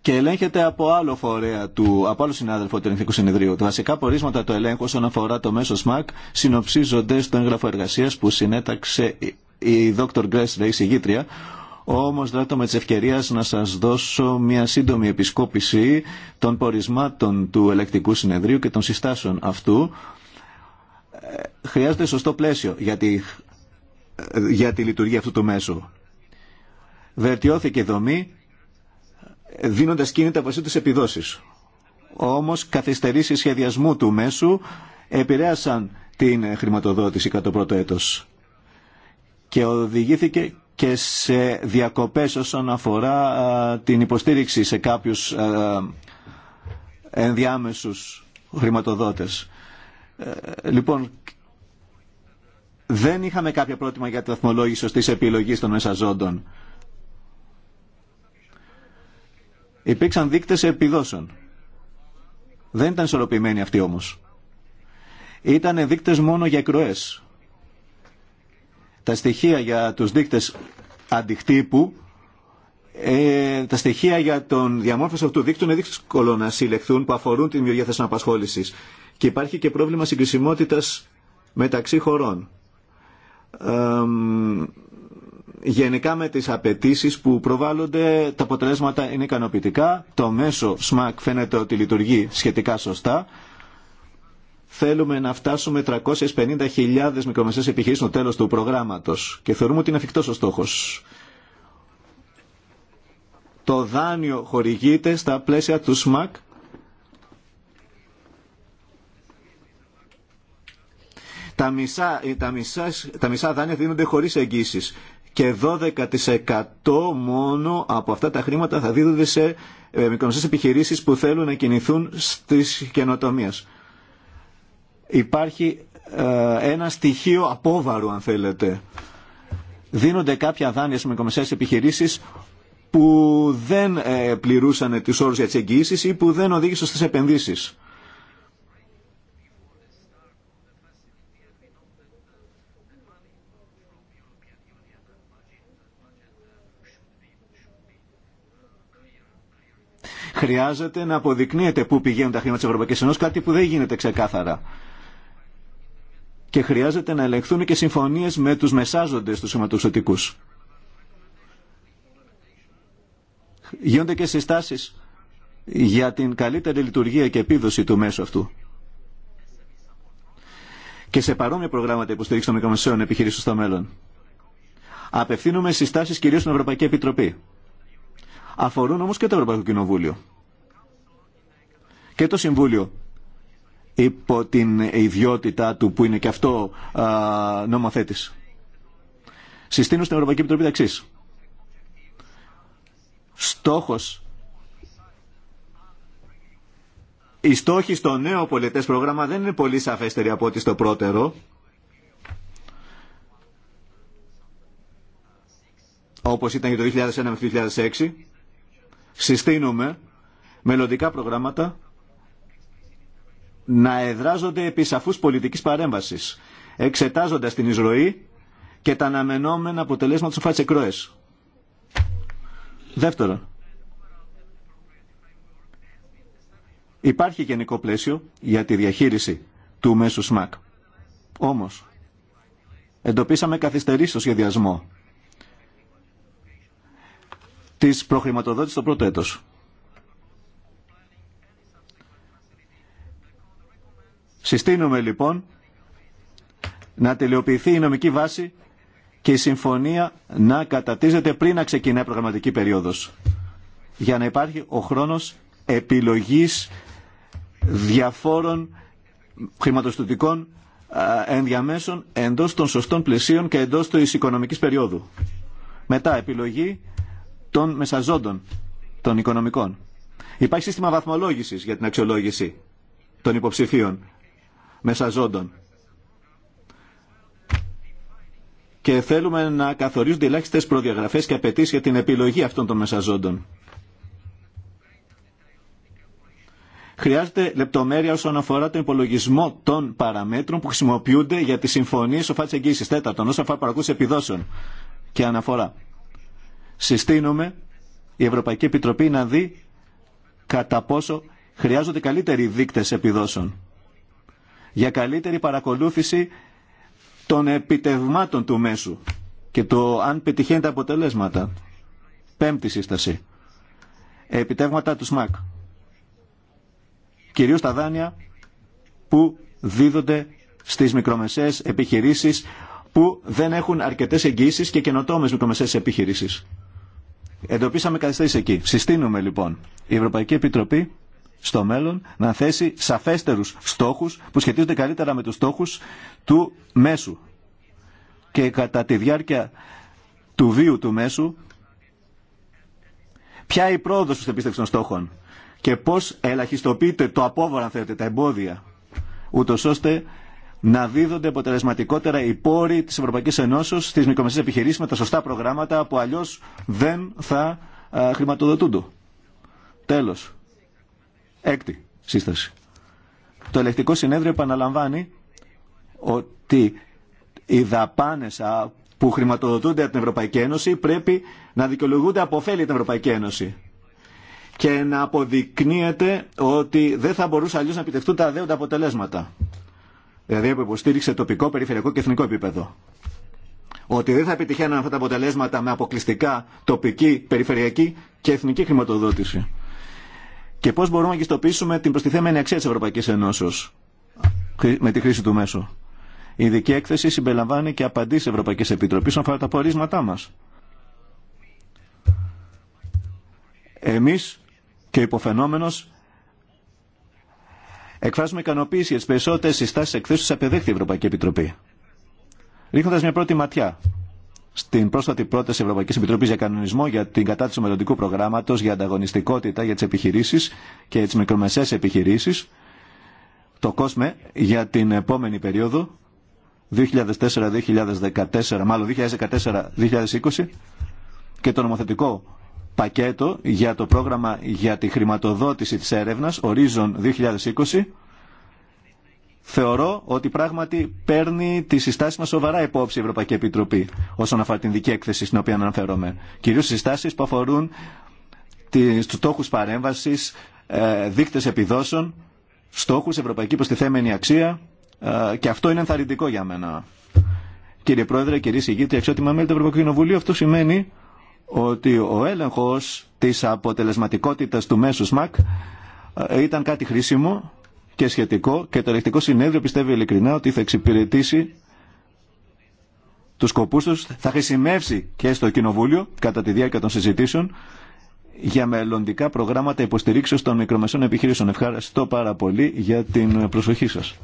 και ελέγχεται από άλλο φορέα του, από άλλο συνάδελφο του Ελληνικού Συνεδρίου. Τα βασικά πορίσματα του ελέγχου όσον αφορά το μέσο ΣΜΑΚ συνοψίζονται στο έγγραφο εργασία που συνέταξε η Dr. Grace η γήτρια, όμως δράτω με τις να σας δώσω μια σύντομη επισκόπηση των πορισμάτων του ελεκτικού συνεδρίου και των συστάσεων αυτού. Ε, χρειάζεται σωστό πλαίσιο για τη, ε, για τη λειτουργία αυτού του μέσου. Βελτιώθηκε η δομή δίνοντας κίνητα βασίλου τις επιδόσεις. Όμως καθυστερήσεις σχεδιασμού του μέσου επηρέασαν την χρηματοδότηση κατά το πρώτο έτος και οδηγήθηκε και σε διακοπές όσον αφορά την υποστήριξη σε κάποιους ενδιάμεσους χρηματοδότες. Ε, λοιπόν, δεν είχαμε κάποια πρότυμα για τη δαθμολόγηση σωστής επιλογής των μεσαζόντων. Υπήρξαν δείκτες επιδόσεων. Δεν ήταν ισορροπημένοι αυτοί όμως. Ήταν δείκτες μόνο για εκροές. Τα στοιχεία για τους δείκτες αντιχτύπου, ε, τα στοιχεία για τον διαμόρφωση αυτού του δείκτου είναι δύσκολο να συλλεχθούν που αφορούν την δημιουργία απασχόληση. Και υπάρχει και πρόβλημα συγκρισιμότητα μεταξύ χωρών. γενικά με τις απαιτήσει που προβάλλονται τα αποτελέσματα είναι ικανοποιητικά. Το μέσο ΣΜΑΚ φαίνεται ότι λειτουργεί σχετικά σωστά. Θέλουμε να φτάσουμε 350.000 μικρομεσαίες επιχειρήσεις στο τέλος του προγράμματος και θεωρούμε ότι είναι εφικτός ο στόχος. Το δάνειο χορηγείται στα πλαίσια του ΣΜΑΚ Τα μισά, τα, μισά, τα μισά δάνεια δίνονται χωρίς εγγύσεις και 12% μόνο από αυτά τα χρήματα θα δίδονται σε ε, μικρομεσαίες επιχειρήσεις που θέλουν να κινηθούν στις καινοτομίες υπάρχει ε, ένα στοιχείο απόβαρου αν θέλετε. Δίνονται κάποια δάνεια στις μικρομεσαίες επιχειρήσεις που δεν ε, πληρούσαν τις όρους για τις εγγυήσεις ή που δεν οδήγησαν στις επενδύσεις. Χρειάζεται να αποδεικνύεται πού πηγαίνουν τα χρήματα της Ευρωπαϊκής Ένωσης, κάτι που δεν γίνεται ξεκάθαρα και χρειάζεται να ελεγχθούν και συμφωνίες με τους μεσάζοντες του σωματοξωτικούς. Γίνονται και συστάσεις για την καλύτερη λειτουργία και επίδοση του μέσου αυτού. Και σε παρόμοια προγράμματα υποστήριξη των μικρομεσαίων επιχειρήσεων στο μέλλον. Απευθύνουμε συστάσεις κυρίως στην Ευρωπαϊκή Επιτροπή. Αφορούν όμως και το Ευρωπαϊκό Κοινοβούλιο. Και το Συμβούλιο υπό την ιδιότητά του που είναι και αυτό νομοθέτης. Συστήνω στην Ευρωπαϊκή Επιτροπή ταξής. Στόχος η στόχοι στο νέο πολιτές πρόγραμμα δεν είναι πολύ σαφέστερη από ό,τι στο πρώτερο. όπως ήταν και το 2001 με το 2006, συστήνουμε μελλοντικά προγράμματα να εδράζονται επί σαφούς πολιτικής παρέμβασης, εξετάζοντας την εισρωή και τα αναμενόμενα αποτελέσματα του φάτσε κρόες. Δεύτερον, υπάρχει γενικό πλαίσιο για τη διαχείριση του μέσου ΣΜΑΚ. Όμως, εντοπίσαμε καθυστερήσεις στο σχεδιασμό της προχρηματοδότησης το πρώτο έτος. Συστήνουμε λοιπόν να τελειοποιηθεί η νομική βάση και η συμφωνία να κατατίζεται πριν να ξεκινάει προγραμματική περίοδος για να υπάρχει ο χρόνος επιλογής διαφόρων χρηματοστοτικών ενδιαμέσων εντός των σωστών πλαισίων και εντός της οικονομικής περίοδου. Μετά επιλογή των μεσαζόντων, των οικονομικών. Υπάρχει σύστημα βαθμολόγησης για την αξιολόγηση των υποψηφίων και θέλουμε να καθορίζονται ελάχιστε προδιαγραφέ και απαιτήσει για την επιλογή αυτών των μεσαζόντων. Χρειάζεται λεπτομέρεια όσον αφορά τον υπολογισμό των παραμέτρων που χρησιμοποιούνται για τι συμφωνίε σοφά τη εγγύηση. Τέταρτον, όσον αφορά παρακούση επιδόσεων και αναφορά. Συστήνουμε η Ευρωπαϊκή Επιτροπή να δει κατά πόσο χρειάζονται καλύτεροι δείκτες επιδόσεων για καλύτερη παρακολούθηση των επιτευγμάτων του μέσου και το αν πετυχαίνει τα αποτελέσματα. Πέμπτη σύσταση. Επιτεύγματα του ΣΜΑΚ. Κυρίως τα δάνεια που δίδονται στις μικρομεσαίες επιχειρήσεις που δεν έχουν αρκετές εγγύησεις και καινοτόμες μικρομεσαίες επιχειρήσεις. Εντοπίσαμε καθυστέρηση εκεί. Συστήνουμε λοιπόν η Ευρωπαϊκή Επιτροπή στο μέλλον να θέσει σαφέστερους στόχους που σχετίζονται καλύτερα με τους στόχους του μέσου. Και κατά τη διάρκεια του βίου του μέσου, ποια είναι η πρόοδος της επίστευξης των στόχων και πώς ελαχιστοποιείται το απόβαρο, αν θέλετε, τα εμπόδια, ούτω ώστε να δίδονται αποτελεσματικότερα οι πόροι της Ευρωπαϊκής Ενώσεως στις μικρομεσαίες επιχειρήσεις με τα σωστά προγράμματα που αλλιώς δεν θα χρηματοδοτούνται. Τέλος Έκτη σύσταση. Το ελεκτικό συνέδριο επαναλαμβάνει ότι οι δαπάνες που χρηματοδοτούνται από την Ευρωπαϊκή Ένωση πρέπει να δικαιολογούνται από ωφέλη την Ευρωπαϊκή Ένωση και να αποδεικνύεται ότι δεν θα μπορούσε αλλιώς να επιτευχθούν τα αδέοντα αποτελέσματα. Δηλαδή από υποστήριξε τοπικό, περιφερειακό και εθνικό επίπεδο. Ότι δεν θα επιτυχαίναν αυτά τα αποτελέσματα με αποκλειστικά τοπική, περιφερειακή και εθνική χρηματοδότηση και πώς μπορούμε να γιστοποιήσουμε την προστιθέμενη αξία της Ευρωπαϊκή Ενώσεω με τη χρήση του μέσου. Η ειδική έκθεση συμπεριλαμβάνει και απαντήσει Ευρωπαϊκή Επιτροπή όσον αφορά τα πορίσματά μα. Εμεί και υποφαινόμενο εκφράζουμε ικανοποίηση για τι περισσότερε συστάσει εκθέσει που η Ευρωπαϊκή Επιτροπή. Ρίχνοντα μια πρώτη ματιά στην πρόσφατη πρόταση Ευρωπαϊκή Επιτροπή για κανονισμό για την κατάρτιση του μελλοντικού προγράμματο για ανταγωνιστικότητα για τι επιχειρήσει και τι μικρομεσαίε επιχειρήσει, το COSME, για την επόμενη περίοδο 2014-2014, μάλλον 2014-2020, και το νομοθετικό πακέτο για το πρόγραμμα για τη χρηματοδότηση της έρευνας Horizon 2020 θεωρώ ότι πράγματι παίρνει τι συστάσει μα σοβαρά υπόψη η Ευρωπαϊκή Επιτροπή όσον αφορά την δική έκθεση στην οποία αναφέρομαι. Κυρίω συστάσει που αφορούν του στόχου παρέμβαση, ε, δείκτε επιδόσεων, στόχου, ευρωπαϊκή προστιθέμενη αξία ε, και αυτό είναι ενθαρρυντικό για μένα. Κύριε Πρόεδρε, κυρίε και εξότιμα μέλη του Ευρωπαϊκού Κοινοβουλίου, αυτό σημαίνει ότι ο έλεγχο τη αποτελεσματικότητα του μέσου ΣΜΑΚ ε, ήταν κάτι χρήσιμο και σχετικό και το ελεκτικό συνέδριο πιστεύει ειλικρινά ότι θα εξυπηρετήσει τους σκοπούς τους, θα χρησιμεύσει και στο Κοινοβούλιο κατά τη διάρκεια των συζητήσεων για μελλοντικά προγράμματα υποστηρίξεως των μικρομεσών επιχειρήσεων. Ευχαριστώ πάρα πολύ για την προσοχή σας.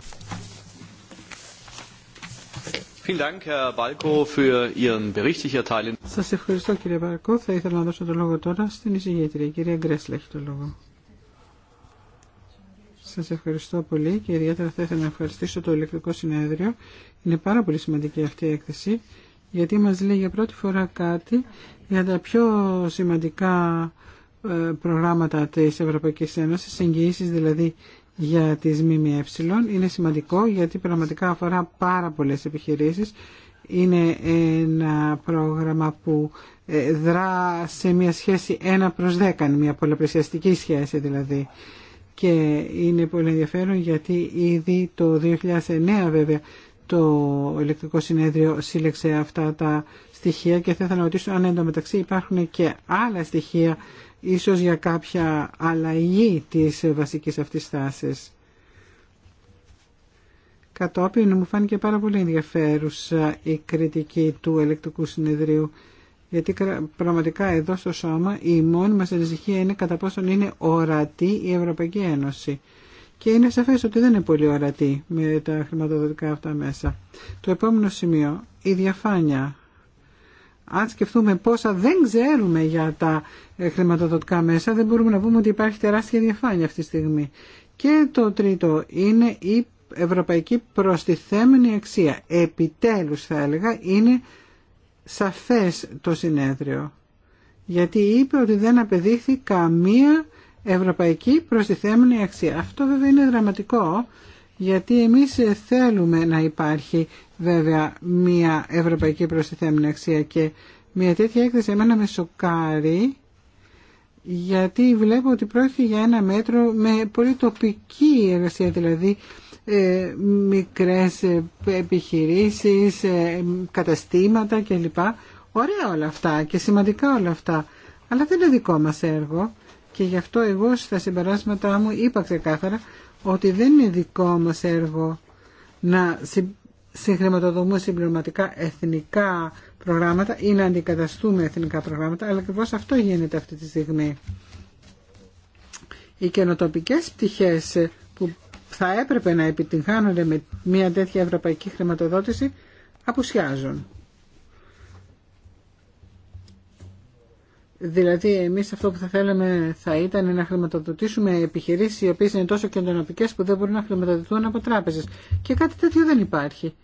Σας ευχαριστώ κύριε Μπαλκό. Θα ήθελα να δώσω το λόγο τώρα στην εισηγήτρια. Κυρία Γκρέσλα έχει το λόγο. Σας ευχαριστώ πολύ και ιδιαίτερα θα ήθελα να ευχαριστήσω το ηλεκτρικό συνέδριο. Είναι πάρα πολύ σημαντική αυτή η έκθεση γιατί μας λέει για πρώτη φορά κάτι για τα πιο σημαντικά ε, προγράμματα της Ευρωπαϊκής Ένωσης, εγγυήσεις δηλαδή για τις ΜΜΕ. Είναι σημαντικό γιατί πραγματικά αφορά πάρα πολλέ επιχειρήσεις. Είναι ένα πρόγραμμα που ε, δρά σε μια σχέση 1 προς 10, μια πολλαπλησιαστική σχέση δηλαδή και είναι πολύ ενδιαφέρον γιατί ήδη το 2009 βέβαια το ηλεκτρικό συνέδριο σύλλεξε αυτά τα στοιχεία και θα ήθελα να ρωτήσω αν εντωμεταξύ υπάρχουν και άλλα στοιχεία ίσως για κάποια αλλαγή της βασικής αυτής στάσης. Κατόπιν μου φάνηκε πάρα πολύ ενδιαφέρουσα η κριτική του ηλεκτρικού συνεδρίου γιατί πραγματικά εδώ στο σώμα η μόνη μας ανησυχία είναι κατά πόσον είναι ορατή η Ευρωπαϊκή Ένωση. Και είναι σαφές ότι δεν είναι πολύ ορατή με τα χρηματοδοτικά αυτά μέσα. Το επόμενο σημείο, η διαφάνεια. Αν σκεφτούμε πόσα δεν ξέρουμε για τα ε, χρηματοδοτικά μέσα, δεν μπορούμε να πούμε ότι υπάρχει τεράστια διαφάνεια αυτή τη στιγμή. Και το τρίτο είναι η ευρωπαϊκή προστιθέμενη αξία. Επιτέλους θα έλεγα είναι σαφές το συνέδριο γιατί είπε ότι δεν απεδείχθη καμία ευρωπαϊκή προστιθέμενη αξία. Αυτό βέβαια είναι δραματικό γιατί εμείς θέλουμε να υπάρχει βέβαια μια ευρωπαϊκή προστιθέμενη αξία και μια τέτοια έκθεση εμένα με σοκάρει γιατί βλέπω ότι πρόκειται για ένα μέτρο με πολύ τοπική εργασία δηλαδή ε, μικρές ε, επιχειρήσεις, ε, καταστήματα κλπ. Ωραία όλα αυτά και σημαντικά όλα αυτά. Αλλά δεν είναι δικό μας έργο και γι' αυτό εγώ στα συμπεράσματά μου είπα ξεκάθαρα ότι δεν είναι δικό μας έργο να συγχρηματοδομούμε συμπληρωματικά εθνικά προγράμματα ή να αντικαταστούμε εθνικά προγράμματα, αλλά ακριβώ αυτό γίνεται αυτή τη στιγμή. Οι καινοτοπικές πτυχές θα έπρεπε να επιτυγχάνονται με μια τέτοια ευρωπαϊκή χρηματοδότηση απουσιάζουν. Δηλαδή εμείς αυτό που θα θέλαμε θα ήταν να χρηματοδοτήσουμε επιχειρήσεις οι οποίες είναι τόσο κεντρονοπικές που δεν μπορούν να χρηματοδοτηθούν από τράπεζες. Και κάτι τέτοιο δεν υπάρχει.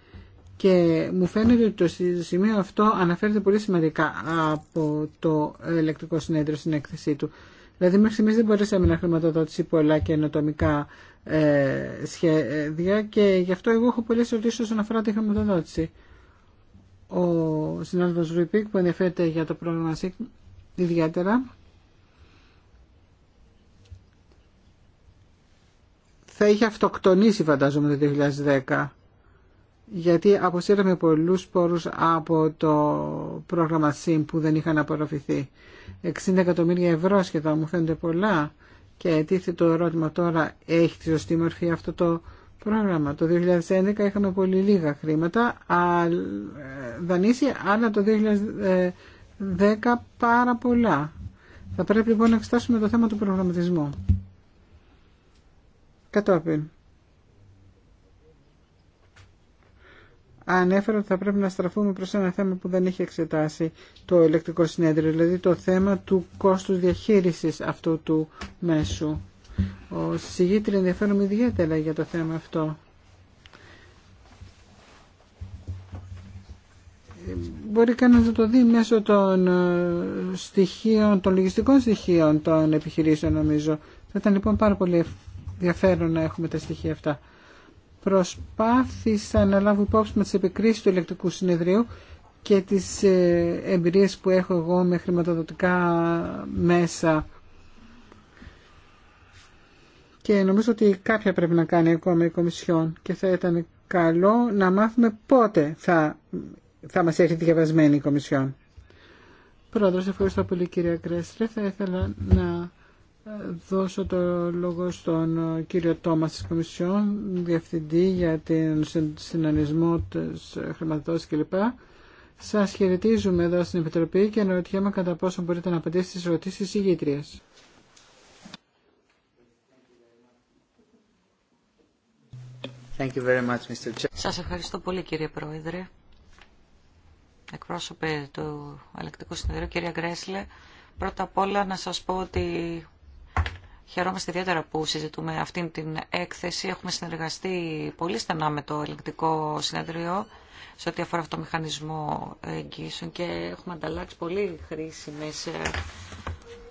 Και μου φαίνεται ότι το σημείο αυτό αναφέρεται πολύ σημαντικά από το ηλεκτρικό συνέδριο στην έκθεσή του. Δηλαδή μέχρι εμείς δεν μπορέσαμε να χρηματοδότησει πολλά καινοτομικά ε, σχέδια και γι' αυτό εγώ έχω πολλές ερωτήσεις όσον αφορά τη χρηματοδότηση. Ο συνάδελφος Ρουιπίκ που ενδιαφέρεται για το πρόγραμμα ΣΥΚ ιδιαίτερα θα είχε αυτοκτονήσει φαντάζομαι το 2010 γιατί αποσύραμε πολλούς πόρους από το πρόγραμμα ΣΥΜ που δεν είχαν απορροφηθεί. 60 εκατομμύρια ευρώ σχεδόν μου φαίνονται πολλά και τίθεται το ερώτημα τώρα, έχει τη σωστή μορφή αυτό το πρόγραμμα. Το 2011 είχαμε πολύ λίγα χρήματα, α, ε, δανείσει, αλλά το 2010 πάρα πολλά. Θα πρέπει λοιπόν να εξετάσουμε το θέμα του προγραμματισμού. Κατόπιν. ανέφερε ότι θα πρέπει να στραφούμε προς ένα θέμα που δεν έχει εξετάσει το ηλεκτρικό συνέδριο, δηλαδή το θέμα του κόστους διαχείρισης αυτού του μέσου. Ο συζητήτρια ενδιαφέρομαι ιδιαίτερα για το θέμα αυτό. Μπορεί κανένα να το δει μέσω των ε, στοιχείων, των λογιστικών στοιχείων των επιχειρήσεων νομίζω. Θα ήταν λοιπόν πάρα πολύ ενδιαφέρον να έχουμε τα στοιχεία αυτά προσπάθησα να λάβω υπόψη με τις επικρίσεις του ηλεκτρικού συνεδρίου και τις ε, εμπειρίες που έχω εγώ με χρηματοδοτικά μέσα. Και νομίζω ότι κάποια πρέπει να κάνει ακόμα η Κομισιόν και θα ήταν καλό να μάθουμε πότε θα, θα μας έρθει διαβασμένη η Κομισιόν. Πρόεδρος, ευχαριστώ πολύ κυρία Κρέστρε. Θα ήθελα να δώσω το λόγο στον κύριο Τόμας της Κομισιόν, Διευθυντή για την συνανισμό της χρηματοδότησης κλπ. Σας χαιρετίζουμε εδώ στην Επιτροπή και αναρωτιέμαι κατά πόσο μπορείτε να απαντήσετε στις ερωτήσεις της ηγήτριας. Σας ευχαριστώ πολύ κύριε Πρόεδρε. Εκπρόσωπε του Αλεκτικού Συνεδρίου, κυρία Γκρέσλε, πρώτα απ' όλα να σας πω ότι Χαιρόμαστε ιδιαίτερα που συζητούμε αυτήν την έκθεση. Έχουμε συνεργαστεί πολύ στενά με το ελεγκτικό συνέδριο σε ό,τι αφορά αυτό το μηχανισμό εγγύσεων και έχουμε ανταλλάξει πολύ χρήσιμες ε,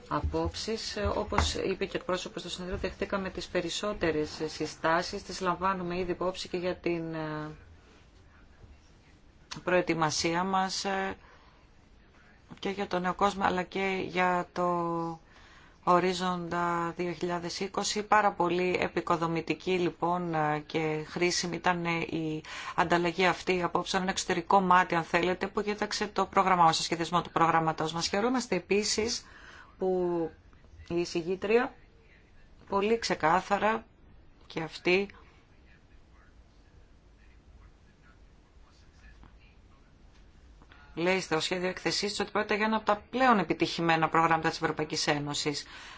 απόψεις. Όπως είπε και ο εκπρόσωπος του συνεδρίου, δεχτήκαμε τις περισσότερες συστάσεις. Τις λαμβάνουμε ήδη υπόψη και για την ε, προετοιμασία μας ε, και για το νέο κόσμο αλλά και για το Ορίζοντα 2020, πάρα πολύ επικοδομητική λοιπόν ε, και χρήσιμη ήταν ε, η ανταλλαγή αυτή απόψε, ένα εξωτερικό μάτι αν θέλετε που κοίταξε το πρόγραμμά μας, το σχεδιασμό του προγράμματός μας. Χαιρόμαστε επίσης που η εισηγήτρια πολύ ξεκάθαρα και αυτή λέει στο σχέδιο εκθεσή ότι πρόκειται για ένα από τα πλέον επιτυχημένα προγράμματα τη Ευρωπαϊκή Ένωση.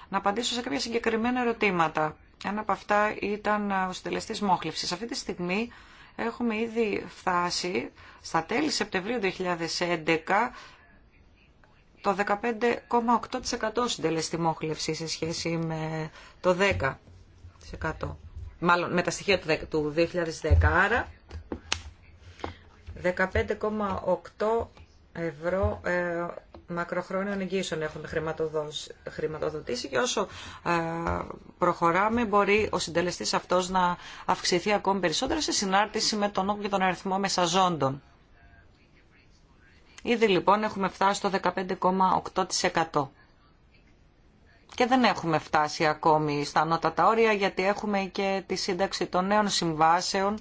Να απαντήσω σε κάποια συγκεκριμένα ερωτήματα. Ένα από αυτά ήταν ο συντελεστή μόχλευση. Αυτή τη στιγμή έχουμε ήδη φτάσει στα τέλη Σεπτεμβρίου 2011 το 15,8% συντελεστή μόχλευση σε σχέση με το 10%. Μάλλον με τα στοιχεία του 2010. Άρα 15,8 ευρώ ε, μακροχρόνιων εγγύσεων έχουμε χρηματοδοτήσει και όσο ε, προχωράμε μπορεί ο συντελεστής αυτός να αυξηθεί ακόμη περισσότερο σε συνάρτηση με τον όγκο και τον αριθμό μεσαζόντων. Ήδη λοιπόν έχουμε φτάσει στο 15,8% και δεν έχουμε φτάσει ακόμη στα ανώτατα όρια γιατί έχουμε και τη σύνταξη των νέων συμβάσεων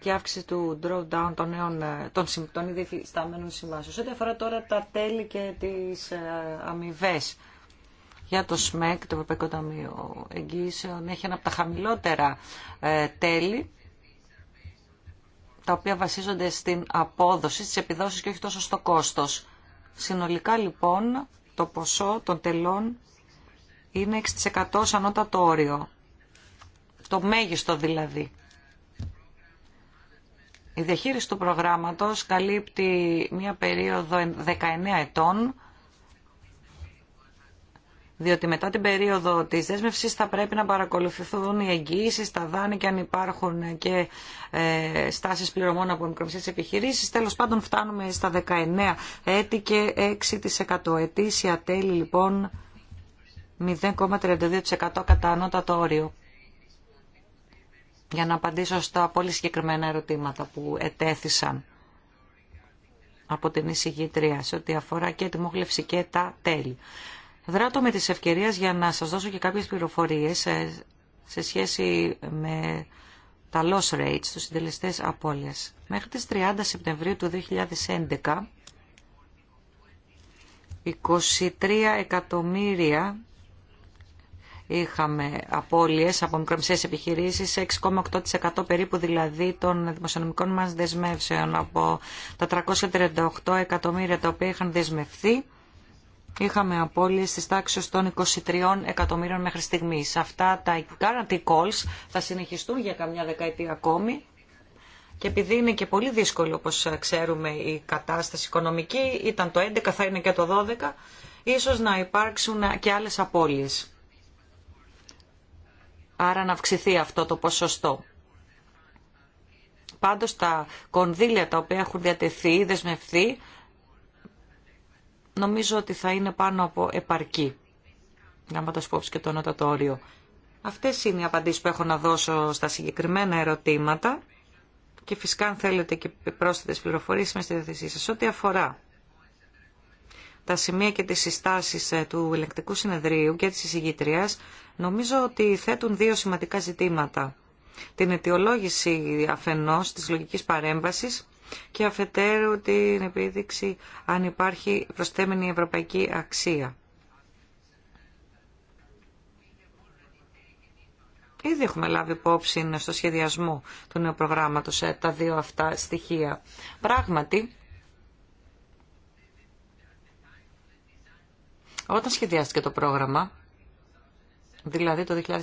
και αύξηση του drawdown των νέων ε, των, των ήδη φυσταμένων συμβάσεων. Σε ό,τι αφορά τώρα τα τέλη και τις ε, αμοιβέ για το ΣΜΕΚ, το Ευρωπαϊκό Ταμείο Εγγύησεων, έχει ένα από τα χαμηλότερα ε, τέλη, τα οποία βασίζονται στην απόδοση, στις επιδόσεις και όχι τόσο στο κόστος. Συνολικά λοιπόν το ποσό των τελών είναι 6% σαν όριο. Το μέγιστο δηλαδή η διαχείριση του προγράμματος καλύπτει μία περίοδο 19 ετών, διότι μετά την περίοδο της δέσμευσης θα πρέπει να παρακολουθηθούν οι εγγύησει, τα δάνεια και αν υπάρχουν και ε, στάσεις πληρωμών από μικρομεσαίες επιχειρήσεις. Τέλος πάντων φτάνουμε στα 19 έτη και 6% ετήσια τέλη λοιπόν 0,32% κατά ανώτατο όριο για να απαντήσω στα πολύ συγκεκριμένα ερωτήματα που ετέθησαν από την εισηγήτρια σε ό,τι αφορά και τη μόχλευση και τα τέλη. Δράτω με τις ευκαιρίες για να σας δώσω και κάποιες πληροφορίες ε, σε σχέση με τα loss rates, τους συντελεστές απώλειας. Μέχρι τις 30 Σεπτεμβρίου του 2011, 23 εκατομμύρια είχαμε απώλειες από μικρομεσαίες επιχειρήσεις, 6,8% περίπου δηλαδή των δημοσιονομικών μας δεσμεύσεων από τα 338 εκατομμύρια τα οποία είχαν δεσμευθεί. Είχαμε απώλειες στις τάξεις των 23 εκατομμύριων μέχρι στιγμής. Αυτά τα guarantee calls θα συνεχιστούν για καμιά δεκαετία ακόμη. Και επειδή είναι και πολύ δύσκολο όπως ξέρουμε, η κατάσταση οικονομική, ήταν το 11, θα είναι και το 12, ίσως να υπάρξουν και άλλες απώλειες άρα να αυξηθεί αυτό το ποσοστό. Πάντως τα κονδύλια τα οποία έχουν διατεθεί ή δεσμευθεί νομίζω ότι θα είναι πάνω από επαρκή. Να τα υπόψη και το νοτατόριο. όριο. Αυτές είναι οι απαντήσεις που έχω να δώσω στα συγκεκριμένα ερωτήματα και φυσικά αν θέλετε και πρόσθετες πληροφορίες είμαι στη διάθεσή σας. Ό,τι αφορά τα σημεία και τις συστάσεις ε, του ελεκτικού συνεδρίου και της εισηγήτριας, νομίζω ότι θέτουν δύο σημαντικά ζητήματα. Την αιτιολόγηση αφενός της λογικής παρέμβασης και αφετέρου την επίδειξη αν υπάρχει προσθέμενη ευρωπαϊκή αξία. Ήδη έχουμε λάβει υπόψη στο σχεδιασμό του νέου προγράμματος ε, τα δύο αυτά στοιχεία. Πράγματι, Όταν σχεδιάστηκε το πρόγραμμα, δηλαδή το 2007,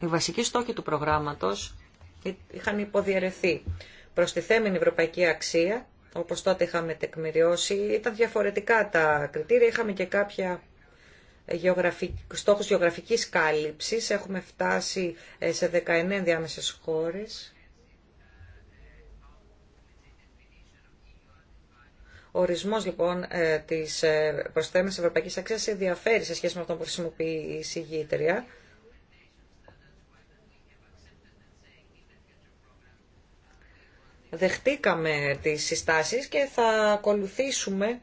οι βασικοί στόχοι του προγράμματος είχαν υποδιαιρεθεί. θέμενη ευρωπαϊκή αξία, όπως τότε είχαμε τεκμηριώσει, ήταν διαφορετικά τα κριτήρια, είχαμε και κάποια στόχους γεωγραφικής κάλυψης, έχουμε φτάσει ε, σε 19 διάμεσες χώρες ορισμός λοιπόν ε, της ε, προσθέμενης ευρωπαϊκής αξίας ενδιαφέρει σε σχέση με αυτό που χρησιμοποιεί η συγγήτρια. Δεχτήκαμε τις συστάσεις και θα ακολουθήσουμε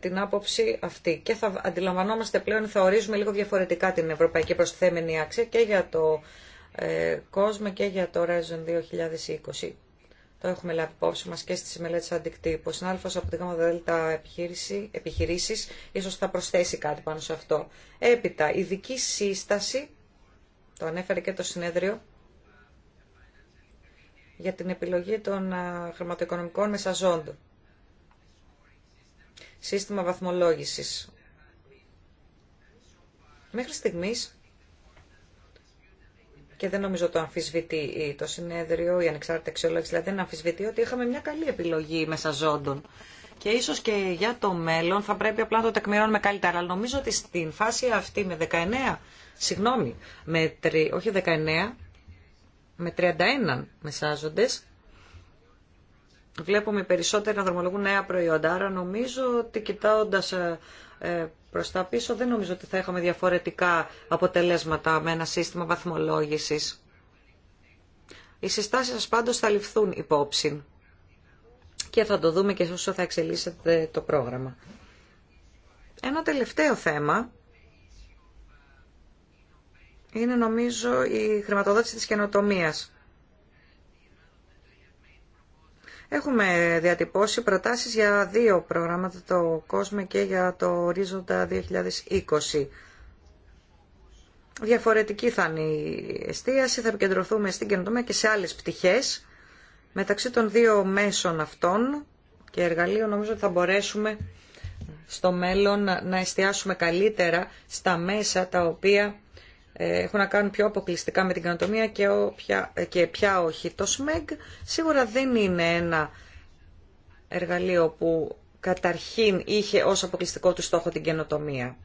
την άποψη αυτή. Και θα αντιλαμβανόμαστε πλέον, θα ορίζουμε λίγο διαφορετικά την ευρωπαϊκή προσθέμενη αξία και για το ε, κόσμο και για το Horizon 2020. Το έχουμε λάβει υπόψη μα και στι μελέτε αντικτύπου. Ο συνάδελφο από την επιχείρηση επιχειρήσει ίσω θα προσθέσει κάτι πάνω σε αυτό. Έπειτα, ειδική σύσταση, το ανέφερε και το συνέδριο, για την επιλογή των χρηματοοικονομικών μεσαζόντων. Σύστημα βαθμολόγηση. Μέχρι στιγμής και δεν νομίζω το αμφισβητεί το συνέδριο, η ανεξάρτητη αξιολόγηση, δηλαδή δεν αμφισβητεί ότι είχαμε μια καλή επιλογή μεσαζόντων. Και ίσως και για το μέλλον θα πρέπει απλά να το τεκμηρώνουμε καλύτερα. Αλλά νομίζω ότι στην φάση αυτή με 19, συγγνώμη, με 3, όχι 19, με 31 μεσάζοντες, βλέπουμε περισσότερο να δρομολογούν νέα προϊόντα. Άρα νομίζω ότι κοιτάοντας ε, ε, προς τα πίσω δεν νομίζω ότι θα είχαμε διαφορετικά αποτελέσματα με ένα σύστημα βαθμολόγησης. Οι συστάσεις σας πάντως θα ληφθούν υπόψη και θα το δούμε και όσο θα εξελίσσεται το πρόγραμμα. Ένα τελευταίο θέμα είναι νομίζω η χρηματοδότηση της καινοτομίας. Έχουμε διατυπώσει προτάσεις για δύο προγράμματα, το COSME και για το ορίζοντα 2020. Διαφορετική θα είναι η εστίαση, θα επικεντρωθούμε στην καινοτομία και σε άλλες πτυχές. Μεταξύ των δύο μέσων αυτών και εργαλείων νομίζω ότι θα μπορέσουμε στο μέλλον να εστιάσουμε καλύτερα στα μέσα τα οποία ε, έχουν να κάνουν πιο αποκλειστικά με την καινοτομία και, ε, πια και ποια όχι. Το ΣΜΕΓ σίγουρα δεν είναι ένα εργαλείο που καταρχήν είχε ως αποκλειστικό του στόχο την καινοτομία.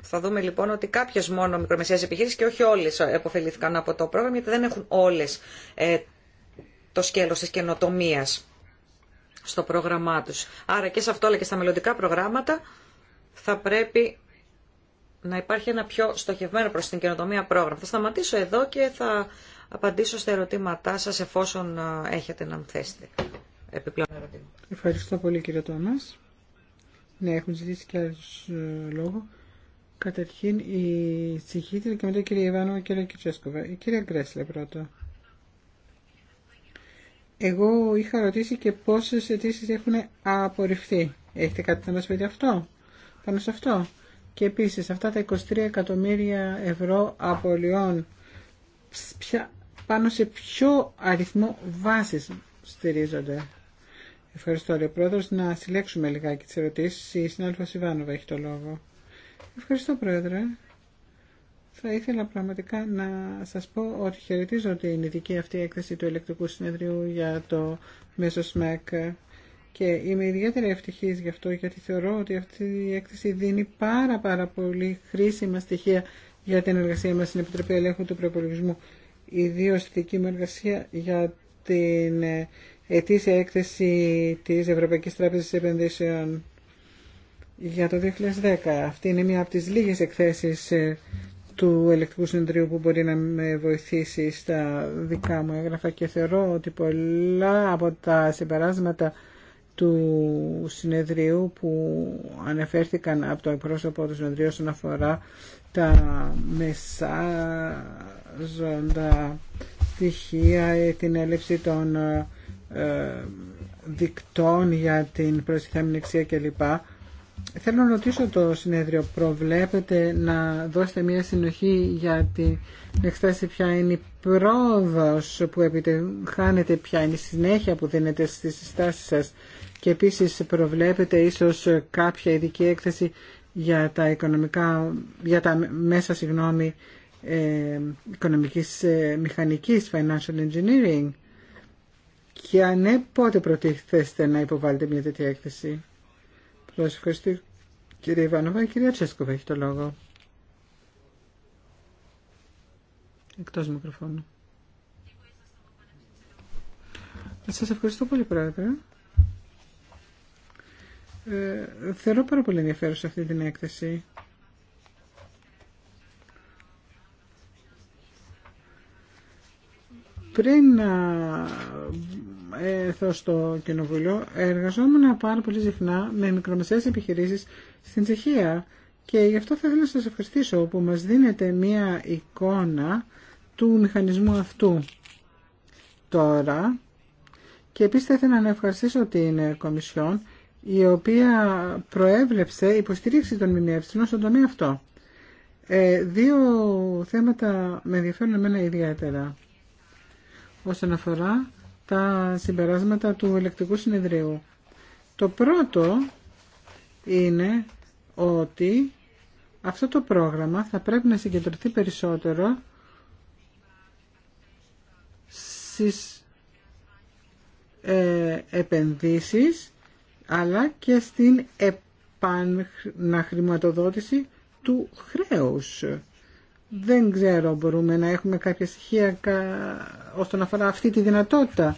Θα δούμε λοιπόν ότι κάποιες μόνο μικρομεσαίες επιχείρησεις και όχι όλες επωφελήθηκαν από το πρόγραμμα γιατί δεν έχουν όλες ε, το σκέλος της καινοτομία στο πρόγραμμά τους. Άρα και σε αυτό αλλά και στα μελλοντικά προγράμματα θα πρέπει να υπάρχει ένα πιο στοχευμένο προς την καινοτομία πρόγραμμα. Θα σταματήσω εδώ και θα απαντήσω στα ερωτήματά σας εφόσον ε, έχετε να μου θέσετε. Επιπλέον ερωτήματα. Ευχαριστώ πολύ κύριε Τόμας. Ναι, έχουν ζητήσει και άλλους ε, λόγο. Καταρχήν η ψυχήτρια και μετά η κυρία Ιβάνω και η κυρία Κιτσέσκοβα. Η κυρία Γκρέσλε πρώτα. Εγώ είχα ρωτήσει και πόσες αιτήσει έχουν απορριφθεί. Έχετε κάτι να μας πείτε αυτό, πάνω σε αυτό. Και επίσης αυτά τα 23 εκατομμύρια ευρώ απολειών πάνω σε ποιο αριθμό βάσης στηρίζονται. Ευχαριστώ, Ρε Πρόεδρος. Να συλλέξουμε λιγάκι τις ερωτήσεις. Η συνάδελφος Ιβάνοβα έχει το λόγο. Ευχαριστώ, Πρόεδρε. Θα ήθελα πραγματικά να σας πω ότι χαιρετίζω την ειδική αυτή έκθεση του ηλεκτρικού συνεδρίου για το μέσο ΣΜΕΚ. Και είμαι ιδιαίτερα ευτυχής γι' αυτό γιατί θεωρώ ότι αυτή η έκθεση δίνει πάρα πάρα πολύ χρήσιμα στοιχεία για την εργασία μας στην Επιτροπή Ελέγχου του Προπολογισμού. Ιδίω στη δική μου εργασία για την ε, ετήσια έκθεση της Ευρωπαϊκής Τράπεζας Επενδύσεων για το 2010. Αυτή είναι μία από τις λίγες εκθέσεις ε, του ελεκτικού συνεδρίου που μπορεί να με βοηθήσει στα δικά μου έγγραφα και θεωρώ ότι πολλά από τα συμπεράσματα του συνεδρίου που αναφέρθηκαν από το πρόσωπο του συνεδρίου όσον αφορά τα μεσάζοντα στοιχεία, την έλλειψη των ε, δικτών για την προστιθέμενη αξία κλπ. Θέλω να ρωτήσω το συνέδριο, προβλέπετε να δώσετε μια συνοχή για την εξτάση ποια είναι η πρόοδος που επιτεχάνετε, ποια είναι η συνέχεια που δίνετε στις συστάσεις σας και επίσης προβλέπεται ίσως κάποια ειδική έκθεση για τα, οικονομικά, για τα μέσα συγγνώμη, ε, οικονομικής ε, μηχανικής financial engineering και αν ναι πότε προτίθεστε να υποβάλλετε μια τέτοια έκθεση. Σας ευχαριστώ κύριε Ιβάνοβα. Η κυρία Τσέσκοβα έχει το λόγο. Εκτός μικροφώνου. Σας ευχαριστώ πολύ πρόεδρε. Ε, θεωρώ πάρα πολύ σε αυτή την έκθεση. Πριν να ε, έρθω στο κοινοβούλιο, εργαζόμουν πάρα πολύ συχνά με μικρομεσαίες επιχειρήσεις στην Τσεχία και γι' αυτό θα ήθελα να σας ευχαριστήσω που μας δίνετε μία εικόνα του μηχανισμού αυτού τώρα και επίσης θα ήθελα να ευχαριστήσω την Κομισιόν η οποία προέβλεψε υποστηρίξη των μηνεύσεων στον τομέα αυτό. Ε, δύο θέματα με ενδιαφέρουν εμένα ιδιαίτερα όσον αφορά τα συμπεράσματα του ελεκτικού συνεδρίου. Το πρώτο είναι ότι αυτό το πρόγραμμα θα πρέπει να συγκεντρωθεί περισσότερο στις ε, επενδύσεις αλλά και στην επαναχρηματοδότηση του χρέους. Δεν ξέρω, μπορούμε να έχουμε κάποια στοιχεία να αφορά αυτή τη δυνατότητα,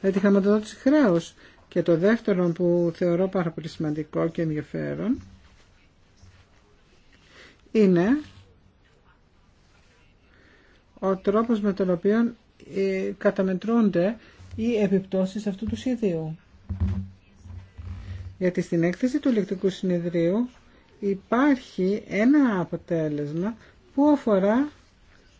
δηλαδή τη χρηματοδότηση χρέους. Και το δεύτερο που θεωρώ πάρα πολύ σημαντικό και ενδιαφέρον είναι ο τρόπος με τον οποίο ε, καταμετρούνται οι επιπτώσεις αυτού του σχεδίου. Γιατί στην έκθεση του ηλεκτρικού συνεδρίου υπάρχει ένα αποτέλεσμα που αφορά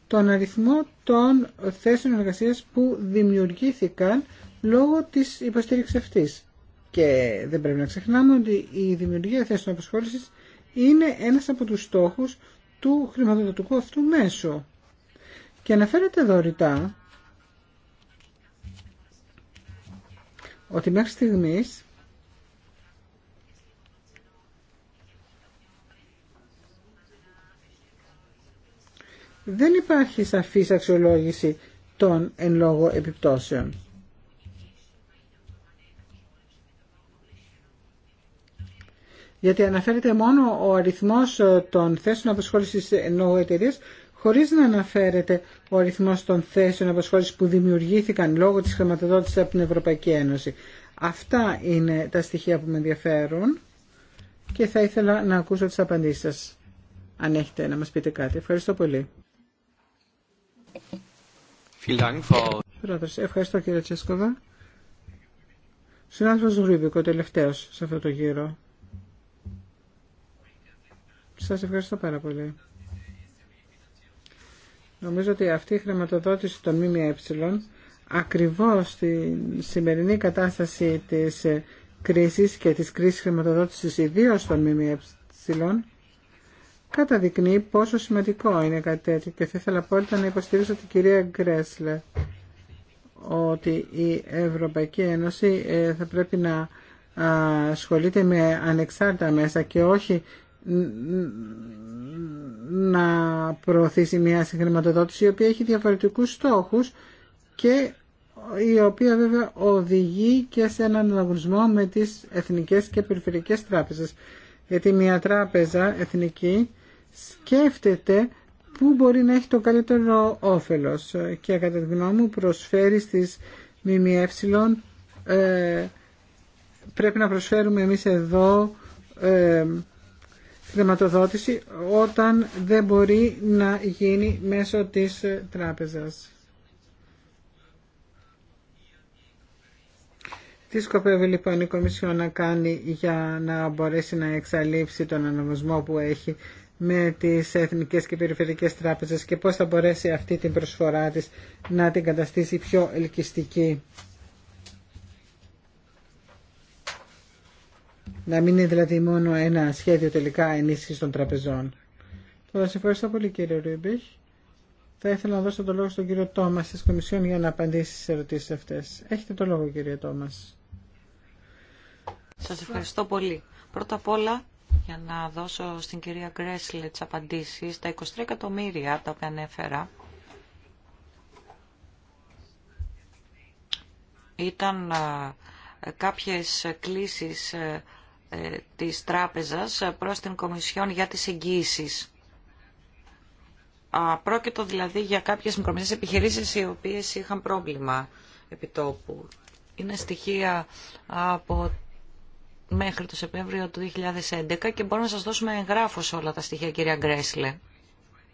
τον αριθμό των θέσεων εργασίας που δημιουργήθηκαν λόγω της υποστήριξης αυτής. Και δεν πρέπει να ξεχνάμε ότι η δημιουργία θέσεων απασχόλησης είναι ένας από τους στόχους του χρηματοδοτικού αυτού μέσου. Και αναφέρεται δωρητά ότι μέχρι στιγμής δεν υπάρχει σαφής αξιολόγηση των εν λόγω επιπτώσεων. Γιατί αναφέρεται μόνο ο αριθμός ε, των θέσεων απασχόλησης εν λόγω εταιρείας, χωρίς να αναφέρεται ο αριθμός των θέσεων απασχόλησης που δημιουργήθηκαν λόγω της χρηματοδότησης από την Ευρωπαϊκή Ένωση. Αυτά είναι τα στοιχεία που με ενδιαφέρουν και θα ήθελα να ακούσω τις απαντήσεις σας, αν έχετε να μας πείτε κάτι. Ευχαριστώ πολύ. Ευχαριστώ κύριε Τσέσκοβα. Συνάδελφο Ρούβικο, τελευταίο τελευταίος σε αυτό το γύρο. Σας ευχαριστώ πάρα πολύ. Νομίζω ότι αυτή η χρηματοδότηση των ΜΜΕ ακριβώς στη σημερινή κατάσταση της κρίσης και της κρίσης χρηματοδότησης ιδίως των ΜΜΕ καταδεικνύει πόσο σημαντικό είναι κάτι τέτοιο και θα ήθελα απόλυτα να υποστηρίζω την κυρία Γκρέσλε ότι η Ευρωπαϊκή Ένωση ε, θα πρέπει να ασχολείται με ανεξάρτητα μέσα και όχι να προωθήσει μια συγχρηματοδότηση η οποία έχει διαφορετικούς στόχους και η οποία βέβαια οδηγεί και σε έναν αναγνωσμό με τις εθνικές και περιφερειακές τράπεζες. Γιατί μια τράπεζα εθνική σκέφτεται πού μπορεί να έχει το καλύτερο όφελος και κατά τη γνώμη μου προσφέρει στις ΜΜΕ ε, πρέπει να προσφέρουμε εμείς εδώ ε, χρηματοδότηση όταν δεν μπορεί να γίνει μέσω της τράπεζας. Τι σκοπεύει λοιπόν η Κομισιό να κάνει για να μπορέσει να εξαλείψει τον ανομισμό που έχει με τις εθνικές και περιφερειακές τράπεζες και πώς θα μπορέσει αυτή την προσφορά της να την καταστήσει πιο ελκυστική. Να μην είναι δηλαδή μόνο ένα σχέδιο τελικά ενίσχυση των τραπεζών. Θα σε ευχαριστώ πολύ κύριε Ρούμπιχ. Θα ήθελα να δώσω το λόγο στον κύριο Τόμας της Κομισιόν για να απαντήσει στις ερωτήσεις αυτές. Έχετε το λόγο κύριε Τόμας. Σας ευχαριστώ πολύ. Πρώτα απ' όλα για να δώσω στην κυρία Γκρέσλε τι απαντήσει Τα 23 εκατομμύρια τα οποία ανέφερα ήταν κάποιες κλήσεις ε, της τράπεζας προς την Κομισιόν για τις εγγύησεις. Πρόκειτο δηλαδή για κάποιες μικρομεσαίες επιχειρήσεις οι οποίες είχαν πρόβλημα επιτόπου. Είναι στοιχεία από μέχρι το Σεπτέμβριο του 2011 και μπορούμε να σας δώσουμε σε όλα τα στοιχεία, κυρία Γκρέσλε,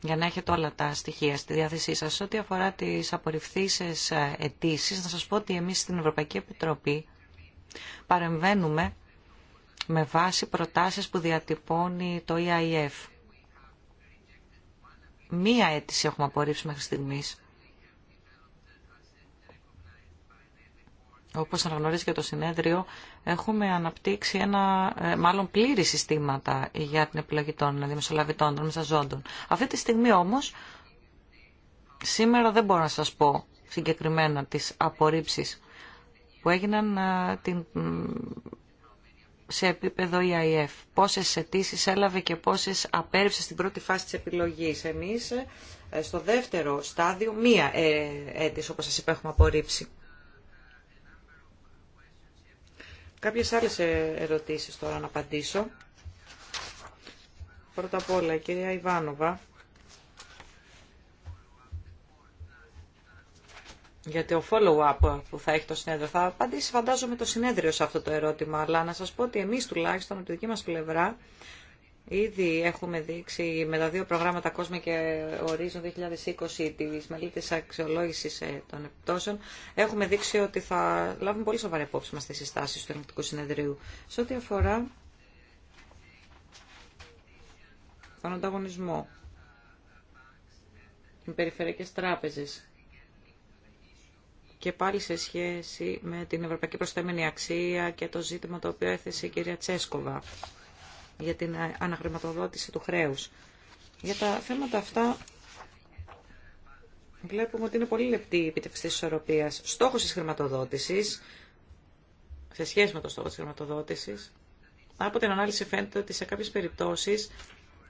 για να έχετε όλα τα στοιχεία στη διάθεσή σας. Ό,τι αφορά τις απορριφθήσεις ε, αιτήσει, να σας πω ότι εμείς στην Ευρωπαϊκή Επιτροπή παρεμβαίνουμε με βάση προτάσεις που διατυπώνει το EIF. Μία αίτηση έχουμε απορρίψει μέχρι στιγμής όπως αναγνωρίζει και το συνέδριο, έχουμε αναπτύξει ένα ε, μάλλον πλήρη συστήματα για την επιλογή των δημοσιολαβητών, των μεσαζόντων. Αυτή τη στιγμή όμως, σήμερα δεν μπορώ να σας πω συγκεκριμένα τις απορρίψεις που έγιναν ε, την, σε επίπεδο EIF. Πόσες αιτήσει έλαβε και πόσες απέρριψε στην πρώτη φάση της επιλογής. Εμείς ε, στο δεύτερο στάδιο μία αίτηση, όπως σας είπα, έχουμε απορρίψει. Κάποιες άλλες ε, ερωτήσεις τώρα να απαντήσω. Πρώτα απ' όλα, η κυρία Ιβάνοβα, γιατί ο follow-up που θα έχει το συνέδριο θα απαντήσει φαντάζομαι το συνέδριο σε αυτό το ερώτημα, αλλά να σας πω ότι εμείς τουλάχιστον από τη δική μας πλευρά Ήδη έχουμε δείξει με τα δύο προγράμματα Κόσμο και Ορίζον 2020 της τη αξιολόγηση των επιπτώσεων. Έχουμε δείξει ότι θα λάβουμε πολύ σοβαρή υπόψη μας τι συστάσεις του Ελληνικού Συνεδρίου. Σε ό,τι αφορά τον ανταγωνισμό, την περιφερειακέ Τράπεζε και πάλι σε σχέση με την Ευρωπαϊκή Προστέμενη Αξία και το ζήτημα το οποίο έθεσε η κυρία Τσέσκοβα για την αναχρηματοδότηση του χρέους. Για τα θέματα αυτά βλέπουμε ότι είναι πολύ λεπτή η επιτευχή της ισορροπίας. Στόχος της χρηματοδότησης, σε σχέση με το στόχο της χρηματοδότησης, από την ανάλυση φαίνεται ότι σε κάποιες περιπτώσεις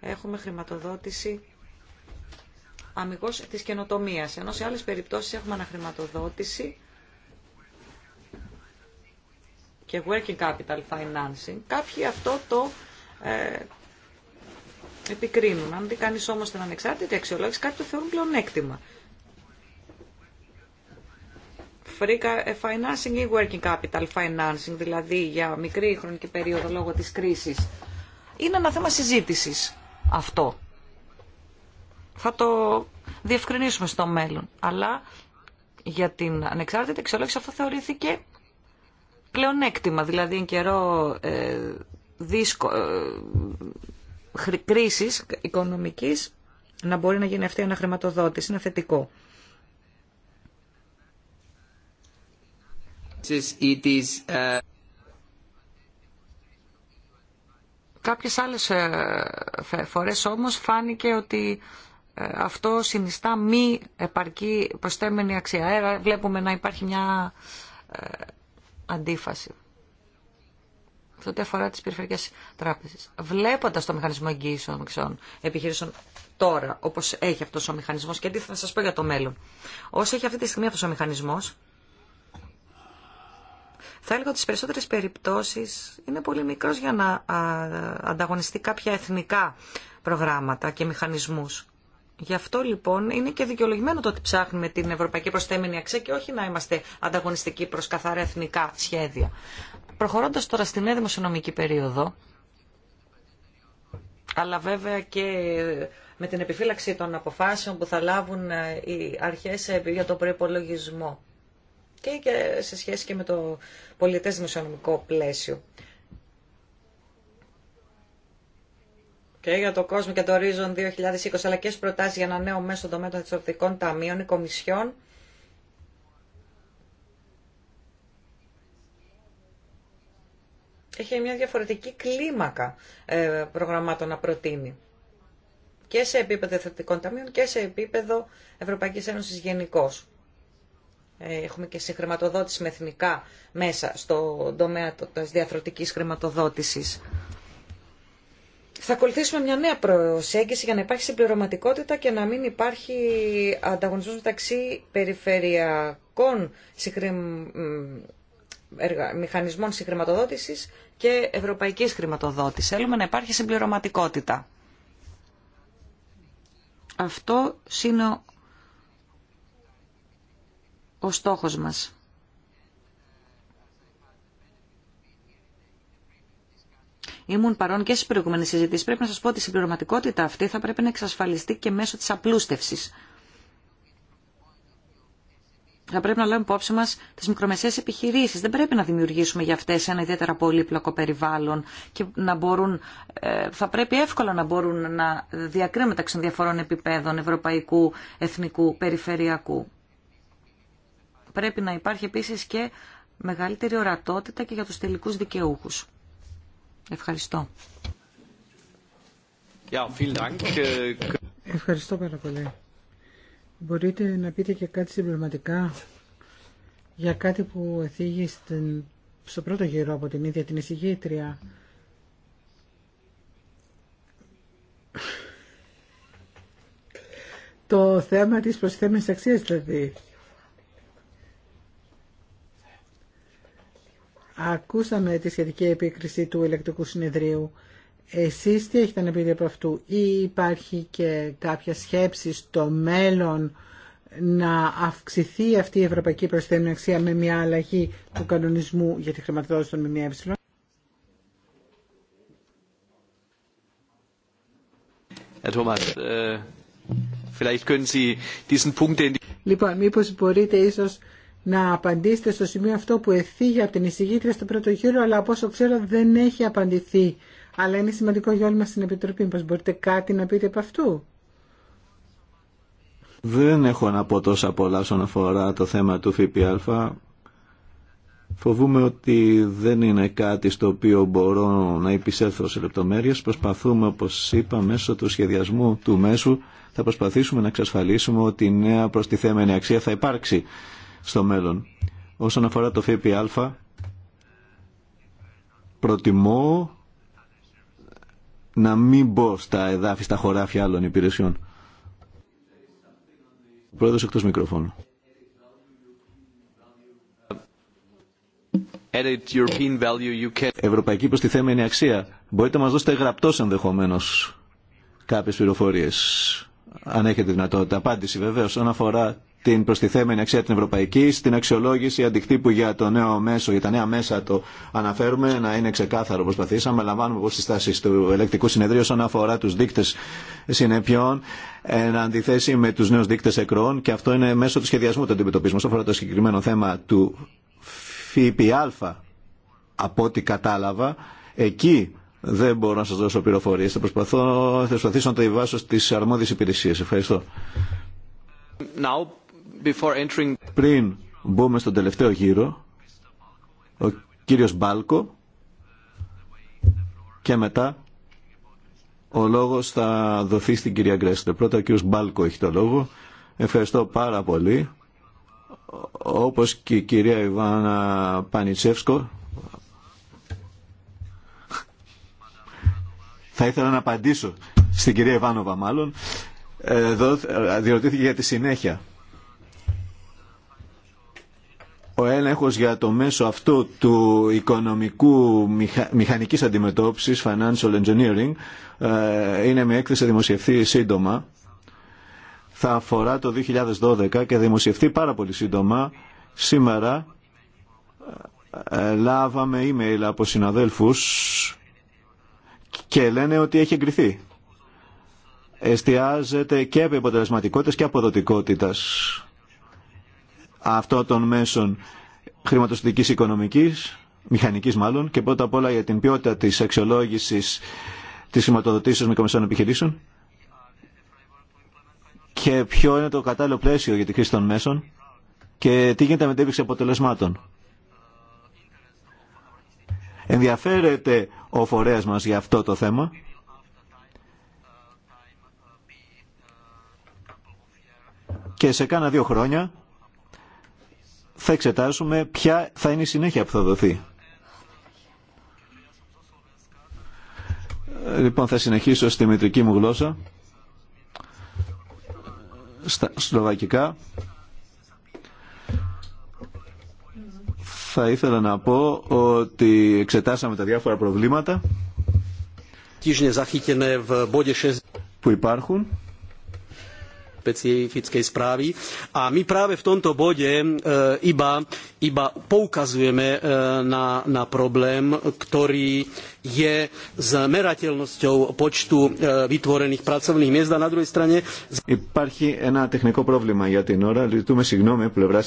έχουμε χρηματοδότηση αμυγός της καινοτομίας, ενώ σε άλλες περιπτώσεις έχουμε αναχρηματοδότηση και working capital financing. Κάποιοι αυτό το ε, επικρίνουν. Αν δεν κανείς όμως την ανεξάρτητη αξιολόγηση, κάτι το θεωρούν πλεονέκτημα. Ε, financing ή working capital financing, δηλαδή για μικρή χρονική περίοδο λόγω της κρίσης. Είναι ένα θέμα συζήτησης αυτό. Θα το διευκρινίσουμε στο μέλλον. Αλλά για την ανεξάρτητη αξιολόγηση αυτό θεωρήθηκε πλεονέκτημα. Δηλαδή, εν καιρό ε, δύσκο, ε, κρίσης οικονομικής να μπορεί να γίνει αυτή ένα αναχρηματοδότηση. Είναι θετικό. It is, ε, Κάποιες άλλες ε, φορές όμως φάνηκε ότι αυτό συνιστά μη επαρκή προστέμενη αξία. βλέπουμε να υπάρχει μια αντίφαση σε ό,τι αφορά τι περιφερειακέ τράπεζε. Βλέποντα το μηχανισμό εγγύησεων επιχειρήσεων τώρα, όπω έχει αυτό ο μηχανισμό και τι θα σα πω για το μέλλον. Όσο έχει αυτή τη στιγμή αυτό ο μηχανισμό. θα έλεγα ότι στι περισσότερε περιπτώσει είναι πολύ μικρό για να ανταγωνιστεί κάποια εθνικά προγράμματα και μηχανισμού. Γι' αυτό λοιπόν είναι και δικαιολογημένο το ότι ψάχνουμε την ευρωπαϊκή προστέμενη αξία και όχι να είμαστε ανταγωνιστικοί προς καθαρά εθνικά σχέδια. Προχωρώντας τώρα στη νέα δημοσιονομική περίοδο, αλλά βέβαια και με την επιφύλαξη των αποφάσεων που θα λάβουν ε, οι αρχές ε, για τον προϋπολογισμό και σε σχέση και με το πολιτές δημοσιονομικό πλαίσιο. Και για το κόσμο και το ορίζον 2020, αλλά και στις προτάσεις για ένα νέο μέσο τομέα των εξωτερικών ταμείων, η Κομισιόν έχει μια διαφορετική κλίμακα ε, προγραμμάτων να προτείνει. Και σε επίπεδο εθνικών ταμείων και σε επίπεδο Ευρωπαϊκής Ένωσης γενικώ. Ε, έχουμε και συγχρηματοδότηση με εθνικά μέσα στον τομέα της διαθροτικής χρηματοδότησης. Θα ακολουθήσουμε μια νέα προσέγγιση για να υπάρχει συμπληρωματικότητα και να μην υπάρχει ανταγωνισμός μεταξύ περιφερειακών μηχανισμών συγχρηματοδότησης και ευρωπαϊκής χρηματοδότησης. Θέλουμε να υπάρχει συμπληρωματικότητα. Αυτό είναι ο στόχος μας. Ήμουν παρόν και στις προηγούμενες συζητήσεις. Πρέπει να σας πω ότι η συμπληρωματικότητα αυτή θα πρέπει να εξασφαλιστεί και μέσω της απλούστευσης θα πρέπει να λέμε υπόψη μα τι μικρομεσαίε επιχειρήσει. Δεν πρέπει να δημιουργήσουμε για αυτέ ένα ιδιαίτερα πολύπλοκο περιβάλλον και να μπορούν, ε, θα πρέπει εύκολα να μπορούν να διακρίνουν μεταξύ των διαφορών επιπέδων ευρωπαϊκού, εθνικού, περιφερειακού. Πρέπει να υπάρχει επίση και μεγαλύτερη ορατότητα και για του τελικού δικαιούχου. Ευχαριστώ. Ευχαριστώ πάρα πολύ. Μπορείτε να πείτε και κάτι συμπληρωματικά για κάτι που εθίγει στην, στο πρώτο γύρο από την ίδια την εισηγήτρια. Το θέμα της προσθέμενης αξίας δηλαδή. Ακούσαμε τη σχετική επίκριση του ηλεκτρικού συνεδρίου εσείς τι έχετε να πείτε από αυτού ή υπάρχει και κάποια σκέψη στο μέλλον να αυξηθεί αυτή η ευρωπαϊκή προσθέμενη αξία με μια αλλαγή του κανονισμού για τη χρηματοδότηση των ΜΜΕ. Äh, λοιπόν, μήπως μπορείτε ίσως να απαντήσετε στο σημείο αυτό που εθίγει από την εισηγήτρια στο πρώτο γύρο, αλλά από ξέρω δεν έχει απαντηθεί αλλά είναι σημαντικό για όλοι μας στην Επιτροπή. Πώς μπορείτε κάτι να πείτε από αυτού. Δεν έχω να πω τόσα πολλά όσον αφορά το θέμα του ΦΠΑ. Φοβούμαι ότι δεν είναι κάτι στο οποίο μπορώ να υπησέλθω σε λεπτομέρειες. Προσπαθούμε, όπως είπα, μέσω του σχεδιασμού του μέσου θα προσπαθήσουμε να εξασφαλίσουμε ότι η νέα προστιθέμενη αξία θα υπάρξει στο μέλλον. Όσον αφορά το ΦΠΑ, προτιμώ να μην μπω στα εδάφη, στα χωράφια άλλων υπηρεσιών. Προέδρο πρόεδρος εκτός μικροφώνου. Ευρωπαϊκή προστιθέμενη αξία. Μπορείτε να μας δώσετε γραπτός ενδεχομένως κάποιες πληροφορίες, αν έχετε δυνατότητα. Απάντηση βεβαίως, όσον αφορά την προστιθέμενη αξία την ευρωπαϊκή, στην αξιολόγηση αντικτύπου για το νέο μέσο, για τα νέα μέσα το αναφέρουμε, να είναι ξεκάθαρο. Προσπαθήσαμε, λαμβάνουμε όπως τι τάσει του ελεκτικού συνεδρίου όσον αφορά τους δείκτες συνεπιών, εν αντιθέσει με τους νέους δείκτες εκρών, και αυτό είναι μέσω του σχεδιασμού του αντιμετωπίσμα. Όσον αφορά το συγκεκριμένο θέμα του ΦΠΑ, από ό,τι κατάλαβα, εκεί δεν μπορώ να σα δώσω πληροφορίε. Θα, προσπαθώ, θα προσπαθήσω να το διαβάσω στις αρμόδιες υπηρεσίες. Ευχαριστώ. Now, πριν μπούμε στον τελευταίο γύρο, ο κύριος Μπάλκο και μετά ο λόγος θα δοθεί στην κυρία Γκρέσλε. Πρώτα ο κύριος Μπάλκο έχει το λόγο. Ευχαριστώ πάρα πολύ. Όπως και η κυρία Ιβάνα Πανιτσεύσκο. Θα ήθελα να απαντήσω στην κυρία Ιβάνοβα μάλλον. Εδώ διερωτήθηκε για τη συνέχεια. ο έλεγχος για το μέσο αυτό του οικονομικού μηχα... μηχανικής αντιμετώπισης, financial engineering, ε, είναι με έκθεση δημοσιευθεί σύντομα. Θα αφορά το 2012 και δημοσιευθεί πάρα πολύ σύντομα. Σήμερα ε, ε, λάβαμε email από συναδέλφους και λένε ότι έχει εγκριθεί. Εστιάζεται και επί και αποδοτικότητας αυτό των μέσων χρηματοστικής οικονομικής, μηχανικής μάλλον, και πρώτα απ' όλα για την ποιότητα της αξιολόγησης της χρηματοδοτήσεως μικρομεσαίων επιχειρήσεων και ποιο είναι το κατάλληλο πλαίσιο για τη χρήση των μέσων και τι γίνεται με την αποτελεσμάτων. Ενδιαφέρεται ο φορέας μας για αυτό το θέμα. Και σε κάνα δύο χρόνια θα εξετάσουμε ποια θα είναι η συνέχεια που θα δοθεί. Λοιπόν, θα συνεχίσω στη μητρική μου γλώσσα, στα σλοβακικά. Θα ήθελα να πω ότι εξετάσαμε τα διάφορα προβλήματα που υπάρχουν špecifickej A my práve v tomto bode iba poukazujeme na problém, ktorý je s merateľnosťou počtu vytvorených pracovných miest a na Υπάρχει ένα τεχνικό πρόβλημα για την ώρα. συγγνώμη πλευρά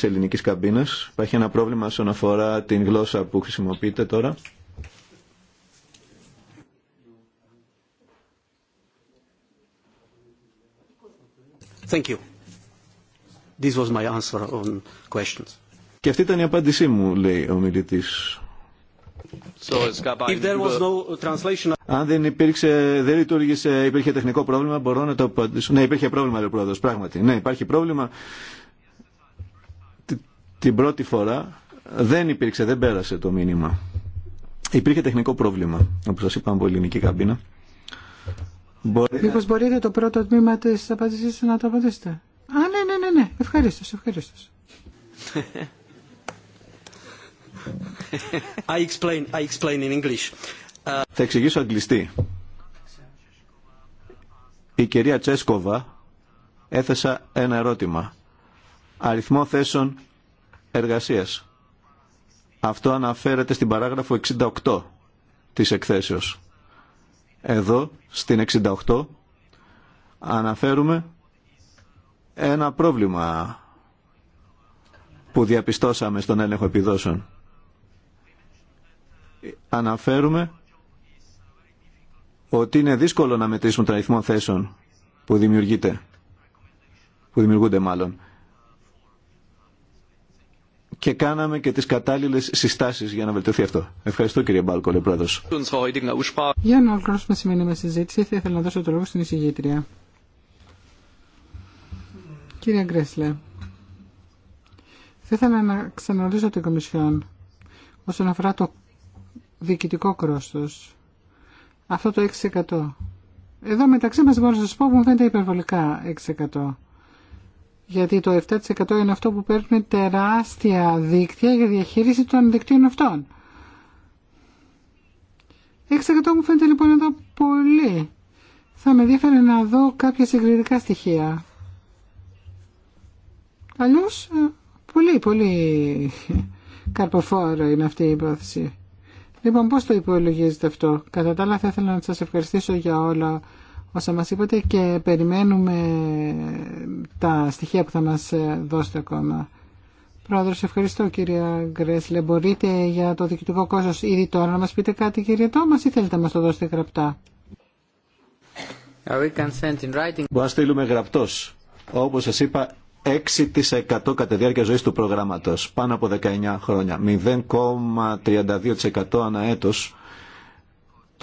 Υπάρχει ένα πρόβλημα αφορά την γλώσσα που χρησιμοποιείται τώρα. Thank you. This was my answer on questions. Και αυτή ήταν η απάντησή μου, λέει ο μιλητής. So If there was no translation... Αν δεν υπήρξε, δεν λειτουργήσε, υπήρχε τεχνικό πρόβλημα, μπορώ να το απαντήσω. Ναι, υπήρχε πρόβλημα, λέει ο πρόεδρος, πράγματι. Ναι, υπάρχει πρόβλημα. Την πρώτη φορά δεν υπήρξε, δεν πέρασε το μήνυμα. Υπήρχε τεχνικό πρόβλημα, όπως σας είπαμε από ελληνική καμπίνα. Μπορεί Μήπως μπορείτε το πρώτο τμήμα της απάντησής να το απαντήσετε. Α, ναι, ναι, ναι, ναι. ευχαριστώ. ευχαριστώ. I explain, I explain in English. Θα εξηγήσω αγγλιστή. Η κυρία Τσέσκοβα έθεσα ένα ερώτημα. Αριθμό θέσεων εργασίας. Αυτό αναφέρεται στην παράγραφο 68 της εκθέσεως. Εδώ, στην 68, αναφέρουμε ένα πρόβλημα που διαπιστώσαμε στον έλεγχο επιδόσεων. Αναφέρουμε ότι είναι δύσκολο να μετρήσουμε τον αριθμό θέσεων που δημιουργείται, που δημιουργούνται μάλλον και κάναμε και τις κατάλληλες συστάσεις για να βελτιωθεί αυτό. Ευχαριστώ κύριε Μπάλκο, λέει πρόεδρος. Για να ολοκληρώσουμε σημαίνει με συζήτηση, θα ήθελα να δώσω το λόγο στην εισηγήτρια. Κύριε Γκρέσλε, θα ήθελα να ξαναρωτήσω την Κομισιόν όσον αφορά το διοικητικό κρόστος. Αυτό το 6%. Εδώ μεταξύ μας μπορώ να σας πω που μου φαίνεται υπερβολικά 6% γιατί το 7% είναι αυτό που παίρνουν τεράστια δίκτυα για διαχείριση των δικτύων αυτών. 6% μου φαίνεται λοιπόν εδώ πολύ. Θα με ενδιαφέρει να δω κάποια συγκριτικά στοιχεία. Αλλιώς, ε, πολύ, πολύ καρποφόρο είναι αυτή η υπόθεση. Λοιπόν, πώς το υπολογίζετε αυτό. Κατά τα άλλα θα ήθελα να σας ευχαριστήσω για όλα όσα μας είπατε και περιμένουμε τα στοιχεία που θα μας δώσετε ακόμα. Πρόεδρος, ευχαριστώ κυρία Γκρέσλε. Μπορείτε για το διοικητικό κόστος ήδη τώρα να μας πείτε κάτι κύριε Τόμας ή θέλετε να μας το δώσετε γραπτά. Μπορούμε να στείλουμε γραπτός. Όπως σας είπα 6% κατά τη διάρκεια ζωής του προγράμματος. Πάνω από 19 χρόνια. 0,32% ανά έτος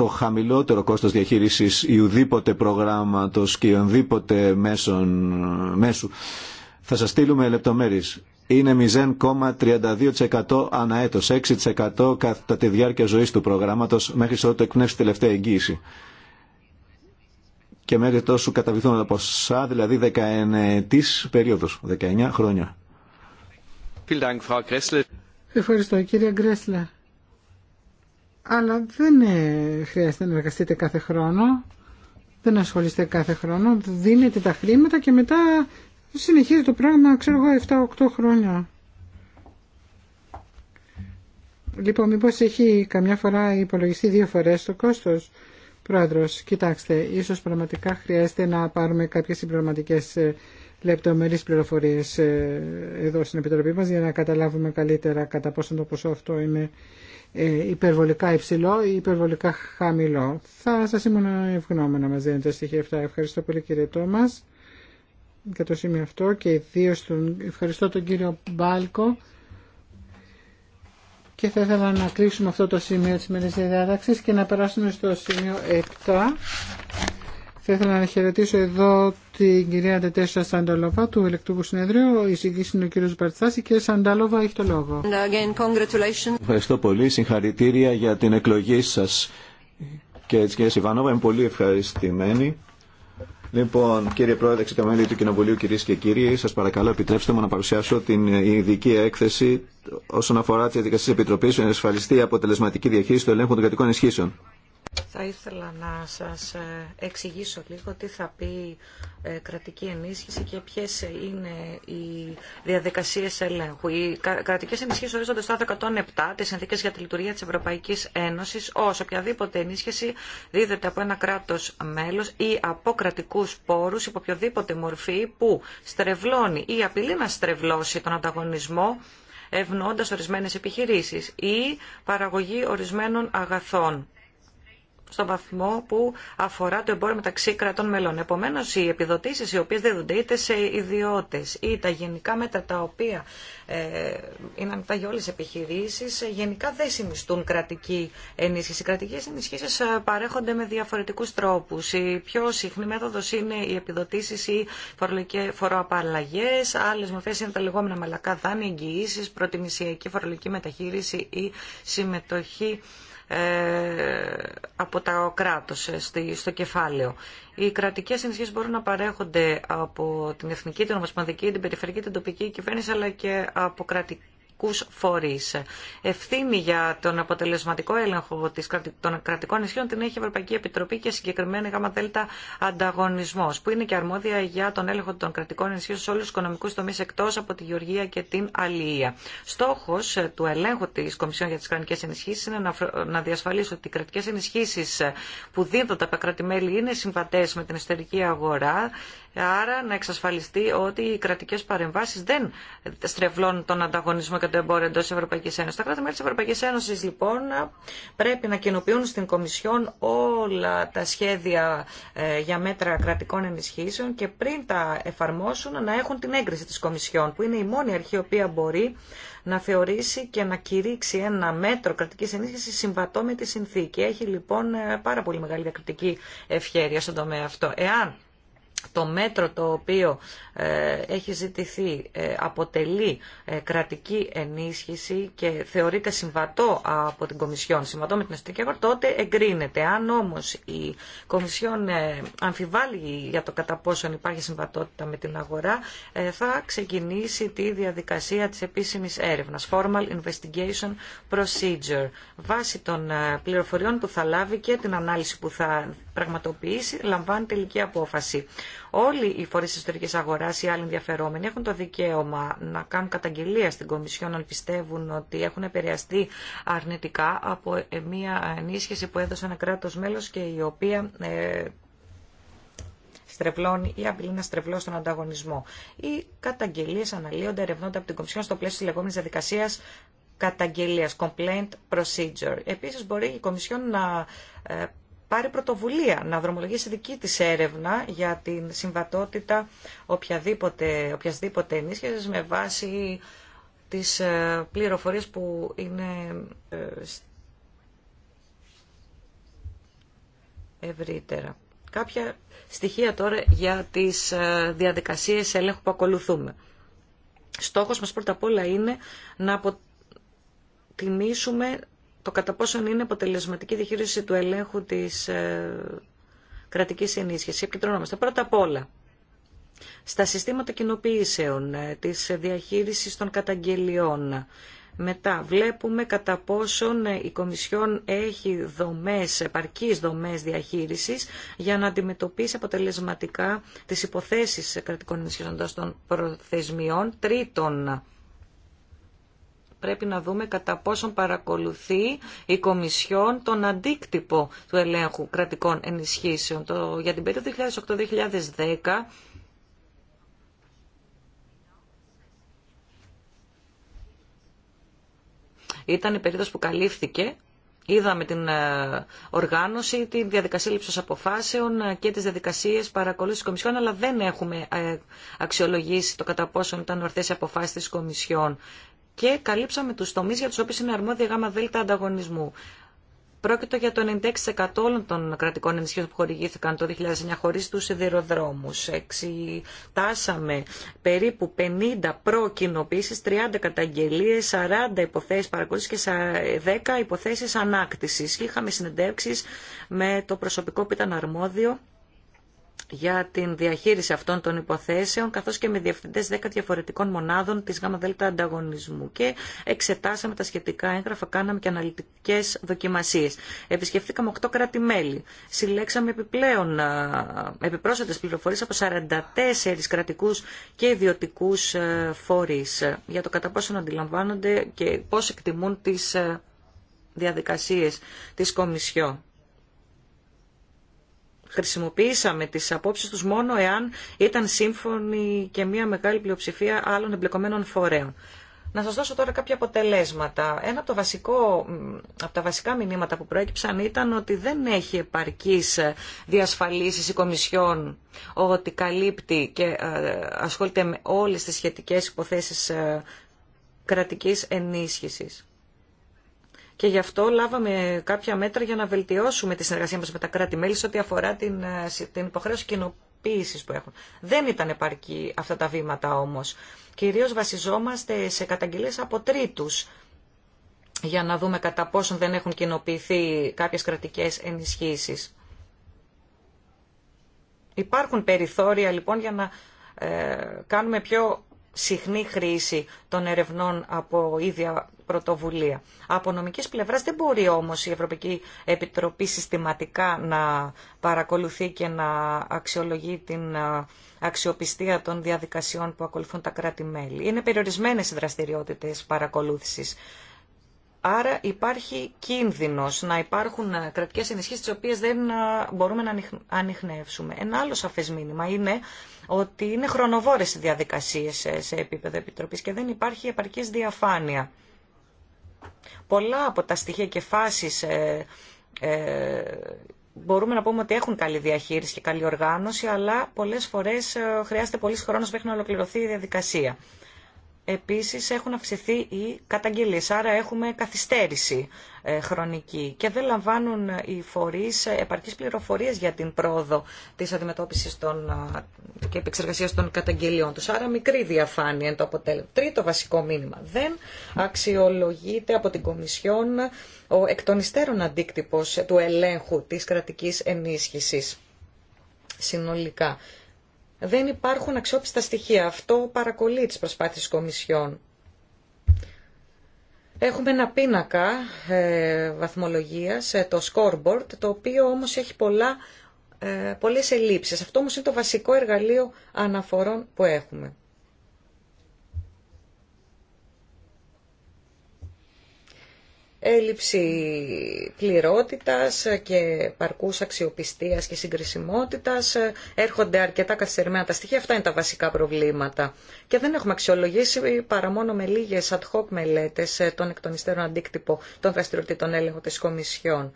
το χαμηλότερο κόστος διαχείρισης ιουδήποτε προγράμματος και ιονδήποτε μέσων, μέσου. Θα σας στείλουμε λεπτομέρειες. Είναι 0,32% ανά 6% κατά τη διάρκεια ζωής του προγράμματος μέχρι ότου εκπνεύσει τελευταία εγγύηση. Και μέχρι τόσο καταβληθούν τα ποσά, δηλαδή 19 ετής περίοδος, 19 χρόνια. Ευχαριστώ κύριε Γκρέσλερ αλλά δεν ε, χρειάζεται να εργαστείτε κάθε χρόνο, δεν ασχολείστε κάθε χρόνο, δίνετε τα χρήματα και μετά συνεχίζει το πράγμα, ξέρω εγώ, 7-8 χρόνια. Λοιπόν, μήπως έχει καμιά φορά υπολογιστεί δύο φορές το κόστος. Πρόεδρος, κοιτάξτε, ίσως πραγματικά χρειάζεται να πάρουμε κάποιες συμπληρωματικές ε, λεπτομερείς πληροφορίες ε, εδώ στην Επιτροπή μας για να καταλάβουμε καλύτερα κατά πόσο το ποσό αυτό είναι ε, υπερβολικά υψηλό ή υπερβολικά χαμηλό. Θα σας ήμουν να μα δίνετε τα στοιχεία αυτά. Ευχαριστώ πολύ κύριε Τόμα για το σημείο αυτό και ιδίω τον... ευχαριστώ τον κύριο Μπάλκο και θα ήθελα να κλείσουμε αυτό το σημείο της σημερινής διάταξης και να περάσουμε στο σημείο 7 θα ήθελα να χαιρετήσω εδώ την κυρία Τετέσσα Σανταλόβα του Ελεκτρικού Συνεδρίου. Η συγκίση είναι ο κύριο Μπαρτιθάση και Σανταλόβα έχει το λόγο. Ευχαριστώ πολύ. Συγχαρητήρια για την εκλογή σα και τη κυρία Σιβάνοβα, Είμαι πολύ ευχαριστημένη. Λοιπόν, κύριε Πρόεδρε, εξεταμένοι του Κοινοβουλίου, κυρίε και κύριοι, σα παρακαλώ επιτρέψτε μου να παρουσιάσω την ειδική έκθεση όσον αφορά τι διαδικασίε επιτροπή να ασφαλιστεί η αποτελεσματική διαχείριση του ελέγχου των κρατικών ισχύσεων. Θα ήθελα να σας ε, εξηγήσω λίγο τι θα πει ε, κρατική ενίσχυση και ποιες είναι οι διαδικασίες ελέγχου. Οι κρατικές ενισχύσεις ορίζονται στο 107 τις συνθήκες για τη λειτουργία της Ευρωπαϊκής Ένωσης ως οποιαδήποτε ενίσχυση δίδεται από ένα κράτος μέλος ή από κρατικού πόρους υπό οποιοδήποτε μορφή που στρεβλώνει ή απειλεί να στρεβλώσει τον ανταγωνισμό ευνοώντας ορισμένες επιχειρήσεις ή παραγωγή ορισμένων αγαθών στον βαθμό που αφορά το εμπόριο μεταξύ κρατών μελών. Επομένω, οι επιδοτήσει οι οποίε δίδονται είτε σε ιδιώτε ή τα γενικά μέτρα τα οποία ε, είναι ανοιχτά για όλε τι επιχειρήσει, γενικά δεν συνιστούν κρατική ενίσχυση. Οι κρατικέ ενισχύσει ε, παρέχονται με διαφορετικού τρόπου. Η πιο συχνή μέθοδο είναι οι επιδοτήσει ή φοροαπαλλαγέ. Άλλε μορφέ είναι τα λεγόμενα μαλακά δάνεια, εγγυήσει, προτιμησιακή φορολογική μεταχείριση ή συμμετοχή ε, από τα κράτος ε, στο κεφάλαιο. Οι κρατικέ ενισχύσει μπορούν να παρέχονται από την εθνική, την ομοσπονδική, την περιφερειακή, την τοπική κυβέρνηση, αλλά και από κρατική κρατικούς φορείς. Ευθύνη για τον αποτελεσματικό έλεγχο των κρατικών νησιών, την έχει η Ευρωπαϊκή Επιτροπή και συγκεκριμένα η ΓΔ Ανταγωνισμός, που είναι και αρμόδια για τον έλεγχο των κρατικών νησιών σε όλους τους οικονομικούς τομείς εκτός από τη Γεωργία και την Αλία. Στόχος ε, του ελέγχου της Κομισιόν για τις Κρατικές Ενισχύσεις είναι να διασφαλίσει ότι οι κρατικές ενισχύσεις ε, που δίνονται από τα κράτη-μέλη είναι συμβατές με την εσωτερική αγορά, Άρα να εξασφαλιστεί ότι οι κρατικέ παρεμβάσει δεν στρεβλώνουν τον ανταγωνισμό και το εμπόριο εντό Ευρωπαϊκή Ένωση. Τα κράτη-μέλη τη Ευρωπαϊκή Ένωση λοιπόν πρέπει να κοινοποιούν στην Κομισιόν όλα τα σχέδια ε, για μέτρα κρατικών ενισχύσεων και πριν τα εφαρμόσουν να έχουν την έγκριση τη Κομισιόν, που είναι η μόνη αρχή η οποία μπορεί να θεωρήσει και να κηρύξει ένα μέτρο κρατική ενίσχυση συμβατό με τη συνθήκη. Έχει λοιπόν ε, πάρα πολύ μεγάλη διακριτική ευχέρεια στον τομέα αυτό. Εάν το μέτρο το οποίο ε, έχει ζητηθεί ε, αποτελεί ε, κρατική ενίσχυση και θεωρείται συμβατό από την Κομισιόν, συμβατό με την Αστική Αγορά, τότε εγκρίνεται. Αν όμως η Κομισιόν αμφιβάλλει για το κατά πόσον υπάρχει συμβατότητα με την αγορά, θα ξεκινήσει τη διαδικασία της επίσημης έρευνας, Formal Investigation Procedure, βάσει των πληροφοριών που θα λάβει και την ανάλυση που θα πραγματοποιήσει, λαμβάνει τελική απόφαση. Όλοι οι φορεί τη ιστορική αγορά ή άλλοι ενδιαφερόμενοι έχουν το δικαίωμα να κάνουν καταγγελία στην Κομισιόν αν πιστεύουν ότι έχουν επηρεαστεί αρνητικά από μια ενίσχυση που έδωσε ένα κράτο μέλο και η οποία ε, στρεβλώνει ή απειλεί να στρεβλώσει τον ανταγωνισμό. Οι καταγγελίε αναλύονται, ερευνώνται από την Κομισιόν στο πλαίσιο τη λεγόμενη διαδικασία καταγγελία, complaint procedure. Επίση, μπορεί η Κομισιόν να ε, πάρει πρωτοβουλία, να δρομολογήσει δική της έρευνα για την συμβατότητα οποιαδήποτε, οποιασδήποτε ενίσχυσης με βάση τις ε, πληροφορίες που είναι ε, ευρύτερα. Κάποια στοιχεία τώρα για τις ε, διαδικασίες ελέγχου που ακολουθούμε. Στόχος μας πρώτα απ' όλα είναι να αποτιμήσουμε το κατά πόσον είναι αποτελεσματική διαχείριση του ελέγχου της ε, κρατικής ενίσχυσης. Επικεντρωνόμαστε πρώτα απ' όλα στα συστήματα κοινοποιήσεων, ε, της διαχείρισης των καταγγελιών. Μετά βλέπουμε κατά πόσον ε, η Κομισιόν έχει δομές, επαρκείς δομές διαχείρισης για να αντιμετωπίσει αποτελεσματικά τις υποθέσεις κρατικών ενισχυσόντας των προθεσμιών. Τρίτον, πρέπει να δούμε κατά πόσον παρακολουθεί η Κομισιόν τον αντίκτυπο του ελέγχου κρατικών ενισχύσεων. Το, για την περίοδο 2008-2010 ήταν η περίοδος που καλύφθηκε Είδαμε την ε, οργάνωση, τη διαδικασία λήψης αποφάσεων ε, και τις διαδικασίες παρακολούθησης Κομισιόν, αλλά δεν έχουμε ε, αξιολογήσει το κατά πόσον ήταν ορθές οι αποφάσεις της Κομισιόν και καλύψαμε τους τομείς για τους οποίους είναι αρμόδια γάμα δέλτα ανταγωνισμού. Πρόκειται για το 96% όλων των κρατικών ενισχύσεων που χορηγήθηκαν το 2009 χωρίς τους σιδηροδρόμους. Εξετάσαμε περίπου 50 προκοινοποίησεις, 30 καταγγελίες, 40 υποθέσεις παρακολούθησης και 10 υποθέσεις ανάκτησης. Είχαμε συνεντεύξεις με το προσωπικό που ήταν αρμόδιο για την διαχείριση αυτών των υποθέσεων, καθώς και με διευθυντές 10 διαφορετικών μονάδων της ΓΔ ανταγωνισμού. Και εξετάσαμε τα σχετικά έγγραφα, κάναμε και αναλυτικές δοκιμασίες. Επισκεφθήκαμε 8 κράτη-μέλη. Συλλέξαμε επιπλέον επιπρόσθετες πληροφορίες από 44 κρατικούς και ιδιωτικούς φορείς για το κατά πόσο αντιλαμβάνονται και πώς εκτιμούν τις διαδικασίες της Κομισιό χρησιμοποίησαμε τις απόψεις τους μόνο εάν ήταν σύμφωνοι και μια μεγάλη πλειοψηφία άλλων εμπλεκομένων φορέων. Να σας δώσω τώρα κάποια αποτελέσματα. Ένα από, το βασικό, από τα βασικά μηνύματα που προέκυψαν ήταν ότι δεν έχει επαρκείς διασφαλίσεις η Κομισιόν ότι καλύπτει και ε, ασχολείται με όλες τις σχετικές υποθέσεις ε, κρατικής ενίσχυσης και γι' αυτό λάβαμε κάποια μέτρα για να βελτιώσουμε τη συνεργασία μας με τα κράτη-μέλη σε ό,τι αφορά την, ε, την υποχρέωση κοινοποίηση που έχουν. Δεν ήταν επαρκή αυτά τα βήματα όμως. Κυρίως βασιζόμαστε σε καταγγελίες από τρίτους για να δούμε κατά πόσον δεν έχουν κοινοποιηθεί κάποιες κρατικές ενισχύσεις. Υπάρχουν περιθώρια λοιπόν για να ε, κάνουμε πιο συχνή χρήση των ερευνών από ίδια πρωτοβουλία. Από νομικής πλευράς δεν μπορεί όμως η Ευρωπαϊκή Επιτροπή συστηματικά να παρακολουθεί και να αξιολογεί την ε, αξιοπιστία των διαδικασιών που ακολουθούν τα κράτη-μέλη. Είναι περιορισμένες οι δραστηριότητες παρακολούθησης. Άρα υπάρχει κίνδυνος να υπάρχουν ε, κρατικές ενισχύσεις τις οποίες δεν ε, μπορούμε να ανοιχνεύσουμε. Ένα άλλο σαφές μήνυμα είναι ότι είναι χρονοβόρες οι διαδικασίες σε επίπεδο επιτροπής και δεν υπάρχει επαρκής διαφάνεια. Πολλά από τα στοιχεία και φάσεις ε, μπορούμε να πούμε ότι έχουν καλή διαχείριση και καλή οργάνωση, αλλά πολλές φορές χρειάζεται πολύ χρόνο μέχρι να ολοκληρωθεί η διαδικασία. Επίσης έχουν αυξηθεί οι καταγγελίες, άρα έχουμε καθυστέρηση ε, χρονική και δεν λαμβάνουν ε, οι φορείς ε, επαρκείς πληροφορίες για την πρόοδο της αντιμετώπισης των, και επεξεργασίας των καταγγελιών τους. Άρα μικρή διαφάνεια είναι το αποτέλεσμα. Τρίτο βασικό μήνυμα. Δεν αξιολογείται από την Κομισιόν ο εκ αντίκτυπος του ελέγχου της κρατικής ενίσχυσης συνολικά δεν υπάρχουν αξιόπιστα στοιχεία. Αυτό παρακολεί τις προσπάθειες Κομισιόν. Έχουμε ένα πίνακα ε, βαθμολογίας, ε, το scoreboard, το οποίο όμως έχει πολλά, ε, πολλές ελλείψεις. Αυτό όμως είναι το βασικό εργαλείο αναφορών που έχουμε. έλλειψη πληρότητας και παρκούς αξιοπιστίας και συγκρισιμότητας. Έρχονται αρκετά καθυστερημένα τα στοιχεία. Αυτά είναι τα βασικά προβλήματα. Και δεν έχουμε αξιολογήσει παρά μόνο με λίγες ad hoc μελέτες ε, των εκ των αντίκτυπο των δραστηριοτήτων έλεγχων της Κομισιόν.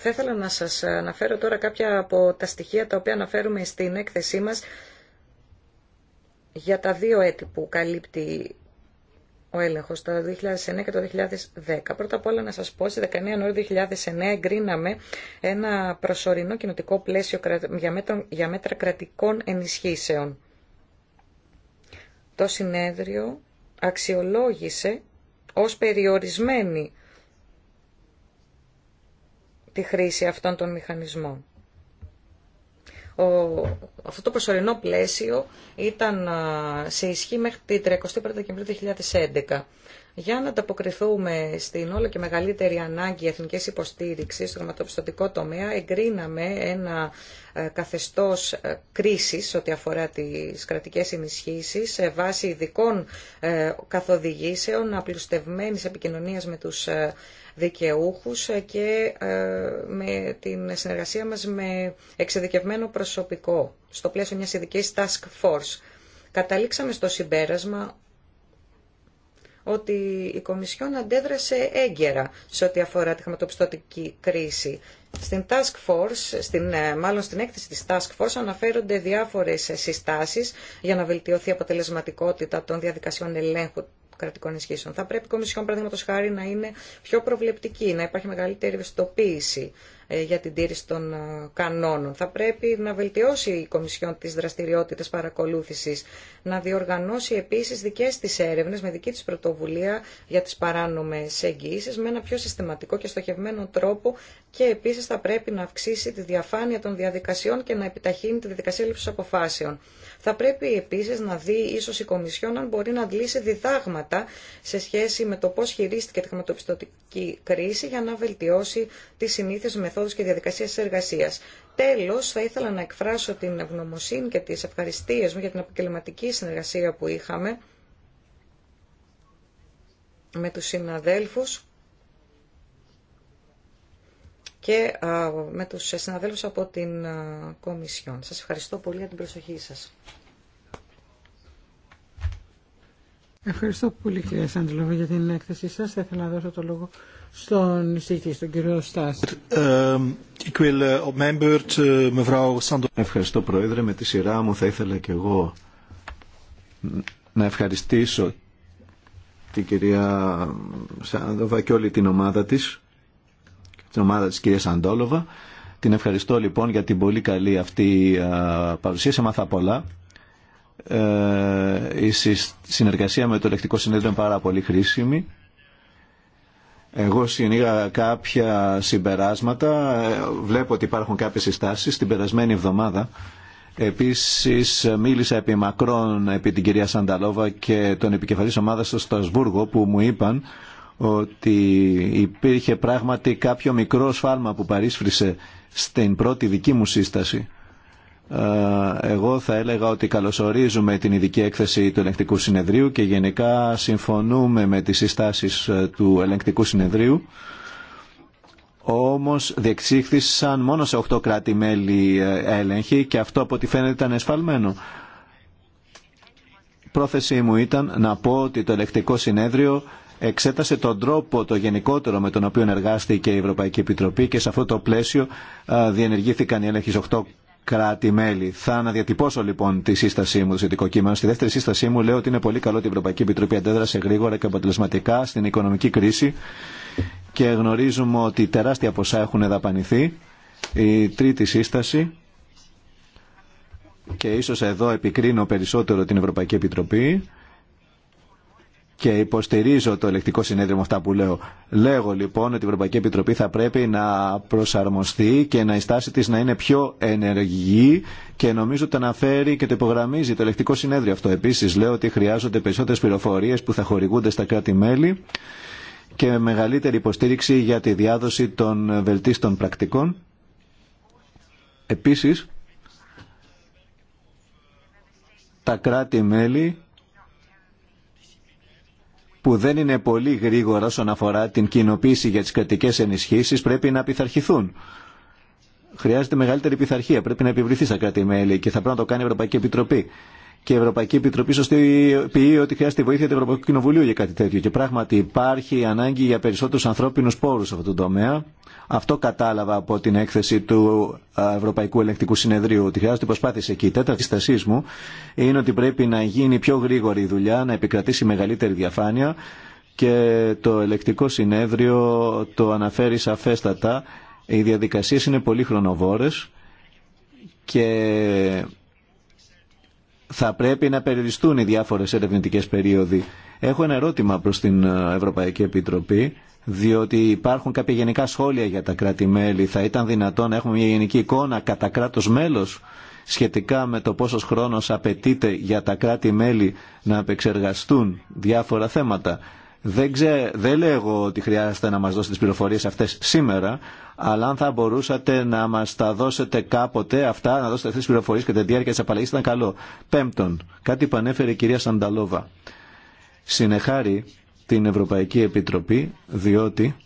Θα ήθελα να σας αναφέρω τώρα κάποια από τα στοιχεία τα οποία αναφέρουμε στην έκθεσή μας για τα δύο έτη που καλύπτει ο έλεγχος, το 2009 και το 2010. Πρώτα απ' όλα να σας πω, στι 19 Ιανουαρίου 2009 εγκρίναμε ένα προσωρινό κοινοτικό πλαίσιο για μέτρα κρατικών ενισχύσεων. Το συνέδριο αξιολόγησε ως περιορισμένη τη χρήση αυτών των μηχανισμών αυτό το προσωρινό πλαίσιο ήταν ε, σε ισχύ μέχρι την 31 Δεκεμβρίου 2011. Για να ανταποκριθούμε στην όλο και μεγαλύτερη ανάγκη εθνικής υποστήριξης στο χρηματοπιστωτικό τομέα, εγκρίναμε ένα ε, καθεστώς ε, κρίσης ό,τι αφορά τις κρατικές ενισχύσεις σε βάση ειδικών ε, καθοδηγήσεων απλουστευμένης επικοινωνίας με τους δικαιούχους και με την συνεργασία μας με εξειδικευμένο προσωπικό στο πλαίσιο μιας ειδικής task force. Καταλήξαμε στο συμπέρασμα ότι η Κομισιόν αντέδρασε έγκαιρα σε ό,τι αφορά τη χρηματοπιστωτική κρίση. Στην Task Force, στην, ε, μάλλον στην έκθεση της Task Force αναφέρονται διάφορες συστάσεις για να βελτιωθεί η αποτελεσματικότητα των διαδικασιών ελέγχου κρατικών ισχύσεων. Θα πρέπει η Κομισιόν, παραδείγματος χάρη, να είναι πιο προβλεπτική, να υπάρχει μεγαλύτερη ευαισθητοποίηση ε, για την τήρηση των ε, κανόνων. Θα πρέπει να βελτιώσει η Κομισιόν τις δραστηριότητες παρακολούθησης, να διοργανώσει επίσης δικές της έρευνες με δική της πρωτοβουλία για τις παράνομες εγγυήσεις με ένα πιο συστηματικό και στοχευμένο τρόπο και επίσης θα πρέπει να αυξήσει τη διαφάνεια των διαδικασιών και να επιταχύνει τη διαδικασία λήψης αποφάσεων. Θα πρέπει επίσης να δει ίσως η Κομισιόν αν μπορεί να αντλήσει διδάγματα σε σχέση με το πώς χειρίστηκε τη χρηματοπιστωτική κρίση για να βελτιώσει τις συνήθειες μεθόδους μεθόδους και διαδικασίες τη εργασίας. Τέλος, θα ήθελα να εκφράσω την ευγνωμοσύνη και τις ευχαριστίες μου για την επαγγελματική συνεργασία που είχαμε με τους συναδέλφους και με τους συναδέλφους από την Κομισιόν. Σας ευχαριστώ πολύ για την προσοχή σας. Ευχαριστώ πολύ κύριε Σαντλόβη για την έκθεσή σας. Θα ήθελα να δώσω το λόγο στον εισηγητή, στον κύριο Στάση. Ε, ε, ε, ευχαριστώ Πρόεδρε. Με τη σειρά μου θα ήθελα και εγώ να ευχαριστήσω την κυρία Σάντοβα και όλη την ομάδα της, την ομάδα της κυρίας Σαντόλοβα. Την ευχαριστώ λοιπόν για την πολύ καλή αυτή παρουσία. Σε μάθα πολλά. η συνεργασία με το Ελεκτικό Συνέδριο είναι πάρα πολύ χρήσιμη εγώ συνήγα κάποια συμπεράσματα, βλέπω ότι υπάρχουν κάποιες συστάσεις. Την περασμένη εβδομάδα επίσης μίλησα επί μακρόν επί την κυρία Σανταλόβα και τον επικεφαλής ομάδας στο Στασβούργο που μου είπαν ότι υπήρχε πράγματι κάποιο μικρό σφάλμα που παρίσφρισε στην πρώτη δική μου σύσταση ε, εγώ θα έλεγα ότι καλωσορίζουμε την ειδική έκθεση του Ελεγκτικού Συνεδρίου και γενικά συμφωνούμε με τις συστάσεις ε, του Ελεγκτικού Συνεδρίου. Όμως διεξήχθησαν μόνο σε 8 κράτη-μέλη ε, έλεγχοι και αυτό από ό,τι φαίνεται ήταν εσφαλμένο. Πρόθεσή μου ήταν να πω ότι το Ελεγκτικό Συνέδριο εξέτασε τον τρόπο το γενικότερο με τον οποίο εργάστηκε η Ευρωπαϊκή Επιτροπή και σε αυτό το πλαίσιο διενεργήθηκαν οι έλεγχοι σε 8 κράτη-μέλη. Θα αναδιατυπώσω λοιπόν τη σύστασή μου, το σχετικό κείμενο. Στη δεύτερη σύστασή μου λέω ότι είναι πολύ καλό ότι η Ευρωπαϊκή Επιτροπή αντέδρασε γρήγορα και αποτελεσματικά στην οικονομική κρίση και γνωρίζουμε ότι τεράστια ποσά έχουν δαπανηθεί. Η τρίτη σύσταση και ίσως εδώ επικρίνω περισσότερο την Ευρωπαϊκή Επιτροπή και υποστηρίζω το ελεκτικό συνέδριο με αυτά που λέω. Λέγω λοιπόν ότι η Ευρωπαϊκή Επιτροπή θα πρέπει να προσαρμοστεί και να η στάση της να είναι πιο ενεργή και νομίζω ότι αναφέρει και το υπογραμμίζει το ελεκτικό συνέδριο αυτό. Επίσης λέω ότι χρειάζονται περισσότερες πληροφορίες που θα χορηγούνται στα κράτη-μέλη και μεγαλύτερη υποστήριξη για τη διάδοση των βελτίστων πρακτικών. Επίσης, τα κράτη-μέλη που δεν είναι πολύ γρήγορα όσον αφορά την κοινοποίηση για τις κρατικές ενισχύσεις πρέπει να πειθαρχηθούν. Χρειάζεται μεγαλύτερη πειθαρχία. Πρέπει να επιβληθεί στα κράτη-μέλη και θα πρέπει να το κάνει η Ευρωπαϊκή Επιτροπή και η Ευρωπαϊκή Επιτροπή σωστή πει ότι χρειάζεται βοήθεια του Ευρωπαϊκού Κοινοβουλίου για κάτι τέτοιο. Και πράγματι υπάρχει ανάγκη για περισσότερου ανθρώπινου πόρου σε αυτόν το τομέα. Αυτό κατάλαβα από την έκθεση του Ευρωπαϊκού Ελεκτικού Συνεδρίου, ότι χρειάζεται προσπάθεια εκεί. Η τέταρτη στασή μου είναι ότι πρέπει να γίνει πιο γρήγορη η δουλειά, να επικρατήσει μεγαλύτερη διαφάνεια και το ελεκτικό συνέδριο το αναφέρει σαφέστατα. Οι διαδικασίε είναι πολύ χρονοβόρες και θα πρέπει να περιοριστούν οι διάφορες ερευνητικές περίοδοι. Έχω ένα ερώτημα προς την ε, Ευρωπαϊκή Επιτροπή, διότι υπάρχουν κάποια γενικά σχόλια για τα κράτη-μέλη. Θα ήταν δυνατόν να έχουμε μια γενική εικόνα κατά κράτος μέλος σχετικά με το πόσος χρόνος απαιτείται για τα κράτη-μέλη να απεξεργαστούν διάφορα θέματα. Δεν, λέγω δεν ότι χρειάζεται να μας δώσετε τις πληροφορίες αυτές σήμερα, αλλά αν θα μπορούσατε να μας τα δώσετε κάποτε αυτά, να δώσετε αυτές τις πληροφορίες και τη διάρκεια της απαλλαγής ήταν καλό. Πέμπτον, κάτι που ανέφερε η κυρία Σανταλόβα. Συνεχάρη την Ευρωπαϊκή Επιτροπή, διότι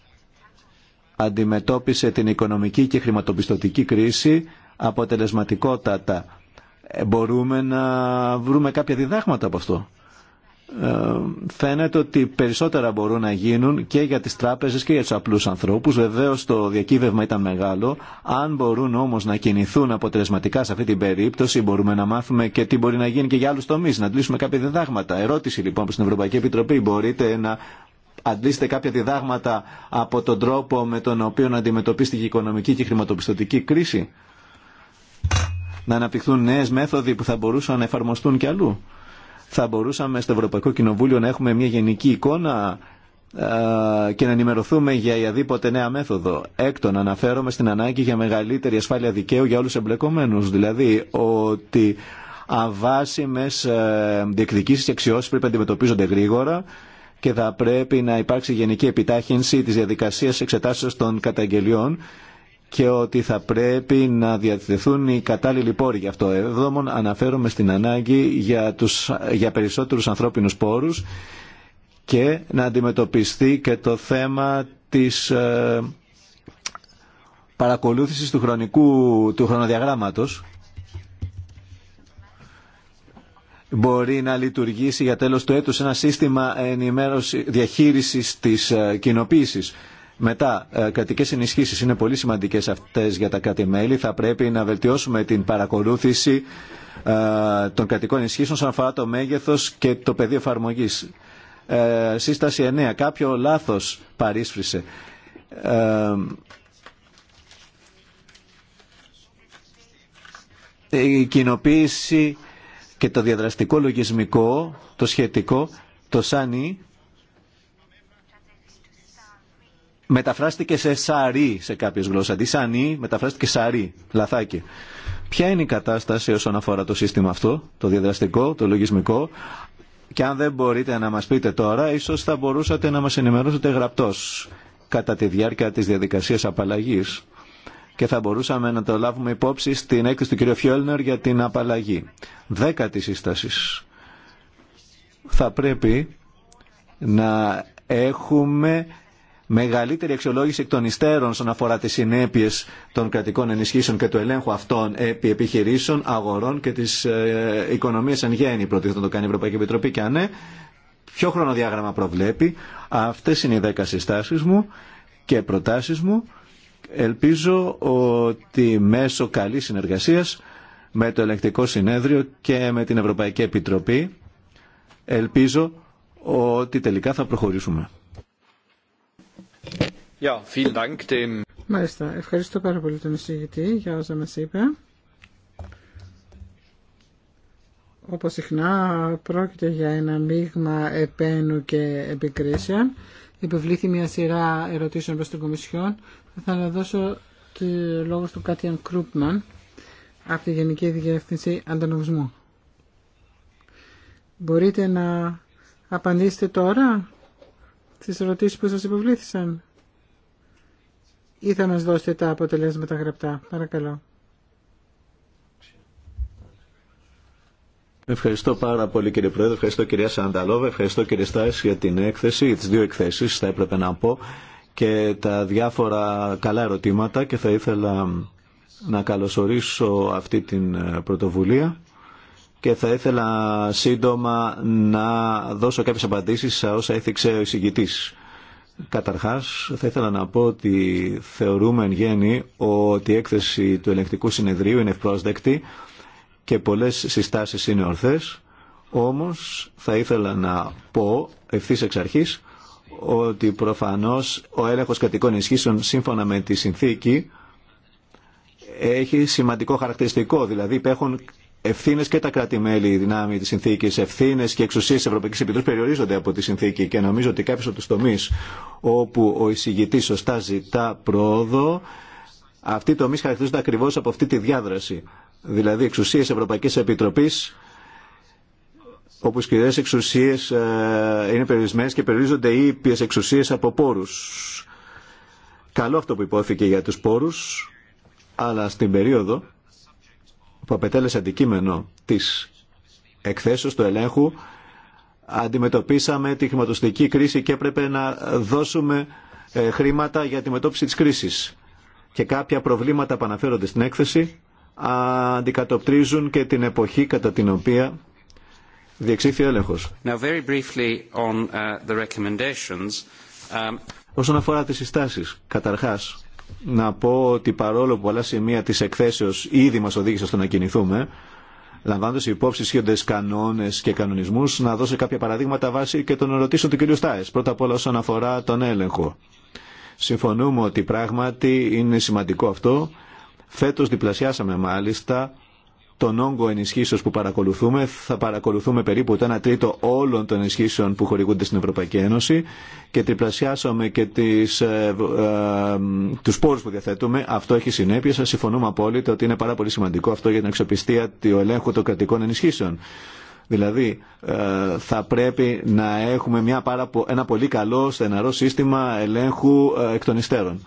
αντιμετώπισε την οικονομική και χρηματοπιστωτική κρίση αποτελεσματικότατα. Ε, μπορούμε να βρούμε κάποια διδάγματα από αυτό. Ε, φαίνεται ότι περισσότερα μπορούν να γίνουν και για τις τράπεζες και για τους απλούς ανθρώπους. Βεβαίως το διακύβευμα ήταν μεγάλο. Αν μπορούν όμως να κινηθούν αποτελεσματικά σε αυτή την περίπτωση μπορούμε να μάθουμε και τι μπορεί να γίνει και για άλλους τομείς, να αντλήσουμε κάποια διδάγματα. Ερώτηση λοιπόν από την Ευρωπαϊκή Επιτροπή. Μπορείτε να αντλήσετε κάποια διδάγματα από τον τρόπο με τον οποίο να αντιμετωπίστηκε η οικονομική και η χρηματοπιστωτική κρίση. Να αναπτυχθούν νέες μέθοδοι που θα μπορούσαν να εφαρμοστούν και αλλού θα μπορούσαμε στο Ευρωπαϊκό Κοινοβούλιο να έχουμε μια γενική εικόνα ε, και να ενημερωθούμε για οποιαδήποτε νέα μέθοδο. Έκτον, αναφέρομαι στην ανάγκη για μεγαλύτερη ασφάλεια δικαίου για όλους εμπλεκομένους. Δηλαδή ότι αβάσιμες ε, διεκδικήσεις και αξιώσεις πρέπει να αντιμετωπίζονται γρήγορα και θα πρέπει να υπάρξει γενική επιτάχυνση της διαδικασίας εξετάσεως των καταγγελιών και ότι θα πρέπει να διατηρηθούν οι κατάλληλοι πόροι γι' αυτό. μόνο, αναφέρομαι στην ανάγκη για, τους, για περισσότερους ανθρώπινους πόρους και να αντιμετωπιστεί και το θέμα της ε, παρακολούθησης του, χρονικού, του χρονοδιαγράμματος μπορεί να λειτουργήσει για τέλος του έτους ένα σύστημα ενημέρωση διαχείρισης της ε, κοινοποίησης μετά, ε, κρατικέ ενισχύσει είναι πολύ σημαντικές αυτές για τα κράτη-μέλη. Θα πρέπει να βελτιώσουμε την παρακολούθηση ε, των κρατικών ενισχύσεων σαν αφορά το μέγεθο και το πεδίο εφαρμογή. Ε, σύσταση 9. Κάποιο λάθος παρίσφρισε. Ε, η κοινοποίηση και το διαδραστικό λογισμικό, το σχετικό, το ΣΑΝΙ, μεταφράστηκε σε σαρί σε κάποιες γλώσσες. Αντί σανί μεταφράστηκε σαρί, λαθάκι. Ποια είναι η κατάσταση όσον αφορά το σύστημα αυτό, το διαδραστικό, το λογισμικό. Και αν δεν μπορείτε να μας πείτε τώρα, ίσως θα μπορούσατε να μας ενημερώσετε γραπτός κατά τη διάρκεια της διαδικασίας απαλλαγή και θα μπορούσαμε να το λάβουμε υπόψη στην έκθεση του κ. Φιόλνερ για την απαλλαγή. Δέκατη σύσταση. Θα πρέπει να έχουμε μεγαλύτερη αξιολόγηση εκ των υστέρων στον αφορά τις συνέπειες των κρατικών ενισχύσεων και του ελέγχου αυτών επί επιχειρήσεων, αγορών και της ε, οικονομίας εν γέννη προτίθεται να το κάνει η Ευρωπαϊκή Επιτροπή και αν ναι, ποιο χρονοδιάγραμμα προβλέπει. Αυτές είναι οι δέκα συστάσεις μου και προτάσεις μου. Ελπίζω ότι μέσω καλής συνεργασίας με το Ελεκτικό Συνέδριο και με την Ευρωπαϊκή Επιτροπή ελπίζω ότι τελικά θα προχωρήσουμε. Ευχαριστώ πάρα πολύ τον εισηγητή για όσα μας είπε. Όπως συχνά πρόκειται για ένα μείγμα επένου και επικρίσεων. Υπευλήθη μια σειρά ερωτήσεων προς την Κομισιόν. Θα δώσω το λόγο του Κάτιαν Κρούπμαν από τη Γενική Διεύθυνση Αντανομισμού. Μπορείτε να απαντήσετε τώρα στις ερωτήσεις που σας υποβλήθησαν ή θα μας δώσετε τα αποτελέσματα γραπτά. Παρακαλώ. Ευχαριστώ πάρα πολύ κύριε Πρόεδρε, ευχαριστώ κυρία Σανταλόβα, ευχαριστώ κύριε Στάση για την έκθεση, τις δύο εκθέσεις θα έπρεπε να πω και τα διάφορα καλά ερωτήματα και θα ήθελα να καλωσορίσω αυτή την ε, πρωτοβουλία και θα ήθελα σύντομα να δώσω κάποιες απαντήσεις σε όσα έθιξε ο εισηγητής. Καταρχάς, θα ήθελα να πω ότι θεωρούμε εν γέννη ότι η έκθεση του ελεγκτικού συνεδρίου είναι ευπρόσδεκτη και πολλές συστάσεις είναι ορθές, όμως θα ήθελα να πω ευθύ εξ αρχής ότι προφανώς ο έλεγχος κατοικών ισχύσεων σύμφωνα με τη συνθήκη έχει σημαντικό χαρακτηριστικό, δηλαδή υπέχουν ευθύνε και τα κράτη-μέλη δυνάμει τη συνθήκη, ευθύνε και εξουσίε τη Ευρωπαϊκή Επιτροπή περιορίζονται από τη συνθήκη και νομίζω ότι κάποιο από του τομεί όπου ο εισηγητή σωστά ζητά πρόοδο, αυτοί οι τομεί χαρακτηρίζονται ακριβώ από αυτή τη διάδραση. Δηλαδή, εξουσίε Ευρωπαϊκή Επιτροπή, όπου σκληρέ εξουσίε ε, είναι περιορισμένε και περιορίζονται οι ήπιε εξουσίε από πόρου. Καλό αυτό που υπόθηκε για του πόρου, αλλά στην περίοδο που απετέλεσε αντικείμενο της εκθέσεως του ελέγχου αντιμετωπίσαμε τη χρηματοστική κρίση και έπρεπε να δώσουμε ε, χρήματα για τη μετώπιση της κρίσης. Και κάποια προβλήματα που αναφέρονται στην έκθεση αντικατοπτρίζουν και την εποχή κατά την οποία διεξήφθη έλεγχος. Now, very briefly uh, um, Όσον αφορά τις συστάσεις, καταρχάς, να πω ότι παρόλο που πολλά σημεία της εκθέσεως ήδη μας οδήγησε στο να κινηθούμε, λαμβάνοντας υπόψη σχέδες κανόνες και κανονισμούς, να δώσω κάποια παραδείγματα βάσει και τον ερωτήσεων του κ. Στάες. Πρώτα απ' όλα όσον αφορά τον έλεγχο. Συμφωνούμε ότι πράγματι είναι σημαντικό αυτό. Φέτος διπλασιάσαμε μάλιστα τον όγκο ενισχύσεω που παρακολουθούμε. Θα παρακολουθούμε περίπου το 1 τρίτο όλων των ενισχύσεων που χορηγούνται στην Ευρωπαϊκή Ένωση και τριπλασιάσαμε και τις, ε, ε τους πόρους που διαθέτουμε. Αυτό έχει συνέπειε. Σα συμφωνούμε απόλυτα ότι είναι πάρα πολύ σημαντικό αυτό για την αξιοπιστία του ελέγχου των κρατικών ενισχύσεων. Δηλαδή ε, θα πρέπει να έχουμε μια πάρα, ένα πολύ καλό στεναρό σύστημα ελέγχου ε, εκ των υστέρων.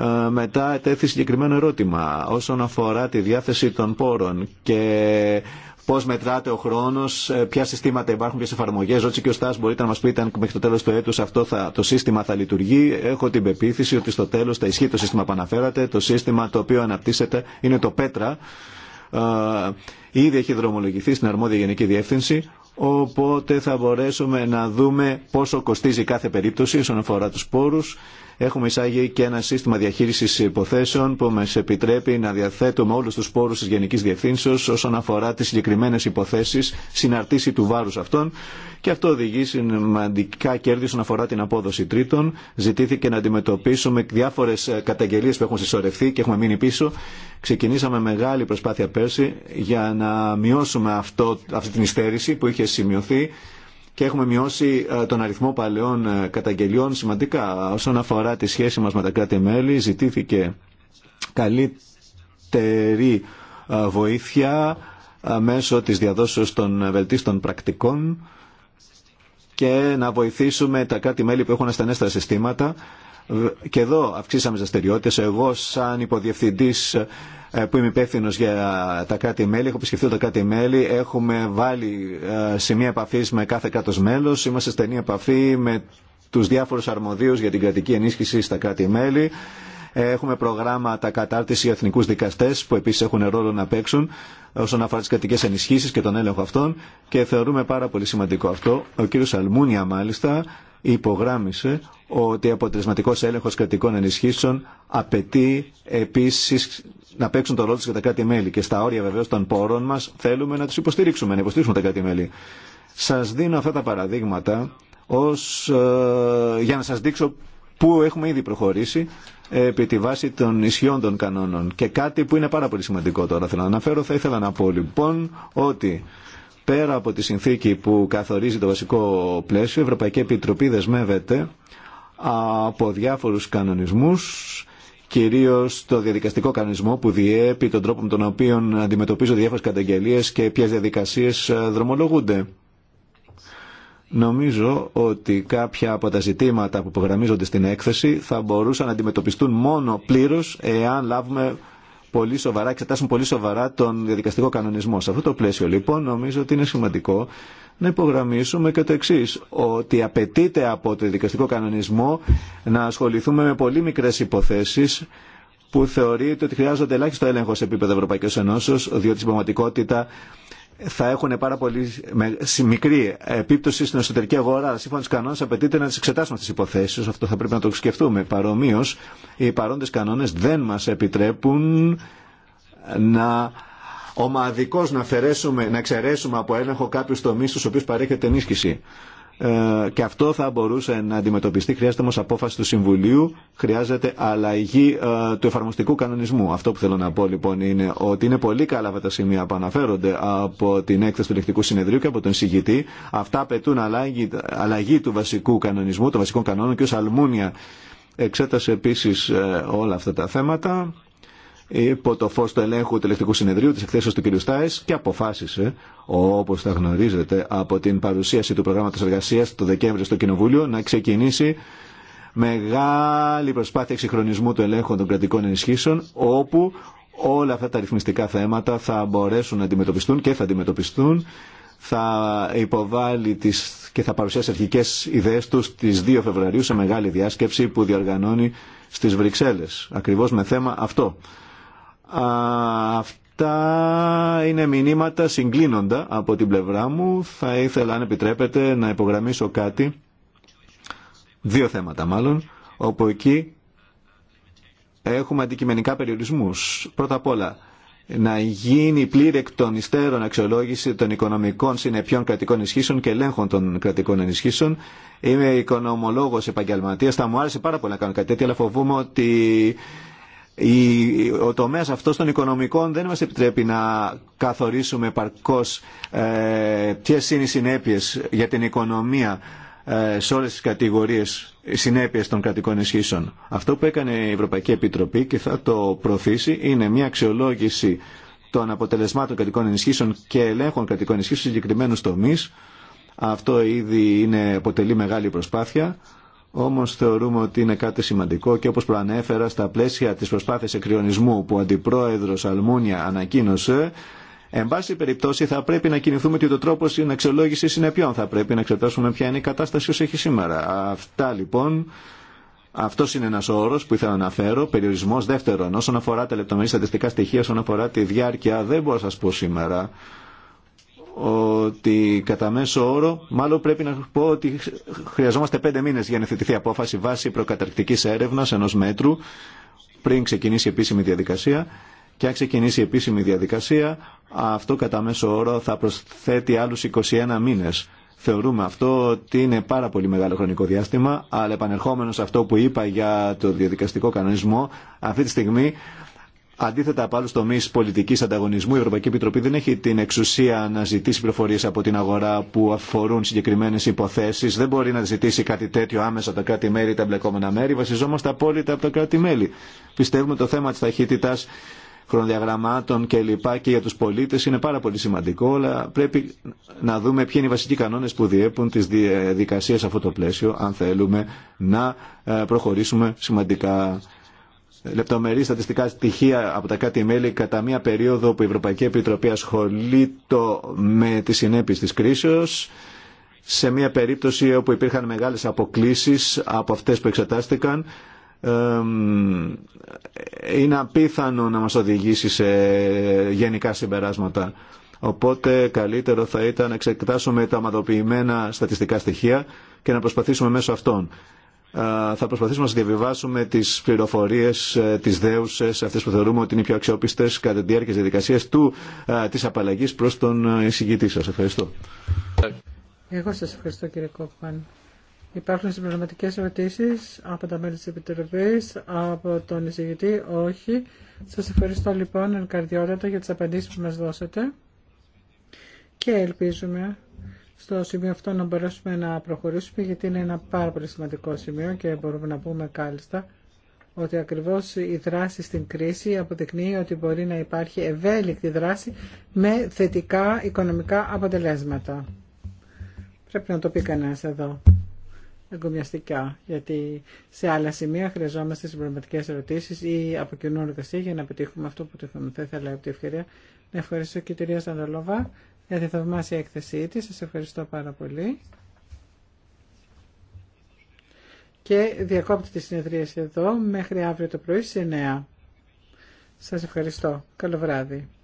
Ε, μετά τέθη συγκεκριμένο ερώτημα όσον αφορά τη διάθεση των πόρων και πώ μετράται ο χρόνο, ε, ποια συστήματα υπάρχουν, ποιε εφαρμογέ. Ρώτησε και ο Στά, μπορείτε να μα πείτε αν μέχρι το τέλο του έτου αυτό θα, το σύστημα θα λειτουργεί. Έχω την πεποίθηση ότι στο τέλο θα ισχύει το σύστημα που αναφέρατε. Το σύστημα το οποίο αναπτύσσεται είναι το Πέτρα. Ε, ήδη έχει δρομολογηθεί στην αρμόδια Γενική Διεύθυνση. Οπότε θα μπορέσουμε να δούμε πόσο κοστίζει κάθε περίπτωση όσον αφορά του πόρου Έχουμε εισάγει και ένα σύστημα διαχείριση υποθέσεων που μα επιτρέπει να διαθέτουμε όλου του πόρου τη Γενική Διευθύνσεω όσον αφορά τι συγκεκριμένε υποθέσει, συναρτήσει του βάρου αυτών και αυτό οδηγεί σημαντικά κέρδη όσον αφορά την απόδοση τρίτων. Ζητήθηκε να αντιμετωπίσουμε διάφορε καταγγελίε που έχουν συσσωρευτεί και έχουμε μείνει πίσω. Ξεκινήσαμε μεγάλη προσπάθεια πέρσι για να μειώσουμε αυτό, αυτή την υστέρηση που είχε σημειωθεί και έχουμε μειώσει ε, τον αριθμό παλαιών ε, καταγγελιών σημαντικά. Όσον αφορά τη σχέση μας με τα κράτη-μέλη, ζητήθηκε καλύτερη ε, βοήθεια μέσω της διαδόσεως των βελτίστων πρακτικών και να βοηθήσουμε τα κράτη-μέλη που έχουν ασθενέστερα συστήματα. Και εδώ αυξήσαμε τις δραστηριότητε. Εγώ, σαν υποδιευθυντής... Ε, που είμαι υπεύθυνο για τα κράτη-μέλη, έχω επισκεφθεί τα κράτη-μέλη, έχουμε βάλει ε, σημεία επαφή με κάθε κράτο μέλο, είμαστε στενή επαφή με του διάφορου αρμοδίου για την κρατική ενίσχυση στα κράτη-μέλη. Ε, έχουμε προγράμματα κατάρτιση για εθνικού δικαστέ που επίση έχουν ρόλο να παίξουν όσον αφορά τι κρατικέ ενισχύσει και τον έλεγχο αυτών και θεωρούμε πάρα πολύ σημαντικό αυτό. Ο κύριο Αλμούνια μάλιστα υπογράμμισε ότι αποτελεσματικό έλεγχο κρατικών ενισχύσεων απαιτεί επίση να παίξουν το ρόλο του για τα κράτη-μέλη. Και στα όρια βεβαίω των πόρων μα θέλουμε να του υποστηρίξουμε, να υποστηρίξουμε τα κράτη-μέλη. Σα δίνω αυτά τα παραδείγματα ως, ε, για να σα δείξω πού έχουμε ήδη προχωρήσει επί τη βάση των ισιών των κανόνων. Και κάτι που είναι πάρα πολύ σημαντικό τώρα θέλω να αναφέρω, θα ήθελα να πω λοιπόν ότι πέρα από τη συνθήκη που καθορίζει το βασικό πλαίσιο, η Ευρωπαϊκή Επιτροπή δεσμεύεται από διάφορους κανονισμούς κυρίως το διαδικαστικό κανονισμό που διέπει τον τρόπο με τον οποίο αντιμετωπίζω διάφορε καταγγελίες και ποιε διαδικασίες ε, δρομολογούνται. Νομίζω ότι κάποια από τα ζητήματα που προγραμμίζονται στην έκθεση θα μπορούσαν να αντιμετωπιστούν μόνο πλήρως εάν λάβουμε πολύ σοβαρά, εξετάσουν πολύ σοβαρά τον διαδικαστικό κανονισμό. Σε αυτό το πλαίσιο λοιπόν νομίζω ότι είναι σημαντικό να υπογραμμίσουμε και το εξή, ότι απαιτείται από το δικαστικό κανονισμό να ασχοληθούμε με πολύ μικρέ υποθέσει που θεωρείται ότι χρειάζονται ελάχιστο έλεγχο σε επίπεδο Ευρωπαϊκή Ενώσεω, διότι στην πραγματικότητα θα έχουν πάρα πολύ μικρή επίπτωση στην εσωτερική αγορά. Σύμφωνα με του κανόνε, απαιτείται να τι εξετάσουμε τι υποθέσει. Αυτό θα πρέπει να το σκεφτούμε. Παρομοίω, οι παρόντε κανόνε δεν μα επιτρέπουν να ομαδικώ να, να εξαιρέσουμε από έλεγχο κάποιου τομεί στου οποίου παρέχεται ενίσχυση. Ε, και αυτό θα μπορούσε να αντιμετωπιστεί. Χρειάζεται όμω απόφαση του Συμβουλίου, χρειάζεται αλλαγή ε, του εφαρμοστικού κανονισμού. Αυτό που θέλω να πω λοιπόν είναι ότι είναι πολύ καλά αυτά τα σημεία που αναφέρονται από την έκθεση του Ελεκτικού Συνεδρίου και από τον συγητή. Αυτά απαιτούν αλλαγή, αλλαγή του βασικού κανονισμού, των βασικών κανόνων και ω αλμούνια εξέτασε επίσης ε, όλα αυτά τα θέματα υπό το φως του ελέγχου του ελεκτικού συνεδρίου της εκθέσεως του κ. Στάης και αποφάσισε, όπως θα γνωρίζετε από την παρουσίαση του προγράμματος εργασίας το Δεκέμβριο στο Κοινοβούλιο, να ξεκινήσει μεγάλη προσπάθεια εξυγχρονισμού του ελέγχου των κρατικών ενισχύσεων, όπου όλα αυτά τα ρυθμιστικά θέματα θα μπορέσουν να αντιμετωπιστούν και θα αντιμετωπιστούν θα υποβάλει τις, και θα παρουσιάσει αρχικές ιδέες του στις 2 Φεβρουαρίου σε μεγάλη διάσκεψη που διοργανώνει στις Βρυξέλλες, ακριβώς με θέμα αυτό. Αυτά είναι μηνύματα συγκλίνοντα από την πλευρά μου. Θα ήθελα, αν επιτρέπετε, να υπογραμμίσω κάτι, δύο θέματα μάλλον, όπου εκεί έχουμε αντικειμενικά περιορισμούς. Πρώτα απ' όλα, να γίνει πλήρη εκ των υστέρων αξιολόγηση των οικονομικών συνεπιών κρατικών ενισχύσεων και ελέγχων των κρατικών ενισχύσεων. Είμαι οικονομολόγος επαγγελματίας, θα μου άρεσε πάρα πολύ να κάνω κάτι τέτοιο, αλλά φοβούμαι ότι ο τομέας αυτός των οικονομικών δεν μας επιτρέπει να καθορίσουμε παρκώς ε, ποιες είναι οι συνέπειε για την οικονομία ε, σε όλες τις κατηγορίες συνέπειες των κρατικών ισχύσεων. Αυτό που έκανε η Ευρωπαϊκή Επιτροπή και θα το προωθήσει είναι μια αξιολόγηση των αποτελεσμάτων κρατικών ενισχύσεων και ελέγχων κρατικών ενισχύσεων σε συγκεκριμένου τομεί. Αυτό ήδη είναι, αποτελεί μεγάλη προσπάθεια όμως θεωρούμε ότι είναι κάτι σημαντικό και όπως προανέφερα στα πλαίσια της προσπάθειας εκκριονισμού που ο Αντιπρόεδρος Αλμούνια ανακοίνωσε, Εν πάση περιπτώσει θα πρέπει να κινηθούμε και ο τρόπο στην είναι ποιον Θα πρέπει να εξετάσουμε ποια είναι η κατάσταση όσο έχει σήμερα. Αυτά λοιπόν. Αυτό είναι ένα όρο που ήθελα να αναφέρω. Περιορισμό δεύτερον. Όσον αφορά τα λεπτομερή στατιστικά στοιχεία, όσον αφορά τη διάρκεια, δεν μπορώ να σα πω σήμερα ότι κατά μέσο όρο, μάλλον πρέπει να πω ότι χρειαζόμαστε πέντε μήνες για να θετηθεί απόφαση βάσει προκαταρκτικής έρευνας ενός μέτρου πριν ξεκινήσει η επίσημη διαδικασία και αν ξεκινήσει η επίσημη διαδικασία αυτό κατά μέσο όρο θα προσθέτει άλλους 21 μήνες. Θεωρούμε αυτό ότι είναι πάρα πολύ μεγάλο χρονικό διάστημα, αλλά επανερχόμενο σε αυτό που είπα για το διαδικαστικό κανονισμό, αυτή τη στιγμή Αντίθετα από άλλου τομεί πολιτική ανταγωνισμού, η Ευρωπαϊκή Επιτροπή δεν έχει την εξουσία να ζητήσει πληροφορίε από την αγορά που αφορούν συγκεκριμένε υποθέσει. Δεν μπορεί να ζητήσει κάτι τέτοιο άμεσα από τα κράτη-μέλη ή τα εμπλεκόμενα μέρη. Βασιζόμαστε απόλυτα από τα κράτη-μέλη. Πιστεύουμε το θέμα τη ταχύτητα χρονοδιαγραμμάτων κλπ. Και, και για του πολίτε είναι πάρα πολύ σημαντικό, αλλά πρέπει να δούμε ποιοι είναι οι βασικοί κανόνε που διέπουν τι διαδικασίε σε αυτό το πλαίσιο, αν θέλουμε να ε, προχωρήσουμε σημαντικά λεπτομερή στατιστικά στοιχεία από τα κάτι μέλη κατά μία περίοδο που η Ευρωπαϊκή Επιτροπή ασχολείται με τις συνέπειες της κρίσεως σε μία περίπτωση όπου υπήρχαν μεγάλες αποκλήσεις από αυτές που εξετάστηκαν είναι απίθανο να μας οδηγήσει σε γενικά συμπεράσματα. Οπότε καλύτερο θα ήταν να εξετάσουμε τα ομαδοποιημένα στατιστικά στοιχεία και να προσπαθήσουμε μέσω αυτών θα προσπαθήσουμε να διαβιβάσουμε τι πληροφορίε, ε, τι δέουσε, αυτέ που θεωρούμε ότι είναι οι πιο αξιόπιστε κατά τη διάρκεια τη διαδικασία τη απαλλαγή προ τον ε, εισηγητή σα. Ευχαριστώ. Εγώ σα ευχαριστώ κύριε Κόπμαν. Υπάρχουν συμπληρωματικέ ερωτήσει από τα μέλη τη Επιτροπή, από τον εισηγητή, όχι. Σα ευχαριστώ λοιπόν ενκαρδιότατα για τι απαντήσει που μα δώσατε και ελπίζουμε στο σημείο αυτό να μπορέσουμε να προχωρήσουμε γιατί είναι ένα πάρα πολύ σημαντικό σημείο και μπορούμε να πούμε κάλλιστα ότι ακριβώς η δράση στην κρίση αποδεικνύει ότι μπορεί να υπάρχει ευέλικτη δράση με θετικά οικονομικά αποτελέσματα. Πρέπει να το πει κανένα εδώ εγκομιαστικά, γιατί σε άλλα σημεία χρειαζόμαστε συμπληρωματικές ερωτήσεις ή από κοινού εργασία για να πετύχουμε αυτό που είχαμε. Θα ήθελα από την ευκαιρία να ευχαριστήσω και τη κυρία Σανταλόβα για τη θαυμάσια έκθεσή της. Σας ευχαριστώ πάρα πολύ. Και διακόπτω τη συνεδρίαση εδώ μέχρι αύριο το πρωί στις 9. Σας ευχαριστώ. Καλό βράδυ.